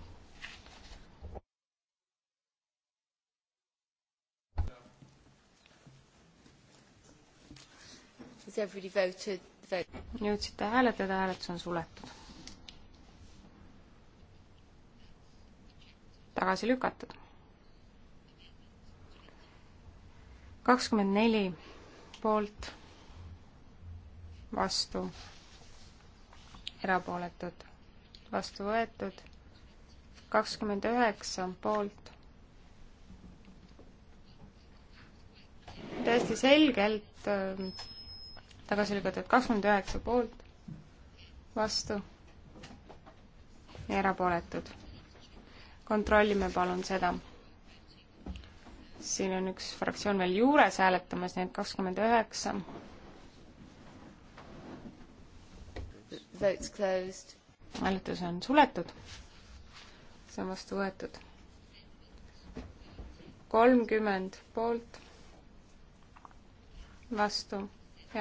jõudsite hääletada, hääletus on suletud tagasi lükatud. kakskümmend neli poolt, vastu, erapooletud, vastu võetud, kakskümmend üheksa poolt. täiesti selgelt äh, tagasi lükatud, kakskümmend üheksa poolt, vastu ja erapooletud kontrollime palun seda. siin on üks fraktsioon veel juures hääletamas, nii et kakskümmend üheksa. hääletus on suletud. see on vastu võetud. kolmkümmend poolt, vastu,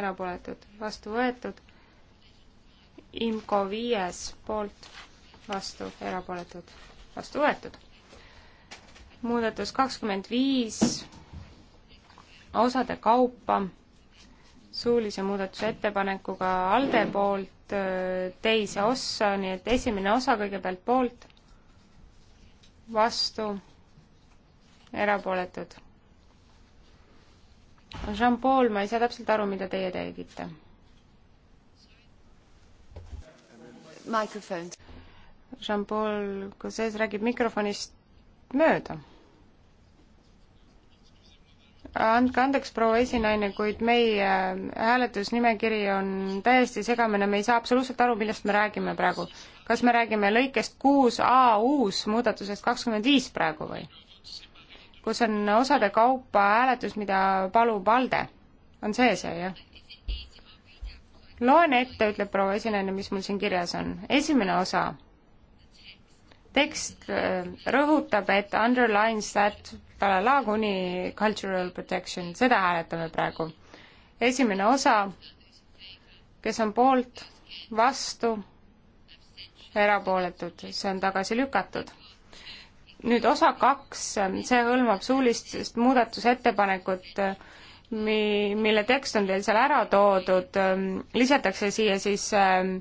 erapooletud, vastu võetud. IMCO viies poolt, vastu, erapooletud vastu võetud. muudatus kakskümmend viis osade kaupa suulise muudatuse ettepanekuga ALDE poolt teise ossa, nii et esimene osa kõigepealt poolt, vastu, erapooletud. Jean-Paul, ma ei saa täpselt aru, mida teie tegite mikrofon. Jean-Paul Gosses räägib mikrofonist mööda. andke andeks, proua esinaine, kuid meie äh, hääletusnimekiri on täiesti segamine, me ei saa absoluutselt aru, millest me räägime praegu. kas me räägime lõikest kuus A uus muudatusest kakskümmend viis praegu või? kus on osade kaupa hääletus, mida palub ALDE. on see see, jah? loen ette, ütleb proua esinaine, mis mul siin kirjas on. esimene osa tekst äh, rõhutab, et underlines that talala kuni cultural protection, seda hääletame praegu. esimene osa, kes on poolt, vastu, erapooletud, see on tagasi lükatud. nüüd osa kaks, see hõlmab suulist muudatusettepanekut, mi-, mille tekst on teil seal ära toodud, lisatakse siia siis äh,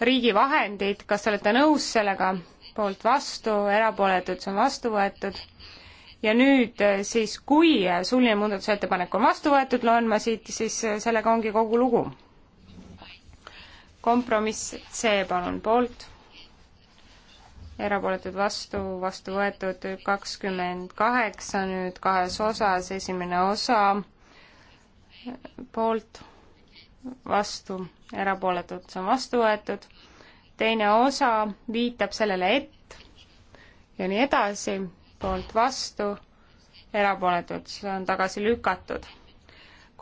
riigi vahendid, kas te olete nõus sellega? poolt vastu, erapooletud, see on vastu võetud. ja nüüd eh, siis, kui suuline muudatusettepanek on vastu võetud, loen ma siit, siis eh, sellega ongi kogu lugu. kompromiss C, palun, poolt, erapooletud vastu, vastu võetud kakskümmend kaheksa, nüüd kahes osas, esimene osa poolt, vastu, erapooletud, see on vastu võetud teine osa viitab sellele, et ja nii edasi, poolt vastu, erapooletud, see on tagasi lükatud.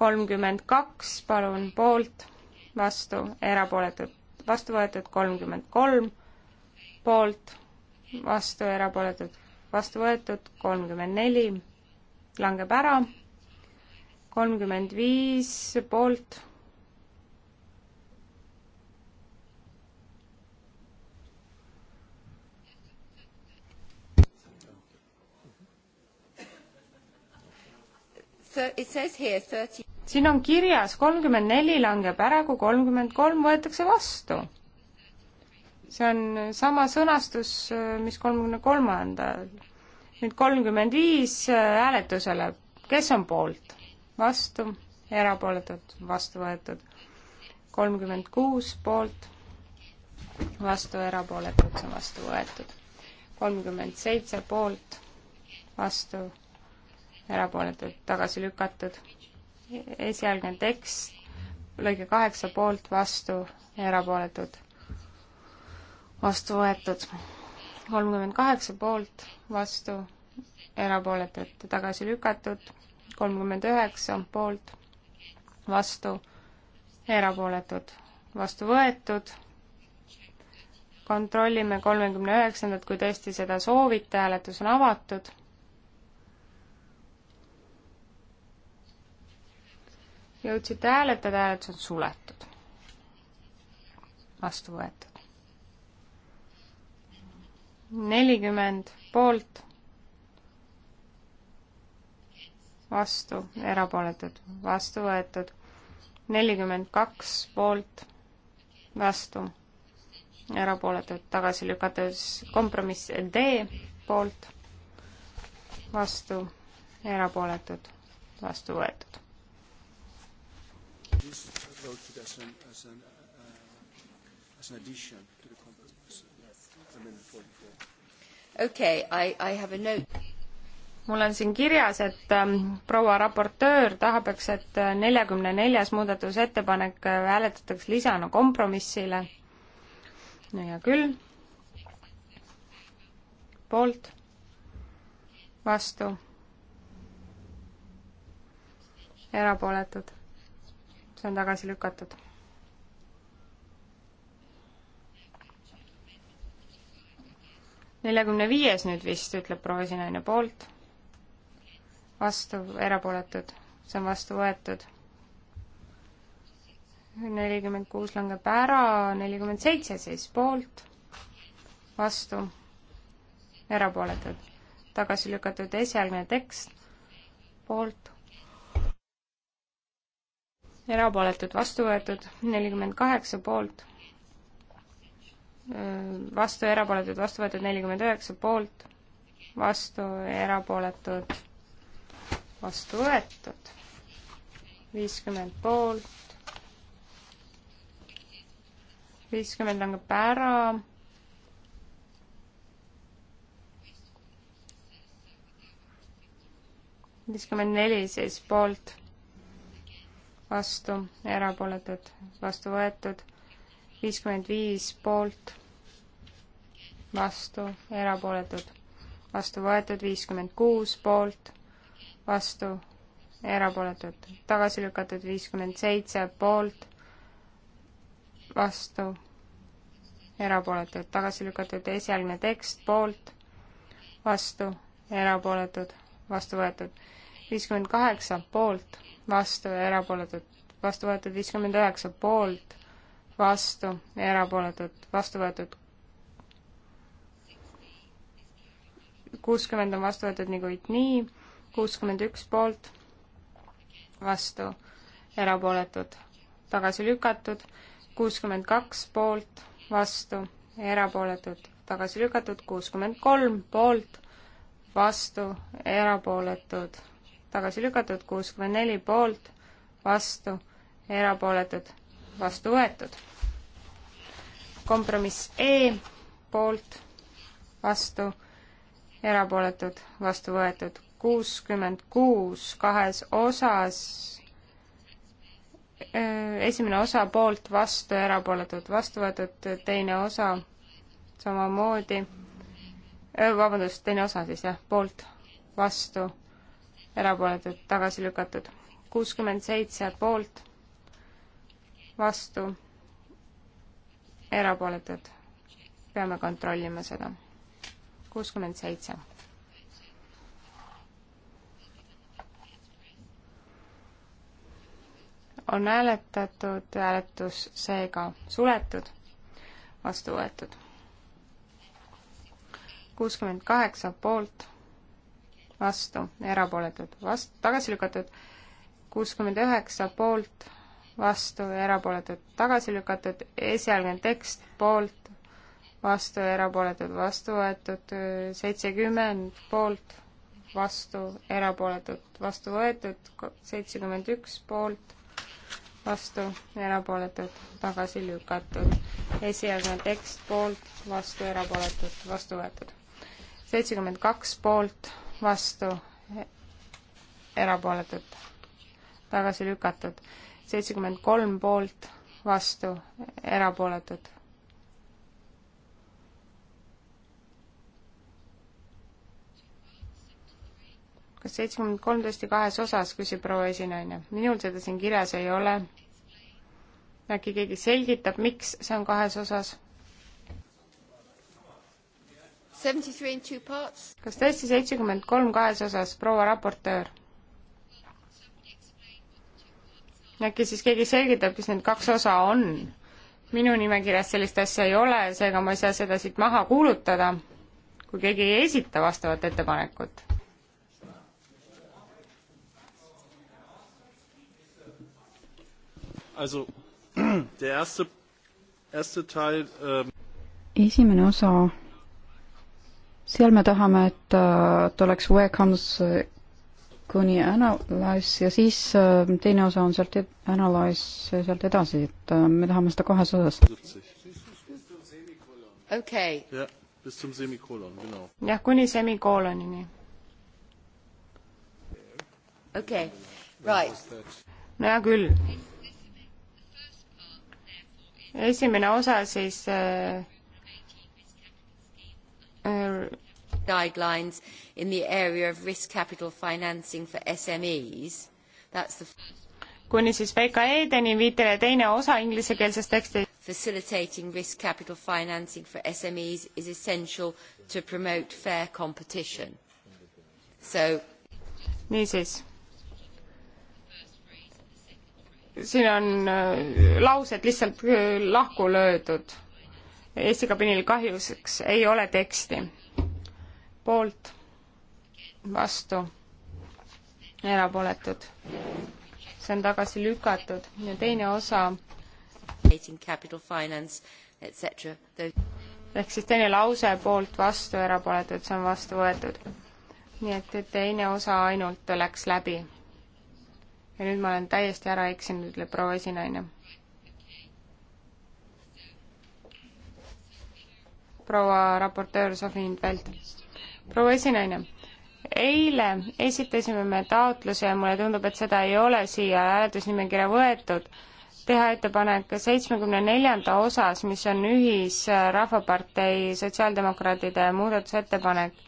kolmkümmend kaks, palun, poolt, vastu, erapooletud, vastu võetud, kolmkümmend kolm, poolt, vastu, erapooletud, vastu võetud, kolmkümmend neli, langeb ära, kolmkümmend viis, poolt siin on kirjas kolmkümmend neli langeb ära, kui kolmkümmend kolm võetakse vastu. see on sama sõnastus, mis kolmekümne kolmandal. nüüd kolmkümmend viis äh, hääletusele, kes on poolt? vastu, erapooletud, vastu võetud. kolmkümmend kuus poolt, vastu, erapooletud, see on vastu võetud. kolmkümmend seitse poolt, vastu erapooletud, tagasi lükatud. esialgne tekst, lõige kaheksa poolt, vastu, erapooletud, vastu võetud. kolmkümmend kaheksa poolt, vastu, erapooletud, tagasi lükatud. kolmkümmend üheksa poolt, vastu, erapooletud, vastu võetud kontrollime kolmekümne üheksandat, kui tõesti seda soovite, hääletus on avatud. jõudsite hääletada, hääletus on suletud. vastu võetud. nelikümmend poolt, vastu, erapooletud, vastu võetud. nelikümmend kaks poolt, vastu, erapooletud, tagasi lükates kompromiss D poolt, vastu, erapooletud, vastu võetud approach it as an, as an, uh, as an addition to the compromise. Amendment 44. Okay, I, I have a note mul on siin kirjas, et ähm, proua raportöör tahab, eks, et äh, neljakümne neljas muudatusettepanek äh, hääletatakse lisana kompromissile. no hea küll. poolt, vastu, erapooletud see on tagasi lükatud. neljakümne viies nüüd vist, ütleb proua esinaine poolt. vastu, erapooletud, see on vastu võetud. nelikümmend kuus langeb ära, nelikümmend seitse siis poolt, vastu, erapooletud, tagasi lükatud esialgne tekst, poolt erapooletud, vastu võetud, nelikümmend kaheksa poolt, vastu ja erapooletud, vastu võetud nelikümmend üheksa poolt, vastu ja erapooletud, vastu võetud, viiskümmend poolt, viiskümmend langeb ära, viiskümmend neli siis poolt vastu, erapooletud, vastu võetud, viiskümmend viis poolt, vastu, erapooletud, vastu võetud, viiskümmend kuus poolt, vastu, erapooletud, tagasi lükatud viiskümmend seitse poolt, vastu, erapooletud, tagasi lükatud esialgne tekst poolt, vastu, erapooletud, vastu võetud viiskümmend kaheksa poolt, vastu ja erapooletud, vastu võetud viiskümmend üheksa poolt, vastu ja erapooletud, vastu võetud kuuskümmend on vastu võetud niikuinii, nagu kuuskümmend üks poolt, vastu, erapooletud, tagasi lükatud, kuuskümmend kaks poolt, vastu, erapooletud, tagasi lükatud, kuuskümmend kolm poolt, vastu, erapooletud tagasi lükatud, kuuskümmend neli poolt, vastu, erapooletud, vastu võetud. kompromiss E poolt, vastu, erapooletud, vastu võetud, kuuskümmend kuus kahes osas esimene osa poolt vastu ja erapooletud vastu võetud, teine osa samamoodi, vabandust, teine osa siis jah, poolt vastu, erapooletud, tagasi lükatud. kuuskümmend seitse poolt, vastu, erapooletud. peame kontrollima seda. kuuskümmend seitse. on hääletatud, hääletus seega suletud, vastu võetud. kuuskümmend kaheksa poolt vastu, erapooletud, vast-, tagasi lükatud, kuuskümmend üheksa poolt, vastu, erapooletud, tagasi lükatud, esialgne tekst poolt, vastu, erapooletud, vastu võetud, seitsekümmend poolt, vastu, erapooletud, vastu võetud, seitsekümmend üks poolt, vastu, erapooletud, tagasi lükatud, esialgne tekst poolt, vastu, erapooletud, vastu võetud. seitsekümmend kaks poolt, vastu, erapooletud, tagasi lükatud. seitsekümmend kolm poolt, vastu, erapooletud. kas seitsekümmend kolm tõesti kahes osas, küsib proua esinaine. minul seda siin kirjas ei ole. äkki keegi selgitab, miks see on kahes osas? kas tõesti seitsekümmend kolm kahes osas, proua raportöör? äkki siis keegi selgitab, mis need kaks osa on? minu nimekirjas sellist asja ei ole, seega ma ei saa seda siit maha kuulutada, kui keegi ei esita vastavat ettepanekut also der erste, erste Teil ähm esimene osa seal me tahame, et, äh, et oleks where comes äh, kuni analyze ja siis äh, teine osa on sealt analyze ja sealt edasi, et me tahame seda kahes osas. okei. jah, kuni semikoolonini. okei okay., right. no hea küll. esimene osa siis äh, uh, guidelines in the area of risk capital financing for SMEs. That's the kuni siis VKE-deni viitele teine osa inglisekeelsest tekstist. Facilitating risk capital financing for SMEs is essential to promote fair competition. So niisiis. siin on äh, laused lihtsalt äh, lahku löödud Eesti kabiinil kahjuseks ei ole teksti. poolt, vastu, erapooletud. see on tagasi lükatud ja teine osa ehk siis teine lause poolt, vastu, erapooletud, see on vastu võetud. nii et, et teine osa ainult läks läbi. ja nüüd ma olen täiesti ära eksinud, ütleb proua esinaine proua raportöör Sofi Hindvelt. proua esinaine, eile esitasime me taotluse ja mulle tundub, et seda ei ole siia hääletusnimekirja võetud, teha ettepanek seitsmekümne neljanda osas, mis on ühisrahvapartei äh, sotsiaaldemokraatide muudatusettepanek,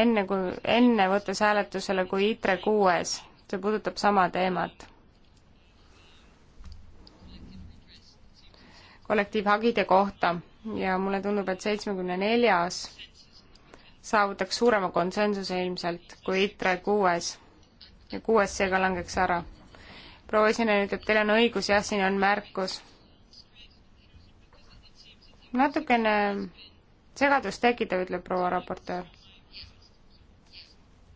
enne kui, enne võttes hääletusele kui ITRE kuues, see puudutab sama teemat kollektiivhagide kohta ja mulle tundub, et seitsmekümne neljas saavutaks suurema konsensuse ilmselt kui ITRE kuues ja kuues seega langeks ära. proua esineja ütleb, teil on õigus, jah, siin on märkus. natukene segadust tekitav, ütleb proua raportöör.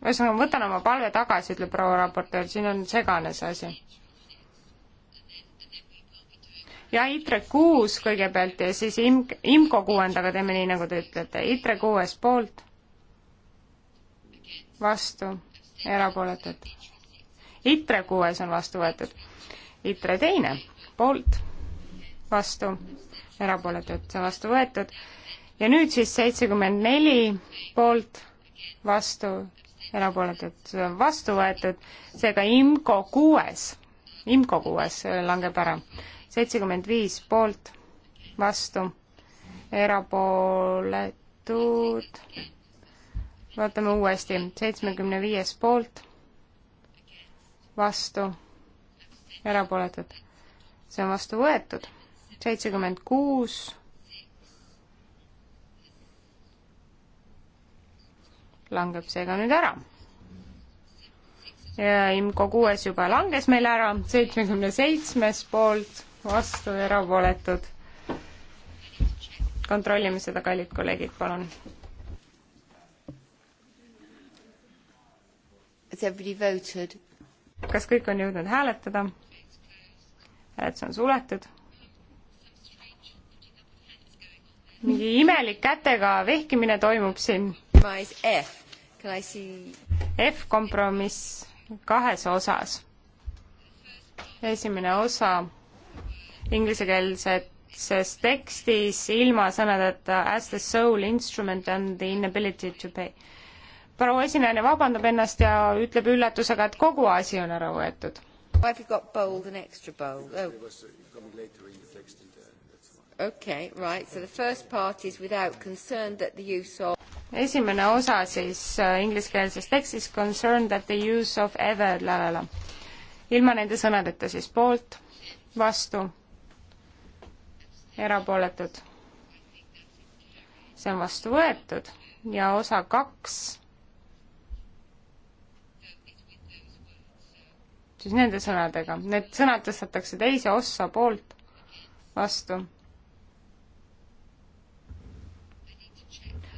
ühesõnaga, ma võtan oma palve tagasi, ütleb proua raportöör, siin on segane see asi ja ITRE kuus kõigepealt ja siis im-, IMCO kuuendaga teeme nii, nagu te ütlete, ITRE kuues poolt, vastu, erapooletud. ITRE kuues on vastu võetud. ITRE teine, poolt, vastu, erapooletud, see on vastu võetud. ja nüüd siis seitsekümmend neli poolt, vastu, erapooletud, vastu võetud, seega IMCO kuues, IMCO kuues langeb ära seitsekümmend viis poolt, vastu, erapooletud. vaatame uuesti, seitsmekümne viies poolt, vastu, erapooletud. see on vastu võetud, seitsekümmend kuus langeb seega nüüd ära. ja IMCO kuues juba langes meil ära, seitsmekümne seitsmes poolt vastu, erapooletud. kontrollime seda, kallid kolleegid, palun. kas kõik on jõudnud hääletada? hääletus on suletud. mingi imelik kätega vehkimine toimub siin. F-kompromiss kahes osas. esimene osa inglisekeelses tekstis ilma sõnadeta as the sole instrument and the inability to pay. proua esinaine vabandab ennast ja ütleb üllatusega, et kogu asi on ära võetud. Why have you got bold and extra bold? Oh. It was uh, coming later in the text. Uh, okay, right. So the first part is without concern that the use of esimene osa siis äh, ingliskeelses tekstis concern that the use of ever la la la. ilma nende sõnadeta siis poolt, vastu, erapooletud. see on vastu võetud ja osa kaks, siis nende sõnadega, need sõnad tõstetakse teise ossa poolt vastu.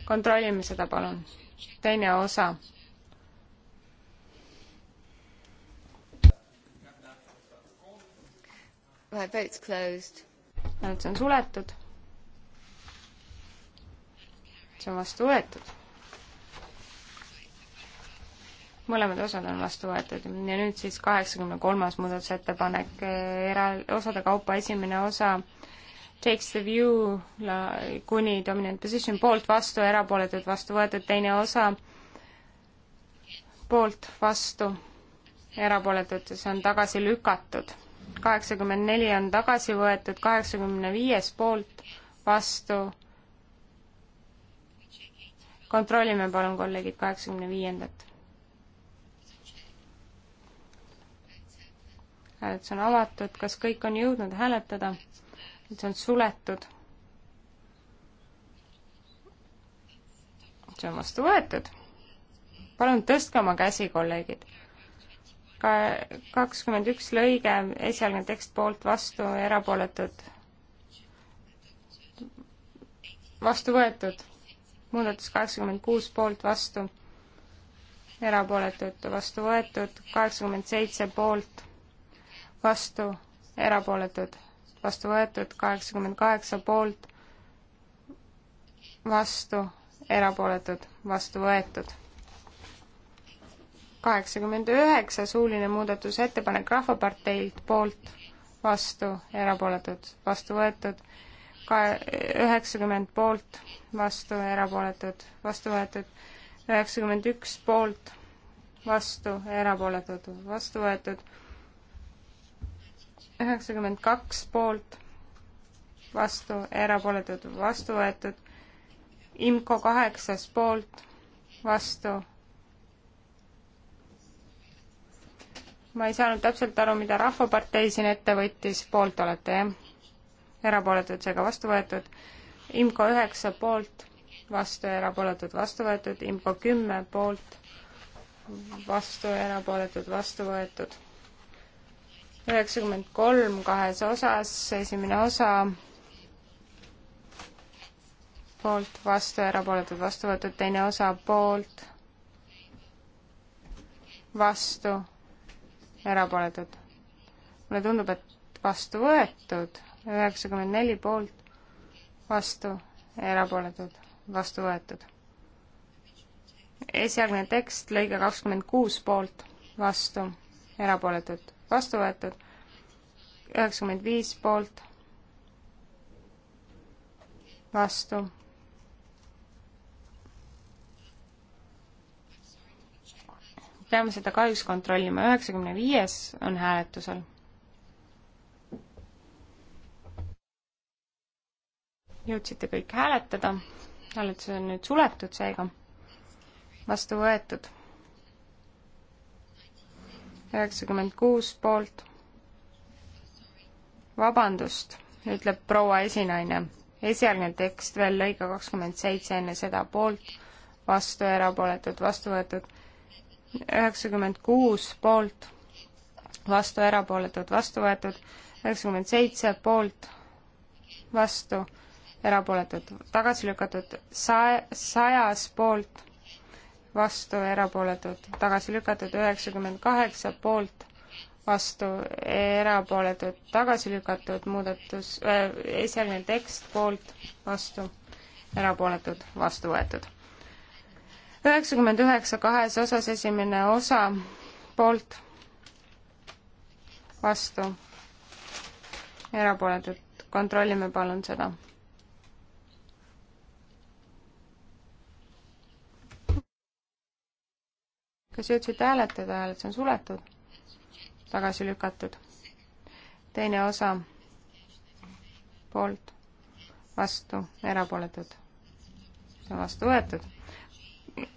kontrollime seda, palun. teine osa My vote's closed nüüd see on suletud. see on vastu võetud. mõlemad osad on vastu võetud ja nüüd siis kaheksakümne kolmas muudatusettepanek era-, osade kaupa esimene osa takes the view la, kuni dominant position poolt vastu, erapooletud vastu võetud, teine osa poolt vastu, erapooletud, see on tagasi lükatud kaheksakümmend neli on tagasi võetud, kaheksakümne viies poolt, vastu. kontrollime palun, kolleegid, kaheksakümne viiendat. hääletus on avatud, kas kõik on jõudnud hääletada? see on suletud. see on vastu võetud. palun tõstke oma käsi, kolleegid ka kakskümmend üks lõige, esialgne tekst poolt vastu, erapooletud, vastu võetud. muudatus kaheksakümmend kuus poolt vastu, erapooletud, vastu võetud, kaheksakümmend seitse poolt vastu, erapooletud, vastu võetud, kaheksakümmend kaheksa poolt vastu, erapooletud, vastu võetud kaheksakümmend üheksa, suuline muudatusettepanek Rahvaparteilt, poolt, vastu, erapooletud, vastu võetud, ka-, üheksakümmend poolt, vastu, erapooletud, vastu võetud, üheksakümmend üks poolt, vastu, erapooletud, vastu võetud, üheksakümmend kaks poolt, vastu, erapooletud, vastu võetud, IMCO kaheksas poolt, vastu, ma ei saanud täpselt aru, mida Rahvapartei siin ette võttis, poolt olete, jah? erapooletud, seega vastu võetud. IMCO üheksa poolt, vastu ja erapooletud, vastu võetud. IMCO kümme poolt, vastu ja erapooletud, vastu võetud. üheksakümmend kolm kahes osas, esimene osa poolt, vastu ja erapooletud, vastu võetud, teine osa poolt, vastu erapooletud. mulle tundub, et vastu võetud, üheksakümmend neli poolt, vastu, erapooletud, vastu võetud. esialgne tekst, lõige kakskümmend kuus poolt, vastu, erapooletud, vastu võetud, üheksakümmend viis poolt, vastu peame seda kahjuks kontrollima, üheksakümne viies on hääletusel. jõudsite kõik hääletada, hääletus on nüüd suletud seega, vastu võetud. üheksakümmend kuus poolt. vabandust, ütleb proua esinaine, esialgne tekst veel lõige kakskümmend seitse enne seda poolt, vastu erapooletud, vastu võetud üheksakümmend kuus poolt, vastu erapooletud, vastu võetud, üheksakümmend seitse poolt, vastu erapooletud, tagasi lükatud, sa-, sajas poolt, vastu erapooletud, tagasi lükatud, üheksakümmend kaheksa poolt, vastu erapooletud, tagasi lükatud, muudatus äh,, esialgne tekst poolt, vastu erapooletud, vastu võetud üheksakümmend üheksa kahes osas esimene osa poolt, vastu, erapooletud, kontrollime palun seda. kas jõudsite hääletada, hääletus on suletud, tagasi lükatud. teine osa poolt, vastu, erapooletud, vastu võetud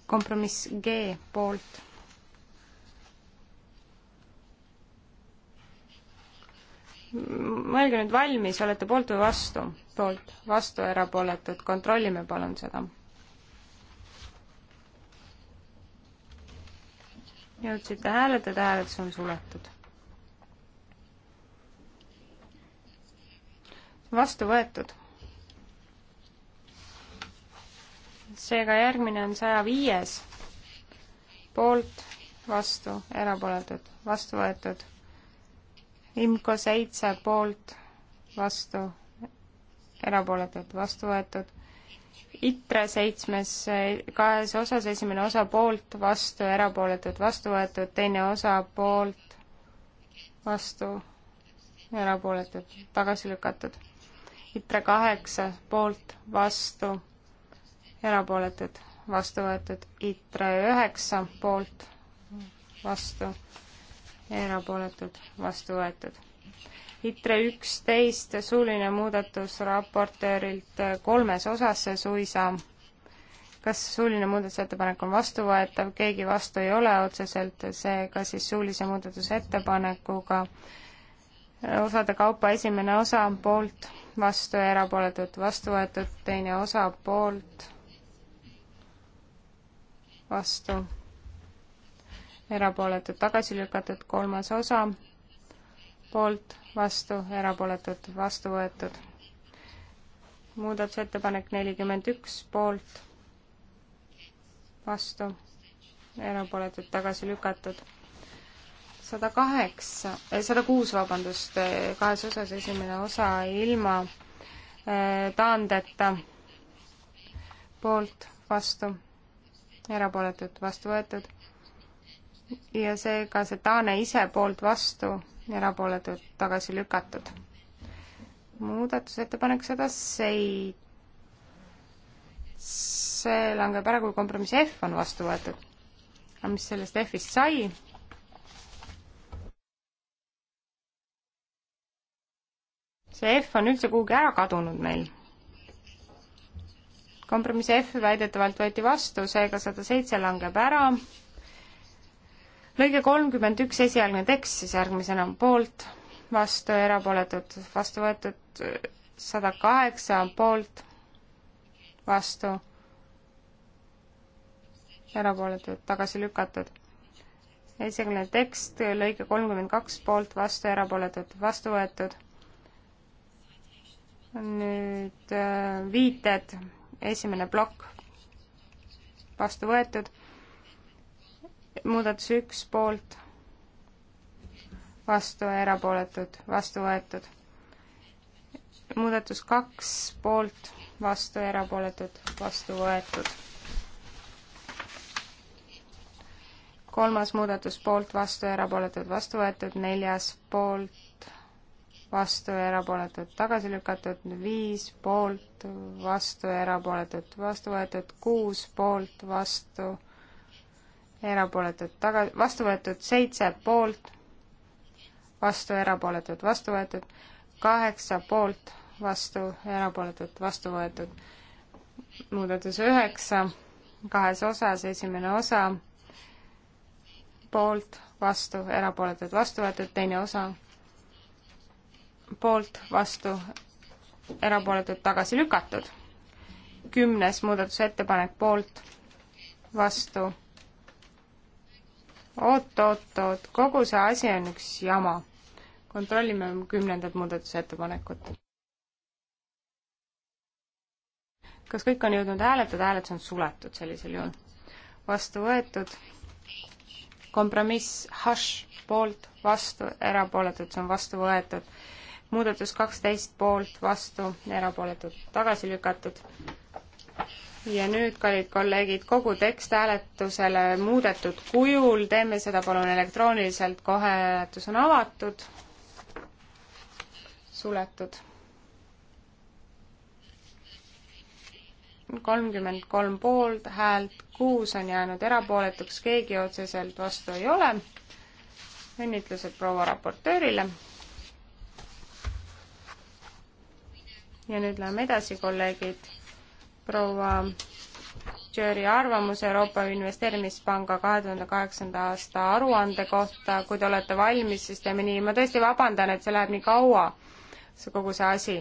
kompromiss G poolt. mõelge nüüd valmis, olete poolt või vastu? poolt, vastu, erapooletud, kontrollime palun seda. jõudsite hääletada, hääletus on suletud. vastu võetud seega järgmine on saja viies poolt, vastu, erapooletud, vastu võetud. IMCO seitse poolt, vastu, erapooletud, vastu võetud. ITRE seitsmes kahes osas, esimene osa poolt, vastu, erapooletud, vastu võetud, teine osa poolt, vastu, erapooletud, tagasi lükatud. ITRE kaheksa poolt, vastu erapooletud, vastu võetud. ITRE üheksa poolt, vastu, erapooletud, vastu võetud. ITRE üksteist, suuline muudatus raportöörilt kolmes osas suisa. kas suuline muudatusettepanek on vastuvõetav, keegi vastu ei ole otseselt, seega siis suulise muudatusettepanekuga osade kaupa esimene osa poolt, vastu ja erapooletud, vastu võetud, teine osa poolt vastu, erapooletud tagasi lükatud, kolmas osa, poolt, vastu, erapooletud, vastu võetud. muudatusettepanek nelikümmend üks, poolt, vastu, erapooletud, tagasi lükatud. sada kaheksa, eh, sada kuus, vabandust, eh, kahes osas, esimene osa ilma eh, taandeta, poolt, vastu erapooletud, vastu võetud. ja seega see Taane ise poolt vastu, erapooletud, tagasi lükatud. muudatusettepanek sada seit-, see langeb ära, kui kompromiss F on vastu võetud. aga mis sellest F-ist sai? see F on üldse kuhugi ära kadunud meil kompromiss F väidetavalt võeti vastu, seega sada seitse langeb ära. lõige kolmkümmend üks, esialgne tekst siis järgmisena poolt, vastu, erapooletud, vastu võetud sada kaheksa poolt, vastu, erapooletud, tagasi lükatud. esialgne tekst, lõige kolmkümmend kaks poolt, vastu, erapooletud, vastu võetud. nüüd äh, viited esimene plokk vastu võetud, muudatus üks poolt, vastu ja erapooletud, vastu võetud. muudatus kaks poolt, vastu ja erapooletud, vastu võetud. kolmas muudatus poolt, vastu ja erapooletud, vastu võetud, neljas poolt, vastu ja erapooletud tagasi lükatud, viis poolt, vastu ja erapooletud vastu võetud, kuus poolt, vastu, erapooletud taga, vastu võetud, seitse poolt, vastu, erapooletud vastu võetud, kaheksa poolt, vastu, erapooletud vastu võetud. muudatus üheksa, kahes osas, esimene osa, poolt, vastu, erapooletud vastu võetud, teine osa poolt, vastu, erapooletud, tagasi lükatud. kümnes muudatusettepanek poolt, vastu. oot-oot-oot, kogu see asi on üks jama. kontrollime kümnendat muudatusettepanekut. kas kõik on jõudnud hääletada, hääletus on suletud sellisel juhul. vastu võetud, kompromiss, hašš, poolt, vastu, erapooletud, see on vastu võetud muudatus kaksteist poolt, vastu, erapooletud, tagasi lükatud. ja nüüd, kallid kolleegid, kogu tekst hääletusele muudetud kujul, teeme seda palun elektrooniliselt, kohe hääletus on avatud, suletud. kolmkümmend kolm poolt häält, kuus on jäänud erapooletuks, keegi otseselt vastu ei ole. õnnitlused proua raportöörile ja nüüd läheme edasi, kolleegid. proua Jüri arvamus Euroopa Investeerimispanga kahe tuhande kaheksanda aasta aruande kohta, kui te olete valmis, siis teeme nii. ma tõesti vabandan, et see läheb nii kaua, see kogu see asi.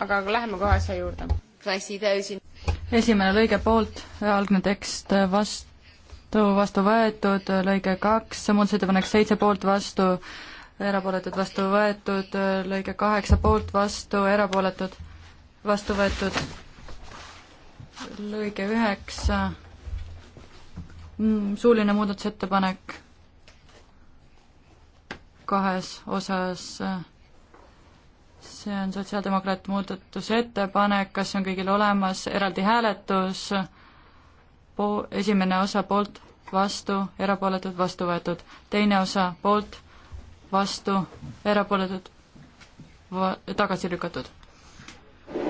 aga läheme kohe asja juurde. esimene lõige poolt, algne tekst vastu, vastu võetud, lõige kaks, muudatusettepanek seitse poolt vastu erapooletud, vastu võetud, lõige kaheksa poolt, vastu, erapooletud, vastu võetud, lõige üheksa, mm, suuline muudatusettepanek kahes osas, see on sotsiaaldemokraatide muudatusettepanek, kas see on kõigil olemas, eraldi hääletus, po-, esimene osa poolt, vastu, erapooletud, vastu võetud, teine osa poolt vastu, erapooletud, tagasi lükatud.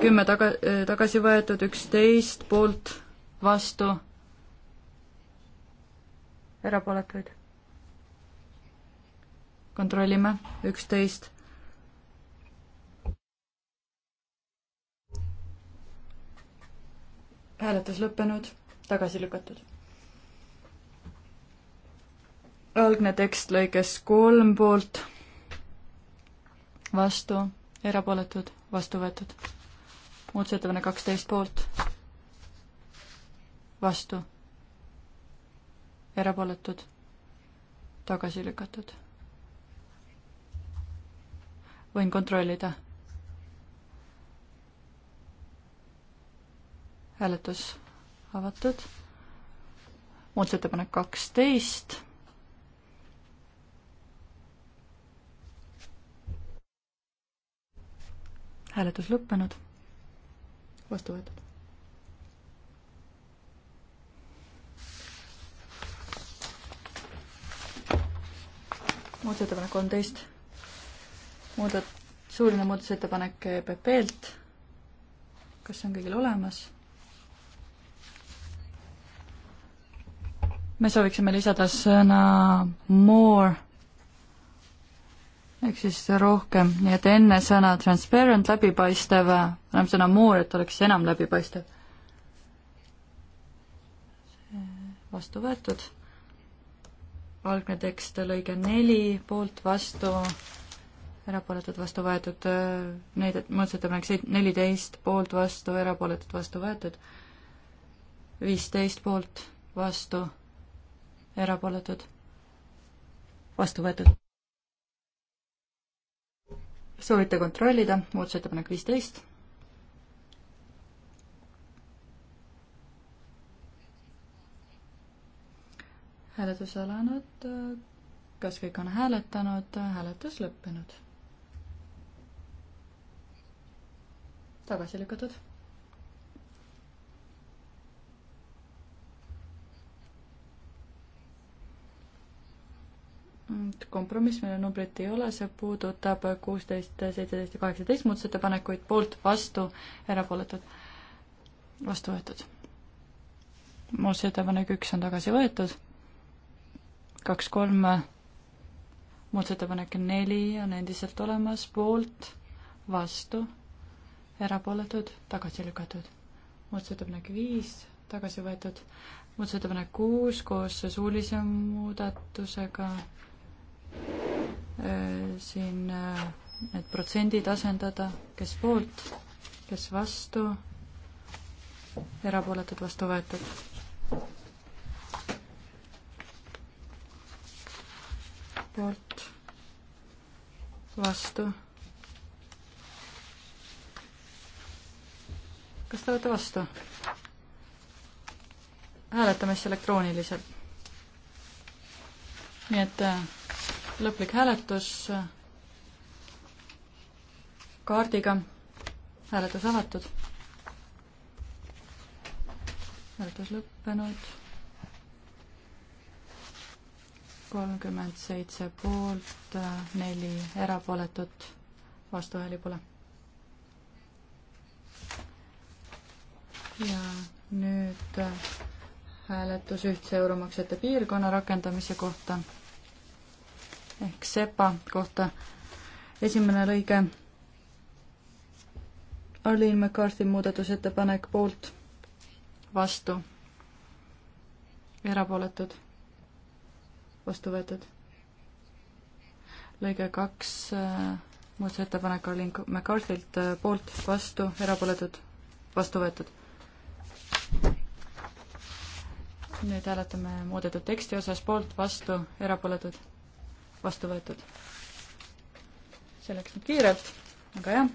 kümme taga, eh, tagasi võetud, üksteist poolt, vastu, erapooletuid. kontrollime, üksteist. hääletus lõppenud, tagasi lükatud algne tekst lõikes kolm poolt, vastu, erapooletud, vastu võetud. muudatusettepanek kaksteist poolt, vastu, erapooletud, tagasi lükatud. võin kontrollida. hääletus avatud. muudatusettepanek kaksteist hääletus lõppenud, vastu võetud. muudatusettepanek kolmteist, muudat-, suuline muudatusettepanek EPP-lt, kas see on kõigil olemas? me sooviksime lisada sõna more ehk siis rohkem, nii et enne sõna transparent, läbipaistev, enam sõna more, et oleks enam läbipaistev. vastu võetud. algne tekst, lõige neli, poolt, vastu, erapooletud, vastu võetud, neid, muudatusettepanek seit-, neliteist, poolt, vastu, erapooletud, vastu võetud, viisteist poolt, vastu, erapooletud, vastu võetud soovite kontrollida, muudatusettepanek viisteist. hääletus alanud, kas kõik on hääletanud, hääletus lõppenud. tagasi lükatud kompromiss, mille numbrit ei ole, see puudutab kuusteist, seitseteist ja kaheksateist muudatusettepanekuid, poolt, vastu, erapooletud, vastu võetud. muudatusettepanek üks on tagasi võetud, kaks, kolm, muudatusettepanek neli on endiselt olemas, poolt, vastu, erapooletud, tagasi lükatud. muudatusettepanek viis, tagasi võetud, muudatusettepanek kuus koos suulise muudatusega Äh, siin need äh, protsendid asendada, kes poolt, kes vastu, erapooletud vastu võetud. poolt, vastu. kas te olete vastu? hääletame siis elektrooniliselt. nii et äh, lõplik hääletus kaardiga. hääletus avatud. hääletus lõppenud. kolmkümmend seitse poolt, neli erapooletut, vastuhääli pole. ja nüüd hääletus ühtse euromaksete piirkonna rakendamise kohta ehk SEPA kohta. esimene lõige. Arlene McCarthy muudatusettepanek poolt, vastu, erapooletud, vastu võetud. lõige kaks äh, muudatusettepanek Arlene McCarthy'lt äh, poolt, vastu, erapooletud, vastu võetud. nüüd hääletame muudetud teksti osas poolt, vastu, erapooletud vastu võetud. see läks nüüd kiirelt, aga jah.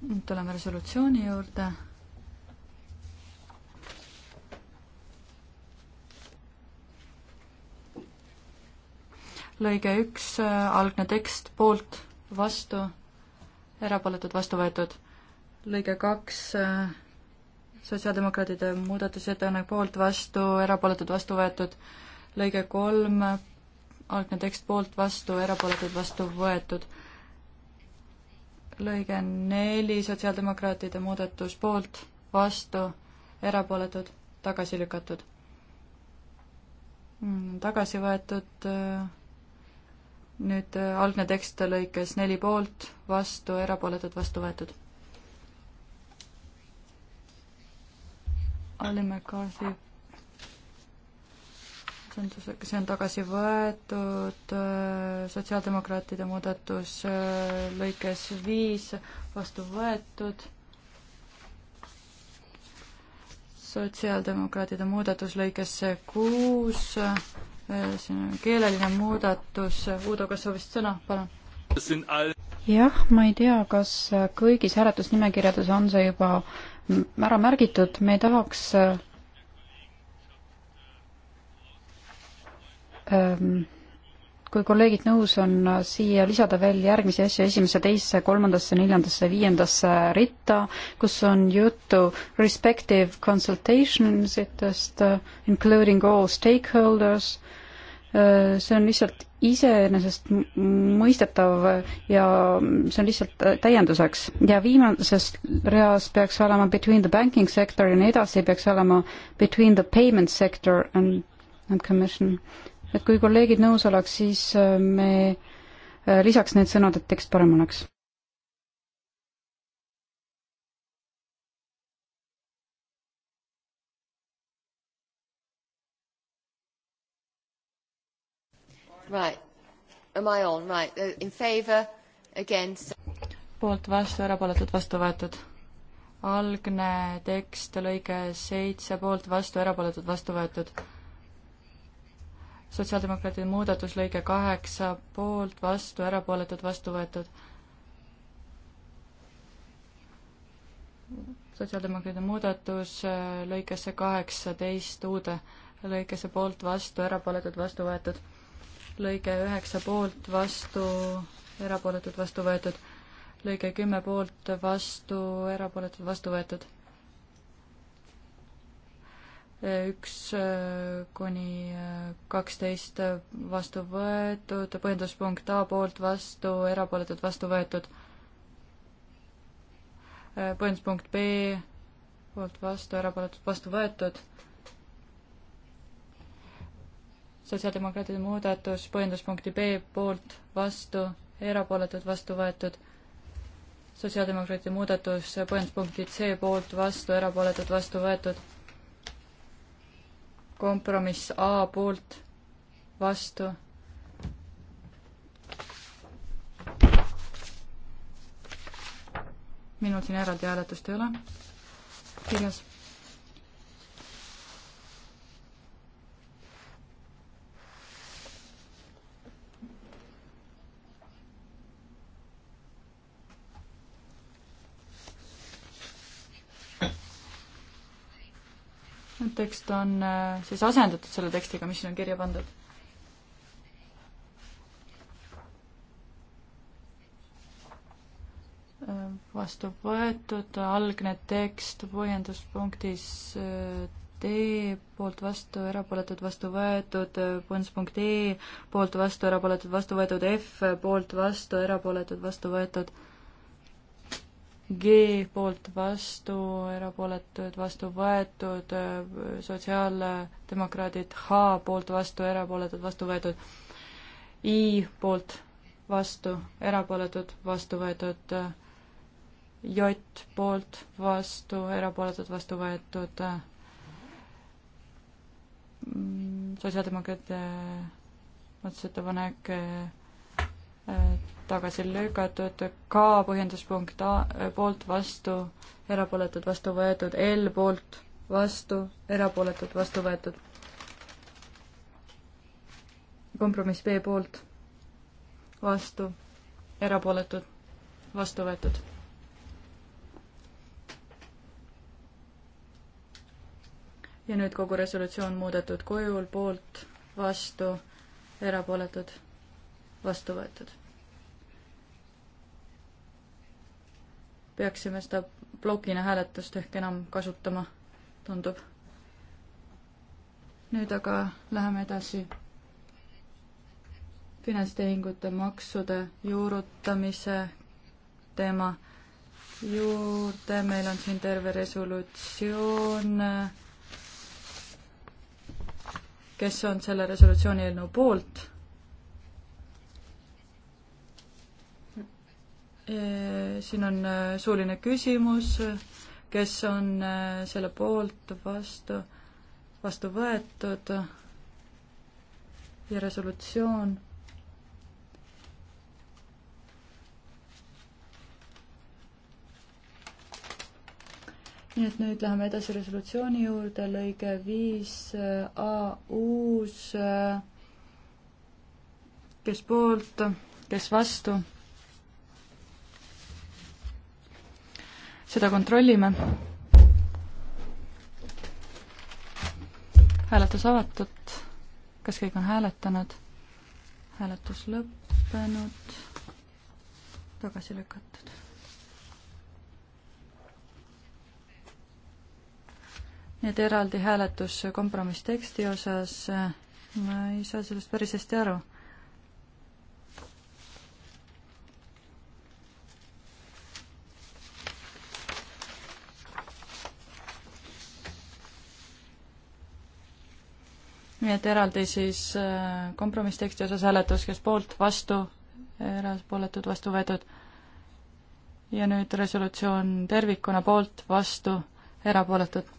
nüüd tuleme resolutsiooni juurde. lõige üks, algne tekst poolt, vastu, erapooletud, vastu võetud. lõige kaks äh,, sotsiaaldemokraatide muudatusettepanek poolt, vastu, erapooletud, vastu võetud. lõige kolm, algne tekst poolt, vastu, erapooletud, vastu võetud. lõige neli, sotsiaaldemokraatide muudatus poolt, vastu, erapooletud, tagasi lükatud. Hmm, tagasi võetud äh, nüüd äh, algne tekst lõikes neli poolt, vastu, erapooletud, vastu võetud Alli McCarthy asendusega, see on tagasi võetud, äh, sotsiaaldemokraatide muudatus äh, lõikes viis vastu võetud, sotsiaaldemokraatide muudatus lõikesse kuus, äh, siin on keeleline muudatus, Uudo, kas sa vist sõna, palun? jah, ma ei tea, kas kõigis hääletusnimekirjades on see juba ära märgitud, me tahaks ähm, kui kolleegid nõus on, siia lisada veel järgmisi asju esimesse, teisse, kolmandasse, neljandasse, viiendasse ritta, kus on juttu respective consultations itest, including all stakeholders, äh, see on lihtsalt iseenesestmõistetav ja see on lihtsalt täienduseks. ja viimases reas peaks olema between the banking sector ja nii edasi peaks olema between the payment sector and, and commission. et kui kolleegid nõus oleks, siis äh, me äh, lisaks need sõnad, et tekst parem oleks. Right. Am I on? Right. Uh, in favor, against. poolt vastu, erapooletud vastu võetud. algne tekst, lõige seitse, poolt vastu, erapooletud vastu võetud. sotsiaaldemokraatide muudatus, lõige kaheksa, poolt vastu, erapooletud vastu võetud. sotsiaaldemokraatide muudatus lõikesse kaheksateist uude lõikesse poolt vastu, erapooletud vastu võetud lõige üheksa poolt, vastu, erapooletud, vastu võetud. lõige kümme poolt, vastu, erapooletud, vastu võetud. üks äh, kuni äh, kaksteist vastu võetud, põhjenduspunkt A poolt, vastu, erapooletud, vastu võetud. Äh, põhjenduspunkt B poolt, vastu, erapooletud, vastu võetud sotsiaaldemokraatide muudatus põhjenduspunkti B poolt vastu, erapooletud vastu võetud. sotsiaaldemokraatide muudatus põhjenduspunkti C poolt vastu, erapooletud vastu võetud. kompromiss A poolt vastu. minul siin eraldi hääletust ei ole kirjas tekst on äh, siis asendatud selle tekstiga, mis siin on kirja pandud. Äh, vastu võetud, algne tekst põhjenduspunktis äh, D poolt vastu, erapooletud vastu võetud, põhjendus.E poolt vastu, erapooletud vastu võetud, F poolt vastu, erapooletud vastu võetud G poolt vastu, erapooletud, vastu võetud, sotsiaaldemokraadid H poolt vastu, erapooletud, vastu võetud, I poolt vastu, erapooletud, vastu võetud, J poolt vastu, erapooletud, vastu võetud, mm, sotsiaaldemokraatide muudatusettepanek tagasi lükatud, K põhjenduspunkt A poolt vastu, erapooletud vastu võetud, L poolt vastu, erapooletud vastu võetud. kompromiss B poolt vastu, erapooletud vastu võetud. ja nüüd kogu resolutsioon muudetud kujul, poolt, vastu, erapooletud, vastu võetud. peaksime seda plokina hääletust ehk enam kasutama, tundub. nüüd aga läheme edasi finantstehingute maksude juurutamise teema juurde. meil on siin terve resolutsioon. kes on selle resolutsiooni eelnõu poolt? Äh, siin on äh, suuline küsimus, kes on äh, selle poolt, vastu, vastu võetud ja resolutsioon nii et nüüd läheme edasi resolutsiooni juurde, lõige viis A uus, kes poolt, kes vastu, seda kontrollime. hääletus avatud. kas kõik on hääletanud? hääletus lõppenud. tagasi lükatud. nii et eraldi hääletus kompromissteksti osas, ma ei saa sellest päris hästi aru nii et eraldi siis äh, kompromissteksti osas hääletus, kes poolt, vastu, erapooletud, vastu võetud. ja nüüd resolutsioon tervikuna poolt, vastu, erapooletud,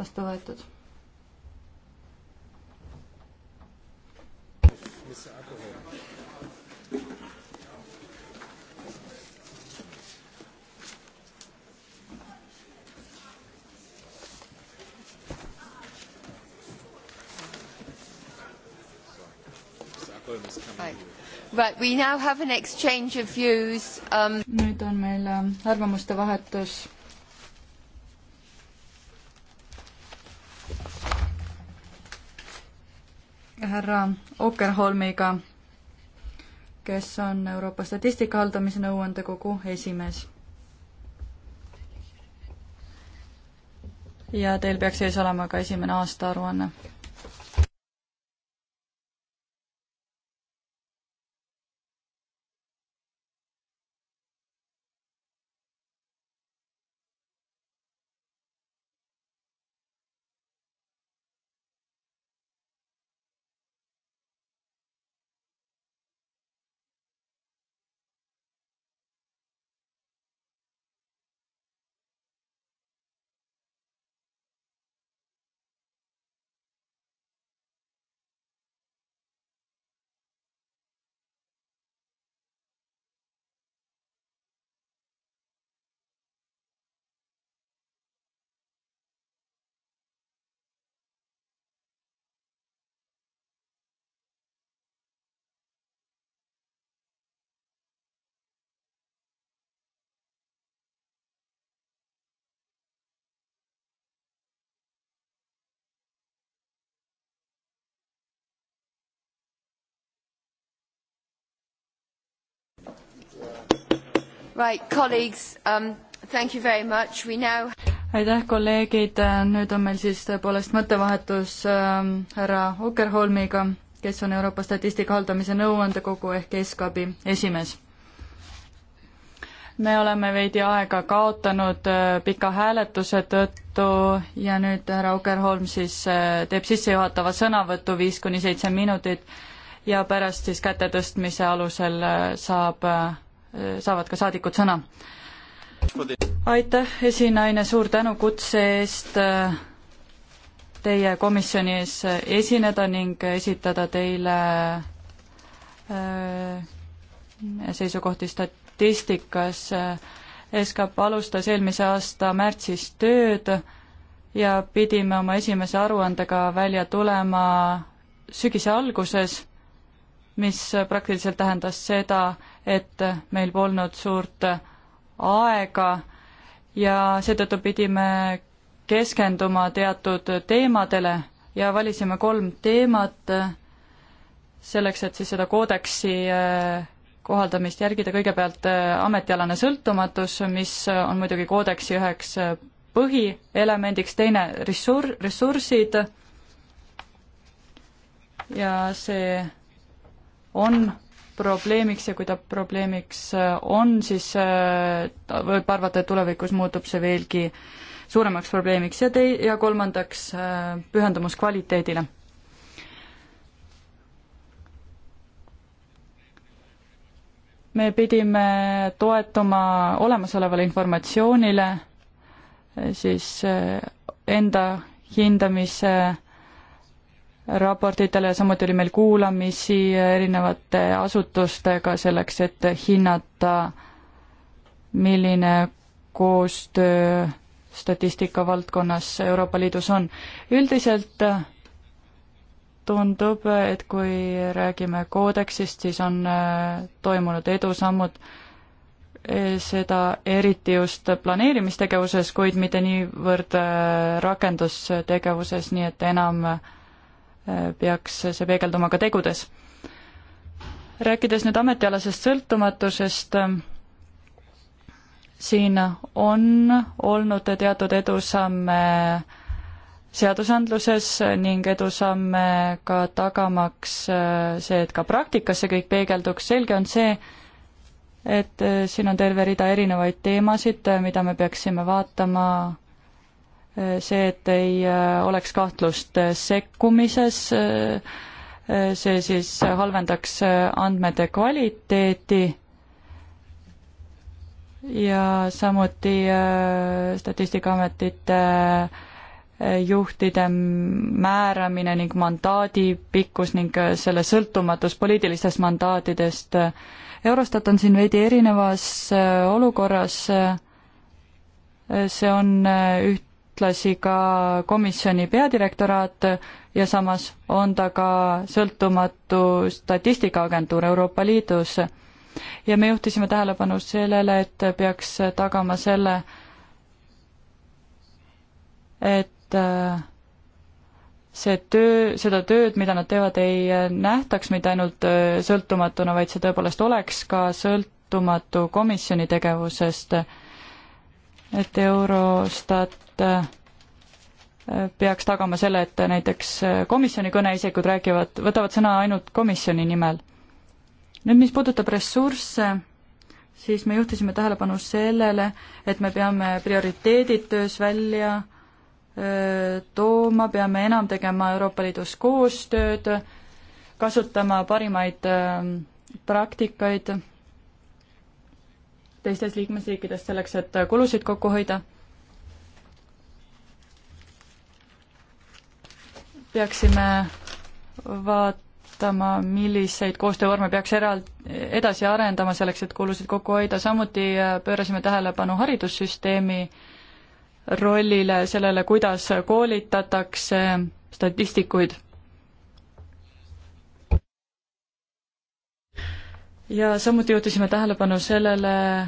vastu võetud Right. Right, we now have an exchange of views um.... nüüd on meil ähm, arvamuste vahetus. härra Okerholmiga, kes on Euroopa Statistika Haldamise Nõuandekogu esimees. ja teil peaks ees olema ka esimene aastaaruanne Right, colleagues, um, thank you very much, we now aitäh, kolleegid, nüüd on meil siis tõepoolest mõttevahetus ähm, härra Okerholmiga, kes on Euroopa Statistika Haldamise Nõuandekogu ehk ESKABi esimees. me oleme veidi aega kaotanud äh, pika hääletuse tõttu ja nüüd härra Okerholm siis äh, teeb sissejuhatava sõnavõtu viis kuni seitse minutit ja pärast siis kätetõstmise alusel äh, saab äh, saavad ka saadikud sõna. aitäh, esinaine, suur tänu kutse eest äh, teie komisjoni ees esineda ning esitada teile äh, seisukohti statistikas. SKP alustas eelmise aasta märtsis tööd ja pidime oma esimese aruandega välja tulema sügise alguses mis praktiliselt tähendas seda, et meil polnud suurt aega ja seetõttu pidime keskenduma teatud teemadele ja valisime kolm teemat selleks, et siis seda koodeksi äh, kohaldamist järgida, kõigepealt äh, ametialane sõltumatus, mis on muidugi koodeksi üheks äh, põhielemendiks, teine ressur-, ressursid ja see on probleemiks ja kui ta probleemiks äh, on, siis äh, võib arvata, et tulevikus muutub see veelgi suuremaks probleemiks ja tei-, ja kolmandaks äh, pühendumus kvaliteedile. me pidime toetuma olemasolevale informatsioonile, siis enda hindamise äh, raportitele ja samuti oli meil kuulamisi erinevate asutustega selleks, et hinnata, milline koostöö statistika valdkonnas Euroopa Liidus on. üldiselt tundub, et kui räägime koodeksist, siis on äh, toimunud edusammud, äh, seda eriti just planeerimistegevuses, kuid mitte niivõrd äh, rakendustegevuses, nii et enam äh, peaks see peegelduma ka tegudes. rääkides nüüd ametialasest sõltumatusest, siin on olnud teatud edusamme seadusandluses ning edusamme ka tagamaks see, et ka praktikas see kõik peegelduks, selge on see, et siin on terve rida erinevaid teemasid, mida me peaksime vaatama see, et ei äh, oleks kahtlust äh, sekkumises, äh, see siis halvendaks andmete kvaliteeti ja samuti Statistikaametite juhtide määramine ning mandaadi pikkus ning selle sõltumatus poliitilistest mandaatidest. Eurostat on siin veidi erinevas olukorras, see on üht ühtlasi ka komisjoni peadirektoraat ja samas on ta ka sõltumatu statistikaagentuur Euroopa Liidus. ja me juhtisime tähelepanu sellele, et peaks tagama selle, et äh, see töö, seda tööd, mida nad teevad, ei äh, nähtaks mitte ainult äh, sõltumatuna, vaid see tõepoolest oleks ka sõltumatu komisjoni tegevusest et Eurostat äh, peaks tagama selle, et näiteks äh, komisjoni kõneisikud räägivad, võtavad sõna ainult komisjoni nimel. nüüd, mis puudutab ressursse, siis me juhtisime tähelepanu sellele, et me peame prioriteedid töös välja äh, tooma, peame enam tegema Euroopa Liidus koostööd, kasutama parimaid praktikaid teistes liikmesriikides selleks, et kulusid kokku hoida. peaksime vaatama, milliseid koostöövorme peaks eral-, edasi arendama selleks, et kulusid kokku hoida, samuti äh, pöörasime tähelepanu haridussüsteemi rollile, sellele, kuidas koolitatakse statistikuid ja samuti juhtisime tähelepanu sellele,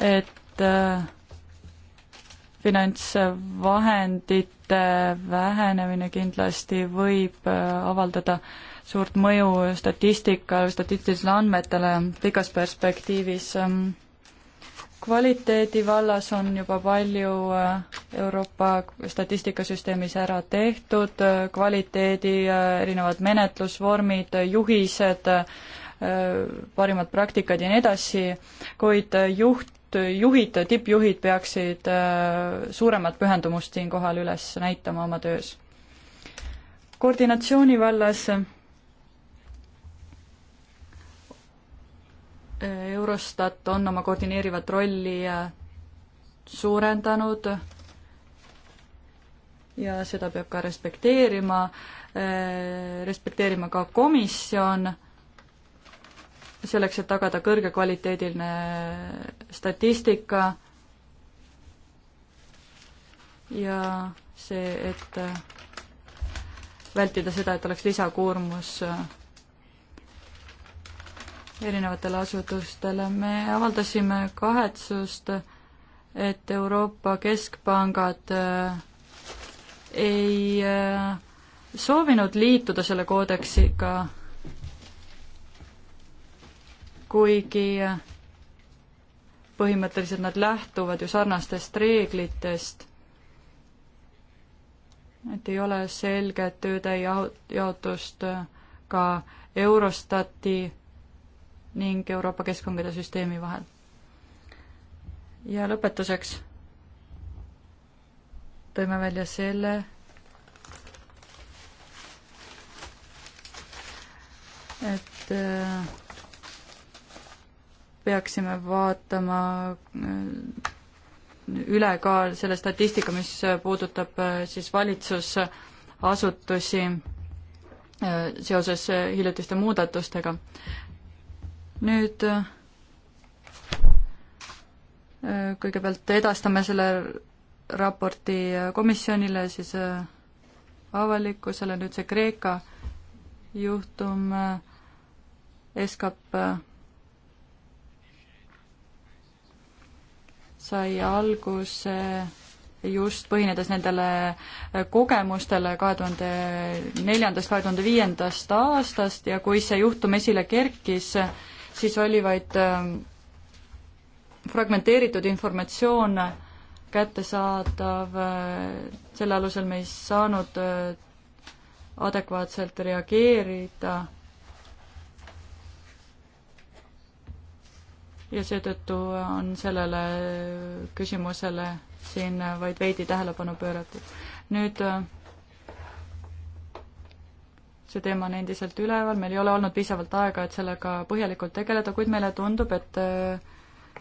et äh, finantsvahendite vähenemine kindlasti võib äh, avaldada suurt mõju statistika, statistilisele andmetele pikas perspektiivis ähm, kvaliteedi vallas on juba palju äh, Euroopa statistikasüsteemis ära tehtud, äh, kvaliteedi äh, erinevad menetlusvormid, juhised, parimad praktikad ja nii edasi, kuid juht, juhid, tippjuhid peaksid suuremat pühendumust siinkohal üles näitama oma töös. koordinatsiooni vallas Eurostat on oma koordineerivat rolli äh, suurendanud ja seda peab ka respekteerima, äh, respekteerima ka komisjon, selleks, et tagada kõrgekvaliteediline statistika ja see, et äh, vältida seda, et oleks lisakoormus erinevatele asutustele. me avaldasime kahetsust, et Euroopa keskpangad äh, ei äh, soovinud liituda selle koodeksiga, kuigi äh, põhimõtteliselt nad lähtuvad ju sarnastest reeglitest, et ei ole selget töötäie jaotust ka Eurostati ning Euroopa Keskpangade süsteemi vahel. ja lõpetuseks tõime välja selle, et äh, peaksime vaatama äh, üle ka selle statistika, mis puudutab äh, siis valitsusasutusi seoses hiljutiste muudatustega nüüd äh, kõigepealt edastame selle raporti komisjonile, siis äh, avalikkusele, nüüd see Kreeka juhtum äh, SKP sai alguse just põhinedes nendele kogemustele kahe tuhande neljandast, kahe tuhande viiendast aastast ja kui see juhtum esile kerkis, siis oli vaid ähm, fragmenteeritud informatsioon kättesaadav, äh, selle alusel me ei saanud äh, adekvaatselt reageerida ja seetõttu on sellele küsimusele siin vaid veidi tähelepanu pööratud. nüüd äh, see teema on endiselt üleval, meil ei ole olnud piisavalt aega, et sellega põhjalikult tegeleda, kuid meile tundub, et äh,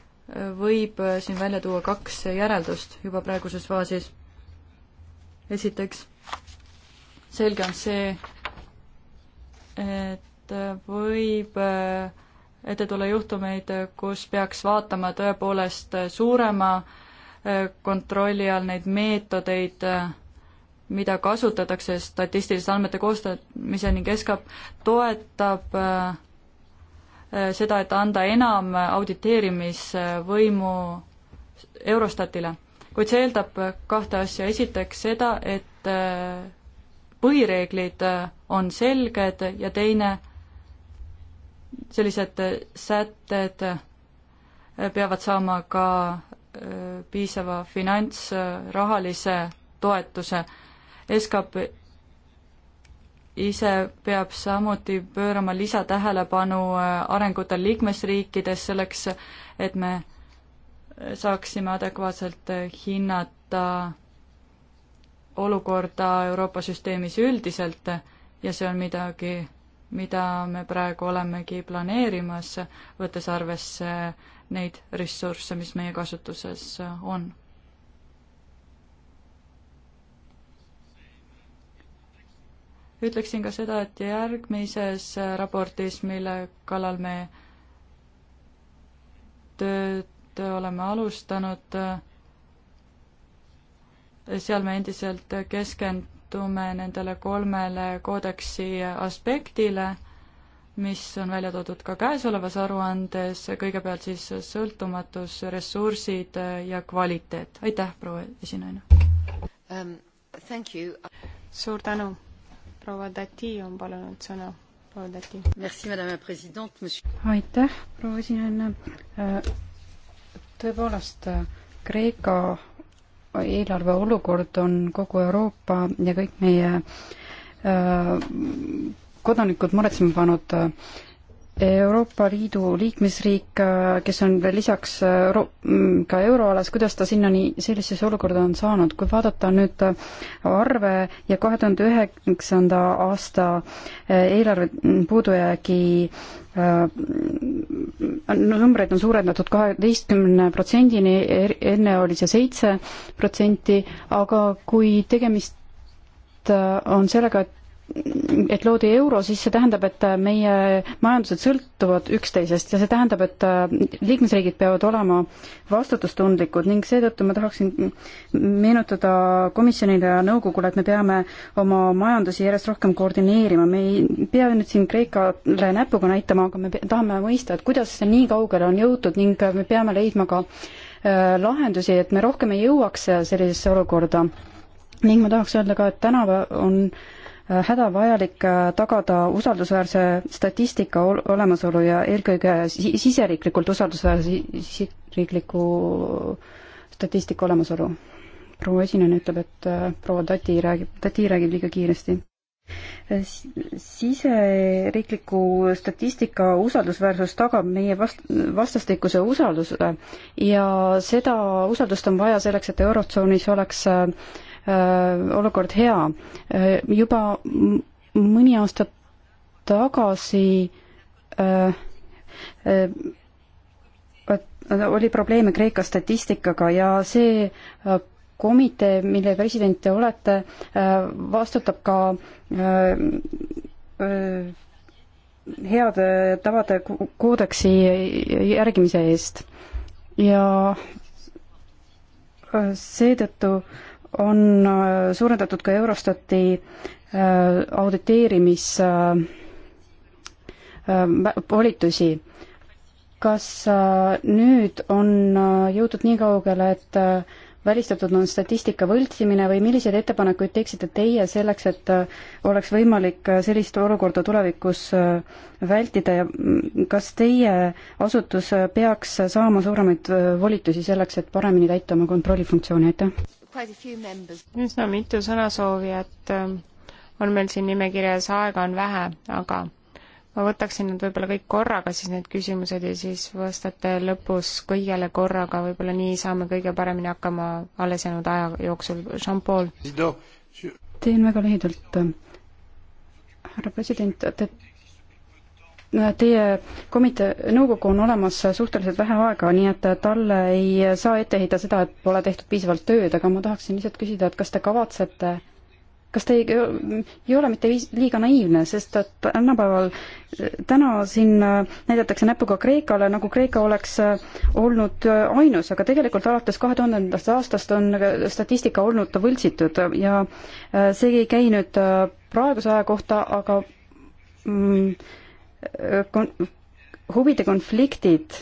võib äh, siin välja tuua kaks järeldust juba praeguses faasis. esiteks, selge on see, et võib äh, ette tulla juhtumeid, kus peaks vaatama tõepoolest suurema kontrolli all neid meetodeid, mida kasutatakse statistiliste andmete koostamisel ning SKAP toetab äh, äh, seda, et anda enam auditeerimisvõimu Eurostatile. kuid see eeldab kahte asja, esiteks seda, et äh, põhireeglid on selged ja teine, sellised sätted peavad saama ka piisava finants, rahalise toetuse SKP ise peab samuti pöörama lisatähelepanu äh, arengutel liikmesriikides selleks, et me saaksime adekvaatselt äh, hinnata olukorda Euroopa süsteemis üldiselt ja see on midagi, mida me praegu olemegi planeerimas, võttes arvesse neid ressursse, mis meie kasutuses on ütleksin ka seda, et järgmises raportis, mille kallal me tööd oleme alustanud, seal me endiselt keskendume nendele kolmele koodeksi aspektile, mis on välja toodud ka käesolevas aruandes, kõigepealt siis sõltumatus, ressursid ja kvaliteet. aitäh, proua esinaine um,! suur tänu! proua Tati on palunud sõna. proua Tati. aitäh, proua esinaine. Äh, tõepoolest, äh, Kreeka eelarve olukord on kogu Euroopa ja kõik meie äh, kodanikud muretsema pannud äh, Euroopa Liidu liikmesriik, kes on veel lisaks euro-, mm, ka euroalas, kuidas ta sinnani, sellisesse olukorda on saanud, kui vaadata nüüd arve ja kahe tuhande üheksanda aasta eh, eelarve puudujäägi eh, numbreid on suurendatud kaheteistkümne protsendini, enne oli see seitse protsenti, aga kui tegemist eh, on sellega, et et loodi euro, siis see tähendab, et meie majandused sõltuvad üksteisest ja see tähendab, et äh, liikmesriigid peavad olema vastutustundlikud ning seetõttu ma tahaksin meenutada komisjonile ja nõukogule, et me peame oma majandusi järjest rohkem koordineerima, me ei pea nüüd siin Kreekale näpuga näitama, aga me tahame mõista, et kuidas nii kaugele on jõutud ning äh, me peame leidma ka äh, lahendusi, et me rohkem ei jõuaks sellisesse olukorda. ning ma tahaks öelda ka, et tänapäev on äh, Äh, hädavajalik äh, tagada usaldusväärse statistika olemasolu ja eelkõige siseriiklikult usaldusväärse siseriikliku statistika olemasolu. proua esineja ütleb, et äh, proua Tati räägib, Tati räägib liiga kiiresti. siseriikliku statistika usaldusväärsus tagab meie vast-, vastastikuse usalduse ja seda usaldust on vaja selleks, et Eurotsoonis oleks äh, Äh, olukord hea. Äh, juba mõni aasta tagasi äh, oli probleeme Kreeka statistikaga ja see komitee, mille president te olete, vastutab ka heade tavade koodeksi järgimise eest ja seetõttu äh, on äh, suurendatud ka Eurostati äh, auditeerimisvolitusi. Äh, kas nüüd on jõutud nii kaugele, et välistatud on statistika võltsimine või milliseid ettepanekuid teeksite teie selleks, et oleks võimalik sellist olukorda tulevikus vältida ja mm, kas teie asutus peaks saama suuremaid volitusi selleks, et paremini täita oma kontrollifunktsiooni, aitäh? üsna mitu sõnasoovijat ähm, on meil siin nimekirjas, aega on vähe, aga ma võtaksin nad võib-olla kõik korraga, siis need küsimused ja siis vastate lõpus kõigele korraga, võib-olla nii saame kõige paremini hakkama alles jäänud aja jooksul. Jean-Paul. teen väga lühidalt. härra president, te teie komitee, nõukogu on olemas suhteliselt vähe aega, nii et talle ei saa ette heita seda, et pole tehtud piisavalt tööd, aga ma tahaksin lihtsalt küsida, et kas te kavatsete kas te ei, ei ole mitte liiga naiivne, sest et tänapäeval, täna siin näidatakse näpuga Kreekale, nagu Kreeka oleks olnud ainus, aga tegelikult alates kahe tuhandendast aastast on statistika olnud võltsitud ja see ei käi nüüd praeguse aja kohta, aga mm, Äh, kon-, huvide konfliktid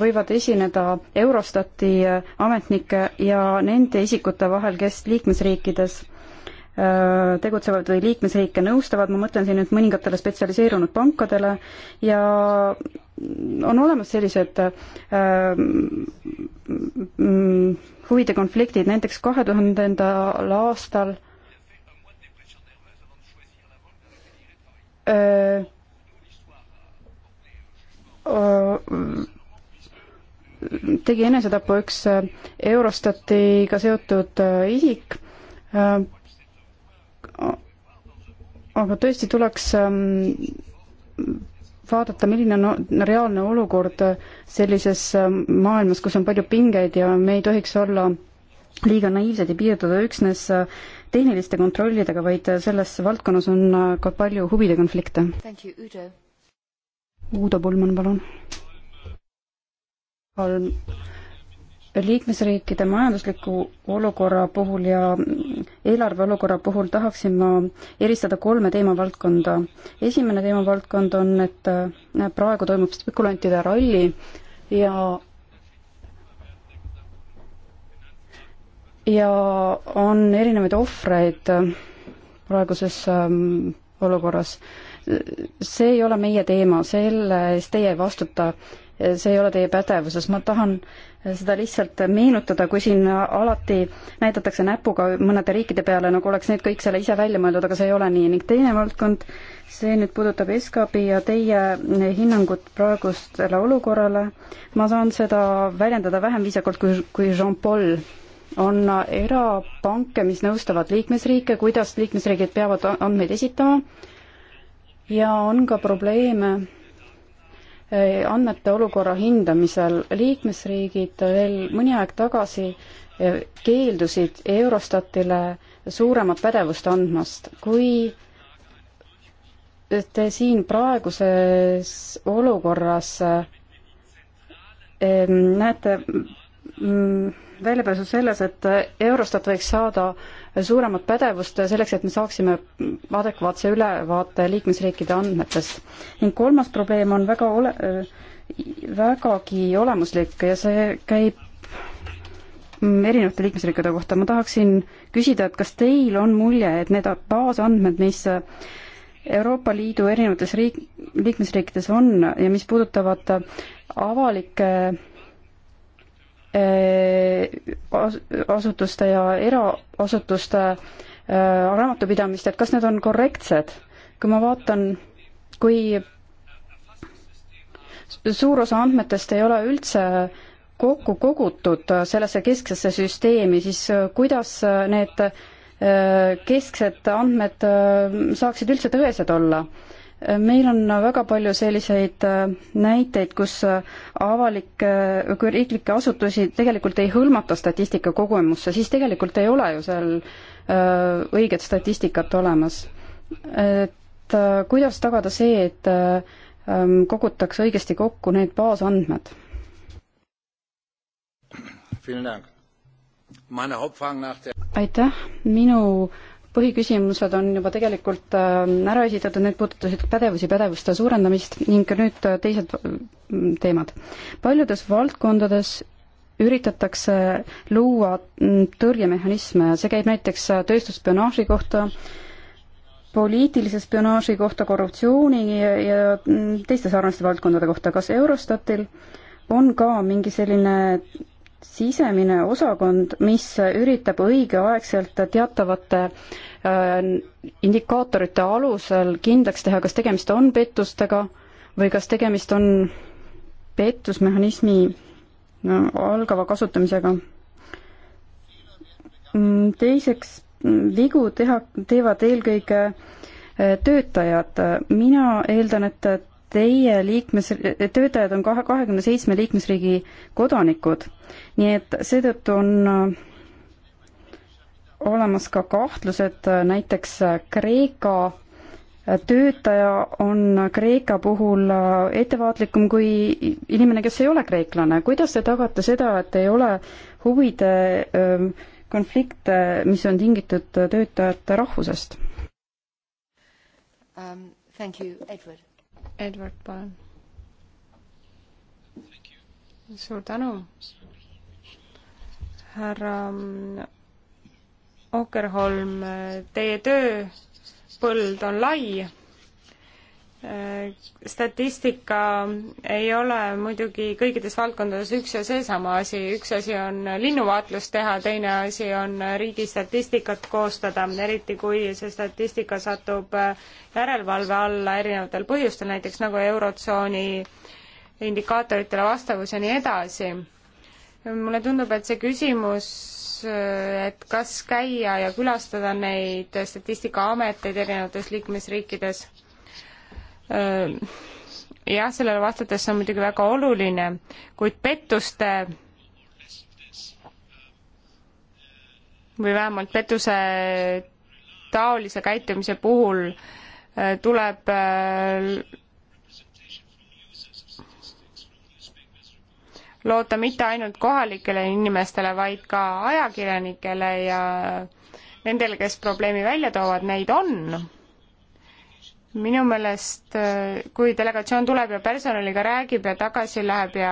võivad esineda Eurostati äh, ametnike ja nende isikute vahel, kes liikmesriikides äh, tegutsevad või liikmesriike nõustavad, ma mõtlen siin nüüd mõningatele spetsialiseerunud pankadele ja on olemas sellised äh, mm, mm, huvide konfliktid, näiteks kahe tuhandendal aastal äh, tegi enesetapu üks Eurostatiga seotud isik. aga tõesti tuleks ähm, vaadata, milline on reaalne olukord sellises ähm, maailmas, kus on palju pingeid ja me ei tohiks olla liiga naiivsed ja piirduda üksnes äh, tehniliste kontrollidega, vaid selles valdkonnas on äh, ka palju huvide konflikte. Uudo Pulman, palun. liikmesriikide majandusliku olukorra puhul ja eelarve olukorra puhul tahaksin ma eristada kolme teemavaldkonda. esimene teemavaldkond on, et äh, praegu toimub spekulantide ralli ja ja on erinevaid ohvreid äh, praeguses ähm, olukorras äh, see ei ole meie teema, selle eest teie ei vastuta, see ei ole teie pädevuses, ma tahan seda lihtsalt meenutada, kui siin alati näidatakse näpuga mõnede riikide peale, nagu oleks need kõik selle ise välja mõeldud, aga see ei ole nii ning teine valdkond, see nüüd puudutab SKP ja teie hinnangut praegustele olukorrale. ma saan seda väljendada vähem viisakalt kui, kui Jean-Paul on erapanke, mis nõustavad liikmesriike, kuidas liikmesriigid peavad andmeid esitama ja on ka probleeme eh, andmete olukorra hindamisel. liikmesriigid veel mõni aeg tagasi eh, keeldusid Eurostatile suuremat pädevust andmast. kui te siin praeguses olukorras eh, näete mm, väljapääsu selles, et Eurostat võiks saada suuremat pädevust selleks, et me saaksime adekvaatse ülevaate liikmesriikide andmetest. ning kolmas probleem on väga ole-, vägagi olemuslik ja see käib erinevate liikmesriikide kohta. ma tahaksin küsida, et kas teil on mulje, et need baasandmed, mis Euroopa Liidu erinevates riik, liikmesriikides on ja mis puudutavad avalikke äh, Äh, asutuste ja eraasutuste äh, raamatupidamist, et kas need on korrektsed? kui ma vaatan, kui suur osa andmetest ei ole üldse kokku kogutud sellesse kesksesse süsteemi, siis äh, kuidas need kesksed andmed saaksid üldse tõesed olla? meil on väga palju selliseid äh, näiteid, kus äh, avalikke, äh, kui riiklikke asutusi tegelikult ei hõlmata statistika kogemusse, siis tegelikult ei ole ju seal õiget statistikat olemas. et kuidas tagada see, et ähm, kogutakse õigesti kokku need baasandmed? aitäh, minu põhiküsimused on juba tegelikult äh, ära esitatud, need puudutasid pädevusi, pädevuste suurendamist ning nüüd äh, teised mm, teemad. paljudes valdkondades üritatakse luua mm, tõrjemehhanisme, see käib näiteks äh, tööstusspionaaži kohta, poliitilise spionaaži kohta, korruptsiooni ja, ja mm, teiste sarnaste valdkondade kohta, kas Eurostatil on ka mingi selline sisemine osakond, mis üritab õigeaegselt teatavate äh, indikaatorite alusel kindlaks teha, kas tegemist on pettustega või kas tegemist on pettusmehhanismi no, algava kasutamisega. Mm, teiseks, mm, vigu teha, teevad eelkõige äh, töötajad. mina eeldan, et teie liikmes, töötajad on kahe, kahekümne seitsme liikmesriigi kodanikud nii et seetõttu on äh, olemas ka kahtlused, äh, näiteks äh, Kreeka töötaja on Kreeka puhul ettevaatlikum kui inimene, kes ei ole kreeklane. kuidas te tagate seda, et ei ole huvide ähm, konflikte, mis on tingitud töötajate rahvusest um,? Thank you, Edward. Edward, palun. suur tänu, härra mm, Okerholm, teie tööpõld on lai. Äh, statistika ei ole muidugi kõikides valdkondades üks ja seesama asi, üks asi on linnuvaatlust teha, teine asi on riigi statistikat koostada, eriti kui see statistika satub äh, järelevalve alla erinevatel põhjustel, näiteks nagu Eurotsooni indikaatoritele vastavus ja nii edasi mulle tundub, et see küsimus, äh, et kas käia ja külastada neid statistikaameteid erinevates liikmesriikides, äh, jah, sellele vastates on muidugi väga oluline, kuid pettuste või vähemalt pettuse taolise käitumise puhul äh, tuleb loota mitte ainult kohalikele inimestele, vaid ka ajakirjanikele ja nendele, kes probleemi välja toovad, neid on. minu meelest, kui delegatsioon tuleb ja personaliga räägib ja tagasi läheb ja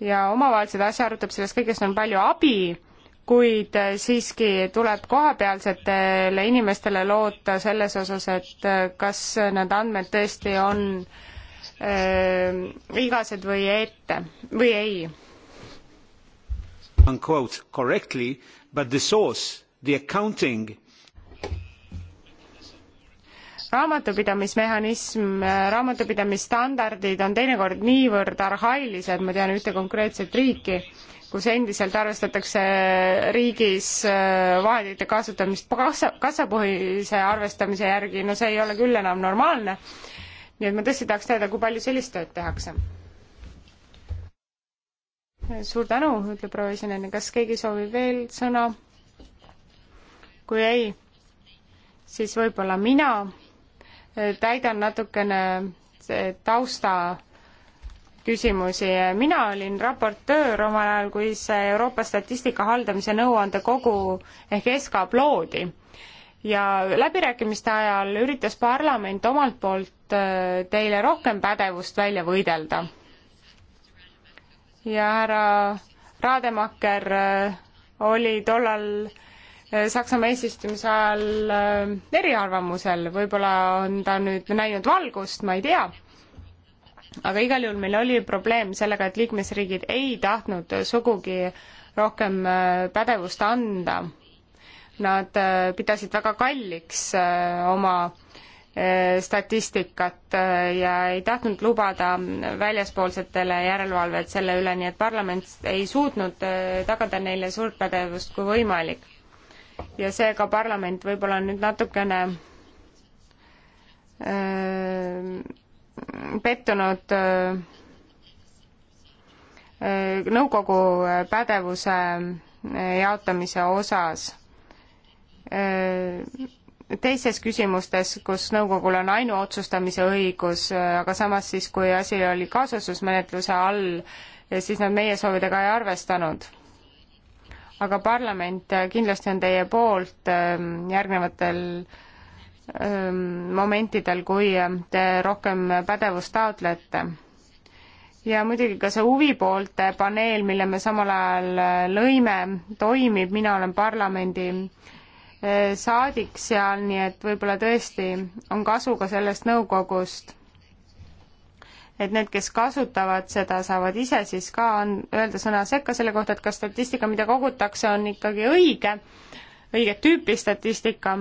ja omavahelised asja arutab, sellest kõigest on palju abi, kuid siiski tuleb kohapealsetele inimestele loota selles osas, et kas need andmed tõesti on äh, äh, ehm, igased või ette või ei. Unquote correctly, but the source, the accounting raamatupidamismehhanism, eh, raamatupidamisstandardid on teinekord niivõrd arhailised, ma tean ühte konkreetset riiki, kus endiselt arvestatakse riigis eh, vahendite kasutamist kassa, kassapõhise arvestamise järgi, no see ei ole küll enam normaalne nii et ma tõesti tahaks teada, kui palju sellist tööd tehakse. suur tänu, ütleb proua esineja, kas keegi soovib veel sõna? kui ei, siis võib-olla mina eh, täidan natukene eh, tausta küsimusi. mina olin raportöör omal ajal, kui see Euroopa Statistika Haldamise Nõuandekogu ehk SKA loodi ja läbirääkimiste ajal üritas parlament omalt poolt äh, teile rohkem pädevust välja võidelda. ja härra Rademacher äh, oli tollal äh, Saksamaa eesistumise ajal eriarvamusel, võib-olla on ta nüüd näinud valgust, ma ei tea. aga igal juhul meil oli probleem sellega, et liikmesriigid ei tahtnud sugugi rohkem pädevust anda nad äh, pidasid väga kalliks äh, oma äh, statistikat ja ei tahtnud lubada väljaspoolsetele järelevalvet selle üle, nii et parlament ei suutnud tagada neile suurt pädevust kui võimalik. ja seega parlament võib-olla nüüd natukene pettunud nõukogu pädevuse jaotamise osas Äh, teistes küsimustes, kus nõukogul on ainuotsustamise õigus, äh, aga samas siis, kui asi oli kaasasusmenetluse all, siis nad meie soovidega ei arvestanud. aga parlament äh, kindlasti on teie poolt ähm, järgnevatel ähm, momentidel, kui te rohkem pädevust taotlete. ja muidugi ka see huvipoolte paneel, mille me samal ajal lõime, toimib, mina olen parlamendi Eh, saadik seal, nii et võib-olla tõesti on kasu ka sellest nõukogust. et need, kes kasutavad seda, saavad ise siis ka on, öelda sõna sekka selle kohta, et kas statistika, mida kogutakse, on ikkagi õige, õiget tüüpi statistika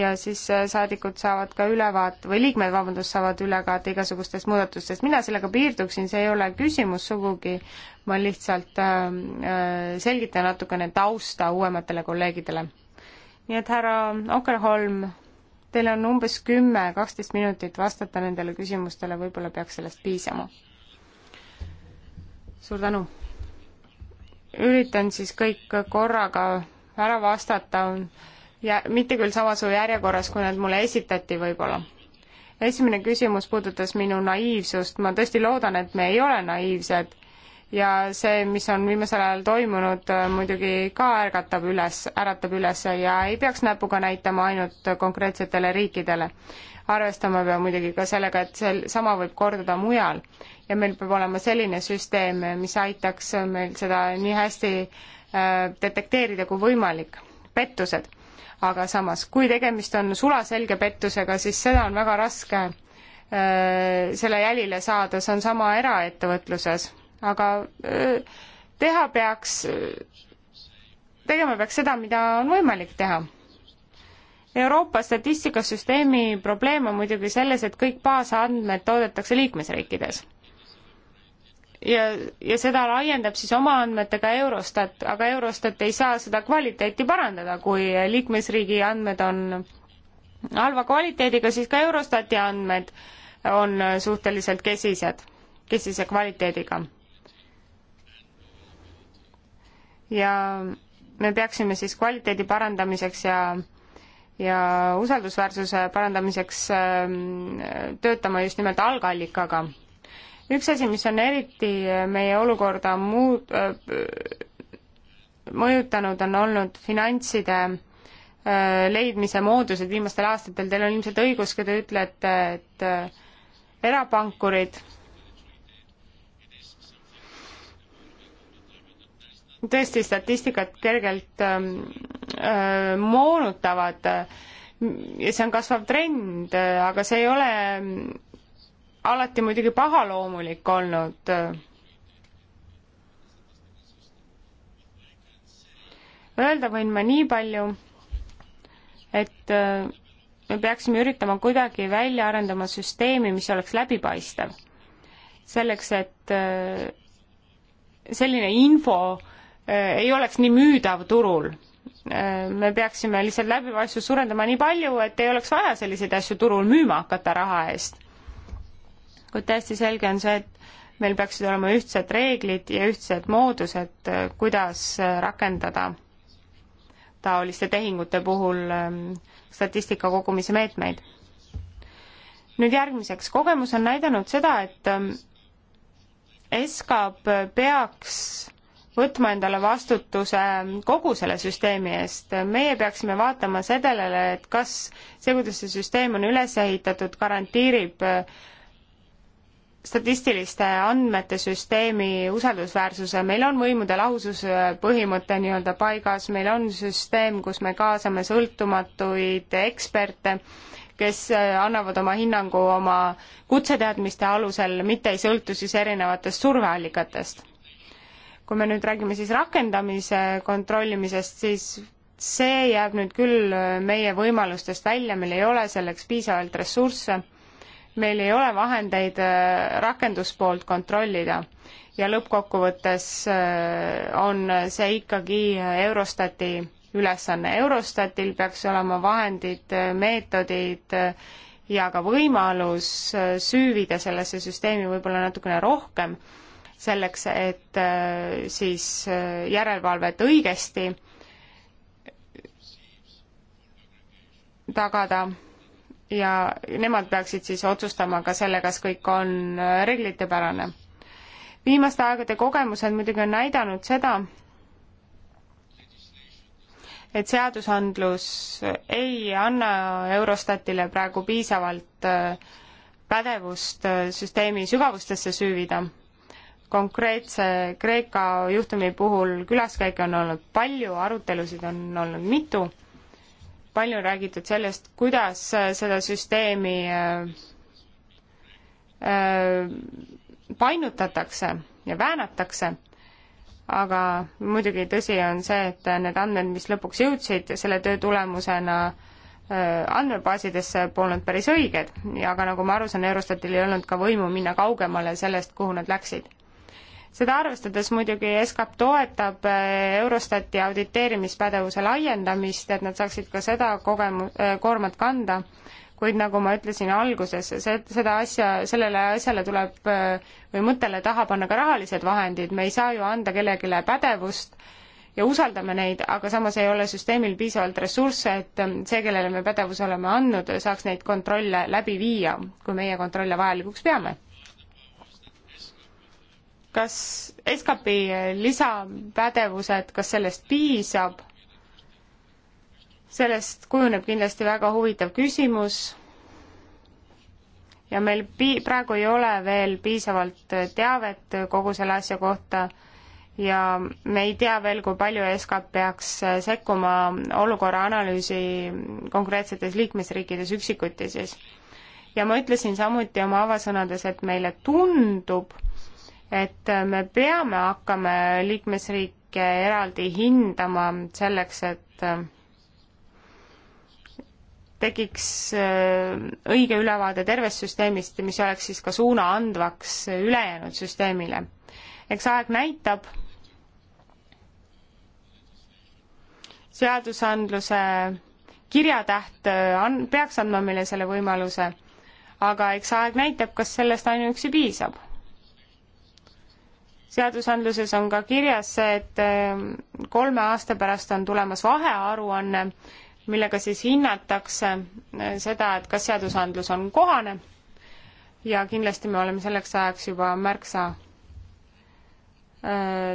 ja siis eh, saadikud saavad ka ülevaate või liikmed, vabandust, saavad ülevaate igasugustest muudatustest. mina sellega piirduksin, see ei ole küsimus sugugi, ma lihtsalt ähm, äh, selgitan natukene tausta uuematele kolleegidele nii et härra Okerholm, teil on umbes kümme, kaksteist minutit vastata nendele küsimustele, võib-olla peaks sellest piisama. suur tänu! üritan siis kõik korraga ära vastata ja mitte küll samas järjekorras, kui nad mulle esitati võib-olla. esimene küsimus puudutas minu naiivsust, ma tõesti loodan, et me ei ole naiivsed ja see, mis on viimasel ajal toimunud, äh, muidugi ka ärgatab üles, äratab üles ja ei peaks näpuga näitama ainult konkreetsetele riikidele. arvestama peab muidugi ka sellega, et sel-, sama võib korduda mujal ja meil peab olema selline süsteem, mis aitaks meil seda nii hästi äh, detekteerida kui võimalik, pettused. aga samas, kui tegemist on sulaselge pettusega, siis seda on väga raske äh, selle jälile saada, see on sama eraettevõtluses aga teha peaks, tegema peaks seda, mida on võimalik teha. Euroopa statistikasüsteemi probleem on muidugi selles, et kõik baasandmed toodetakse liikmesriikides ja, ja seda laiendab siis oma andmetega Eurostat, aga Eurostat ei saa seda kvaliteeti parandada, kui liikmesriigi andmed on halva kvaliteediga, siis ka Eurostati andmed on suhteliselt kesised, kesise kvaliteediga. ja me peaksime siis kvaliteedi parandamiseks ja ja usaldusväärsuse parandamiseks ähm, töötama just nimelt algallikaga. üks asi, mis on eriti meie olukorda muud, äh, mõjutanud, on olnud finantside äh, leidmise moodused viimastel aastatel, teil on ilmselt õigus, kui te ütlete, et erapankurid tõesti statistikat kergelt ähm, äh, moonutavad ja see on kasvav trend, äh, aga see ei ole ähm, alati muidugi pahaloomulik olnud. Öelda võin ma nii palju, et äh, me peaksime üritama kuidagi välja arendama süsteemi, mis oleks läbipaistev. selleks, et äh, selline info äh, Äh, ei oleks nii müüdav turul. Äh, me peaksime lihtsalt läbipaistvust suurendama nii palju, et ei oleks vaja selliseid asju turul müüma hakata raha eest. kuid täiesti selge on see, et meil peaksid olema ühtsed reeglid ja ühtsed moodused, äh, kuidas rakendada taoliste tehingute puhul ähm, statistika kogumise meetmeid. nüüd järgmiseks, kogemus on näidanud seda, et ähm, SKAP peaks võtma endale vastutuse kogu selle süsteemi eest. meie peaksime vaatama sellele, et kas see, kuidas see süsteem on üles ehitatud, garanteerib äh, statistiliste andmete süsteemi usaldusväärsuse, meil on võimude lahususe põhimõte nii-öelda paigas, meil on süsteem, kus me kaasame sõltumatuid eksperte, kes äh, annavad oma hinnangu oma kutseteadmiste alusel, mitte ei sõltu siis erinevatest surveallikatest kui me nüüd räägime siis rakendamise kontrollimisest, siis see jääb nüüd küll meie võimalustest välja, meil ei ole selleks piisavalt ressursse, meil ei ole vahendeid äh, rakenduspoolt kontrollida ja lõppkokkuvõttes äh, on see ikkagi Eurostati ülesanne. Eurostatil peaks olema vahendid, äh, meetodid ja ka võimalus süüvida sellesse süsteemi võib-olla natukene rohkem selleks, et äh, siis äh, järelevalvet õigesti tagada ja nemad peaksid siis otsustama ka selle, kas kõik on äh, reeglitepärane. viimaste aegade kogemused muidugi on näidanud seda, et seadusandlus ei anna Eurostatile praegu piisavalt pädevust süsteemi sügavustesse süüvida konkreetse Kreeka juhtumi puhul külaskäike on olnud palju, arutelusid on olnud mitu, palju on räägitud sellest, kuidas seda süsteemi äh, äh, painutatakse ja väänatakse, aga muidugi tõsi on see, et need andmed, mis lõpuks jõudsid selle töö tulemusena äh, andmebaasidesse polnud päris õiged ja aga nagu ma aru saan, Eurostatil ei olnud ka võimu minna kaugemale sellest, kuhu nad läksid seda arvestades muidugi SKAP toetab äh, Eurostati auditeerimispädevuse laiendamist, et nad saaksid ka seda kogemu-, äh, koormat kanda, kuid nagu ma ütlesin alguses, see, seda asja, sellele asjale tuleb äh, või mõttele taha panna ka rahalised vahendid, me ei saa ju anda kellelegi pädevust ja usaldame neid, aga samas ei ole süsteemil piisavalt ressursse, et see, kellele me pädevuse oleme andnud, saaks neid kontrolle läbi viia, kui meie kontrolle vajalikuks peame kas SKP lisapädevused, kas sellest piisab? sellest kujuneb kindlasti väga huvitav küsimus ja meil pi-, praegu ei ole veel piisavalt teavet kogu selle asja kohta ja me ei tea veel, kui palju SKP peaks sekkuma olukorra analüüsi konkreetsetes liikmesriikides üksikuti siis. ja ma ütlesin samuti oma avasõnades, et meile tundub, et me peame hakkama liikmesriike eraldi hindama selleks, et äh, tekiks äh, õige ülevaade tervest süsteemist, mis oleks siis ka suuna andvaks ülejäänud süsteemile. eks aeg näitab, seadusandluse kirjatäht on, äh, peaks andma meile selle võimaluse, aga eks aeg näitab, kas sellest ainuüksi piisab seadusandluses on ka kirjas see, et ähm, kolme aasta pärast on tulemas vahearuanne, millega siis hinnatakse äh, seda, et kas seadusandlus on kohane ja kindlasti me oleme selleks ajaks juba märksa äh,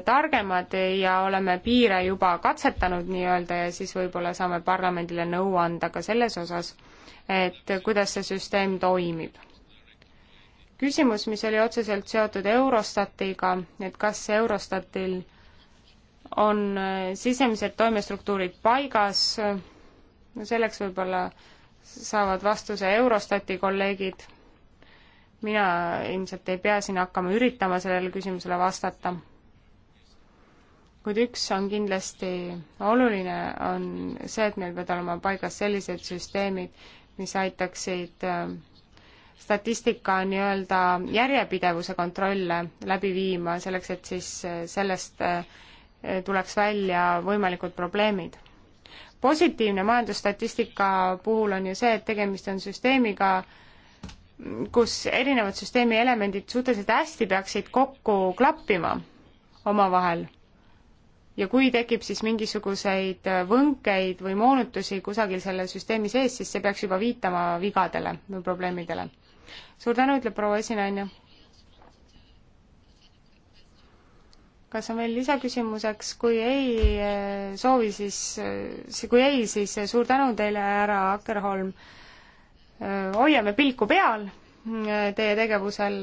targemad ja oleme piire juba katsetanud nii-öelda ja siis võib-olla saame parlamendile nõu anda ka selles osas, et kuidas see süsteem toimib küsimus, mis oli otseselt seotud Eurostatiga, et kas Eurostatil on äh, sisemised toimestruktuurid paigas, no selleks võib-olla saavad vastuse Eurostati kolleegid, mina ilmselt ei pea siin hakkama üritama sellele küsimusele vastata. kuid üks on kindlasti oluline, on see, et meil peavad olema paigas sellised süsteemid, mis aitaksid äh, statistika nii-öelda järjepidevuse kontrolle läbi viima, selleks et siis äh, sellest äh, tuleks välja võimalikud probleemid. positiivne majandusstatistika puhul on ju see, et tegemist on süsteemiga, kus erinevad süsteemi elemendid suhteliselt hästi peaksid kokku klappima omavahel ja kui tekib siis mingisuguseid võnkeid või moonutusi kusagil selle süsteemi sees, siis see peaks juba viitama vigadele või probleemidele suur tänu, ütleb proua esinaine. kas on veel lisaküsimuseks, kui ei eh, soovi, siis, eh, kui ei, siis eh, suur tänu teile, härra Akkerholm. hoiame pilku peal teie tegevusel.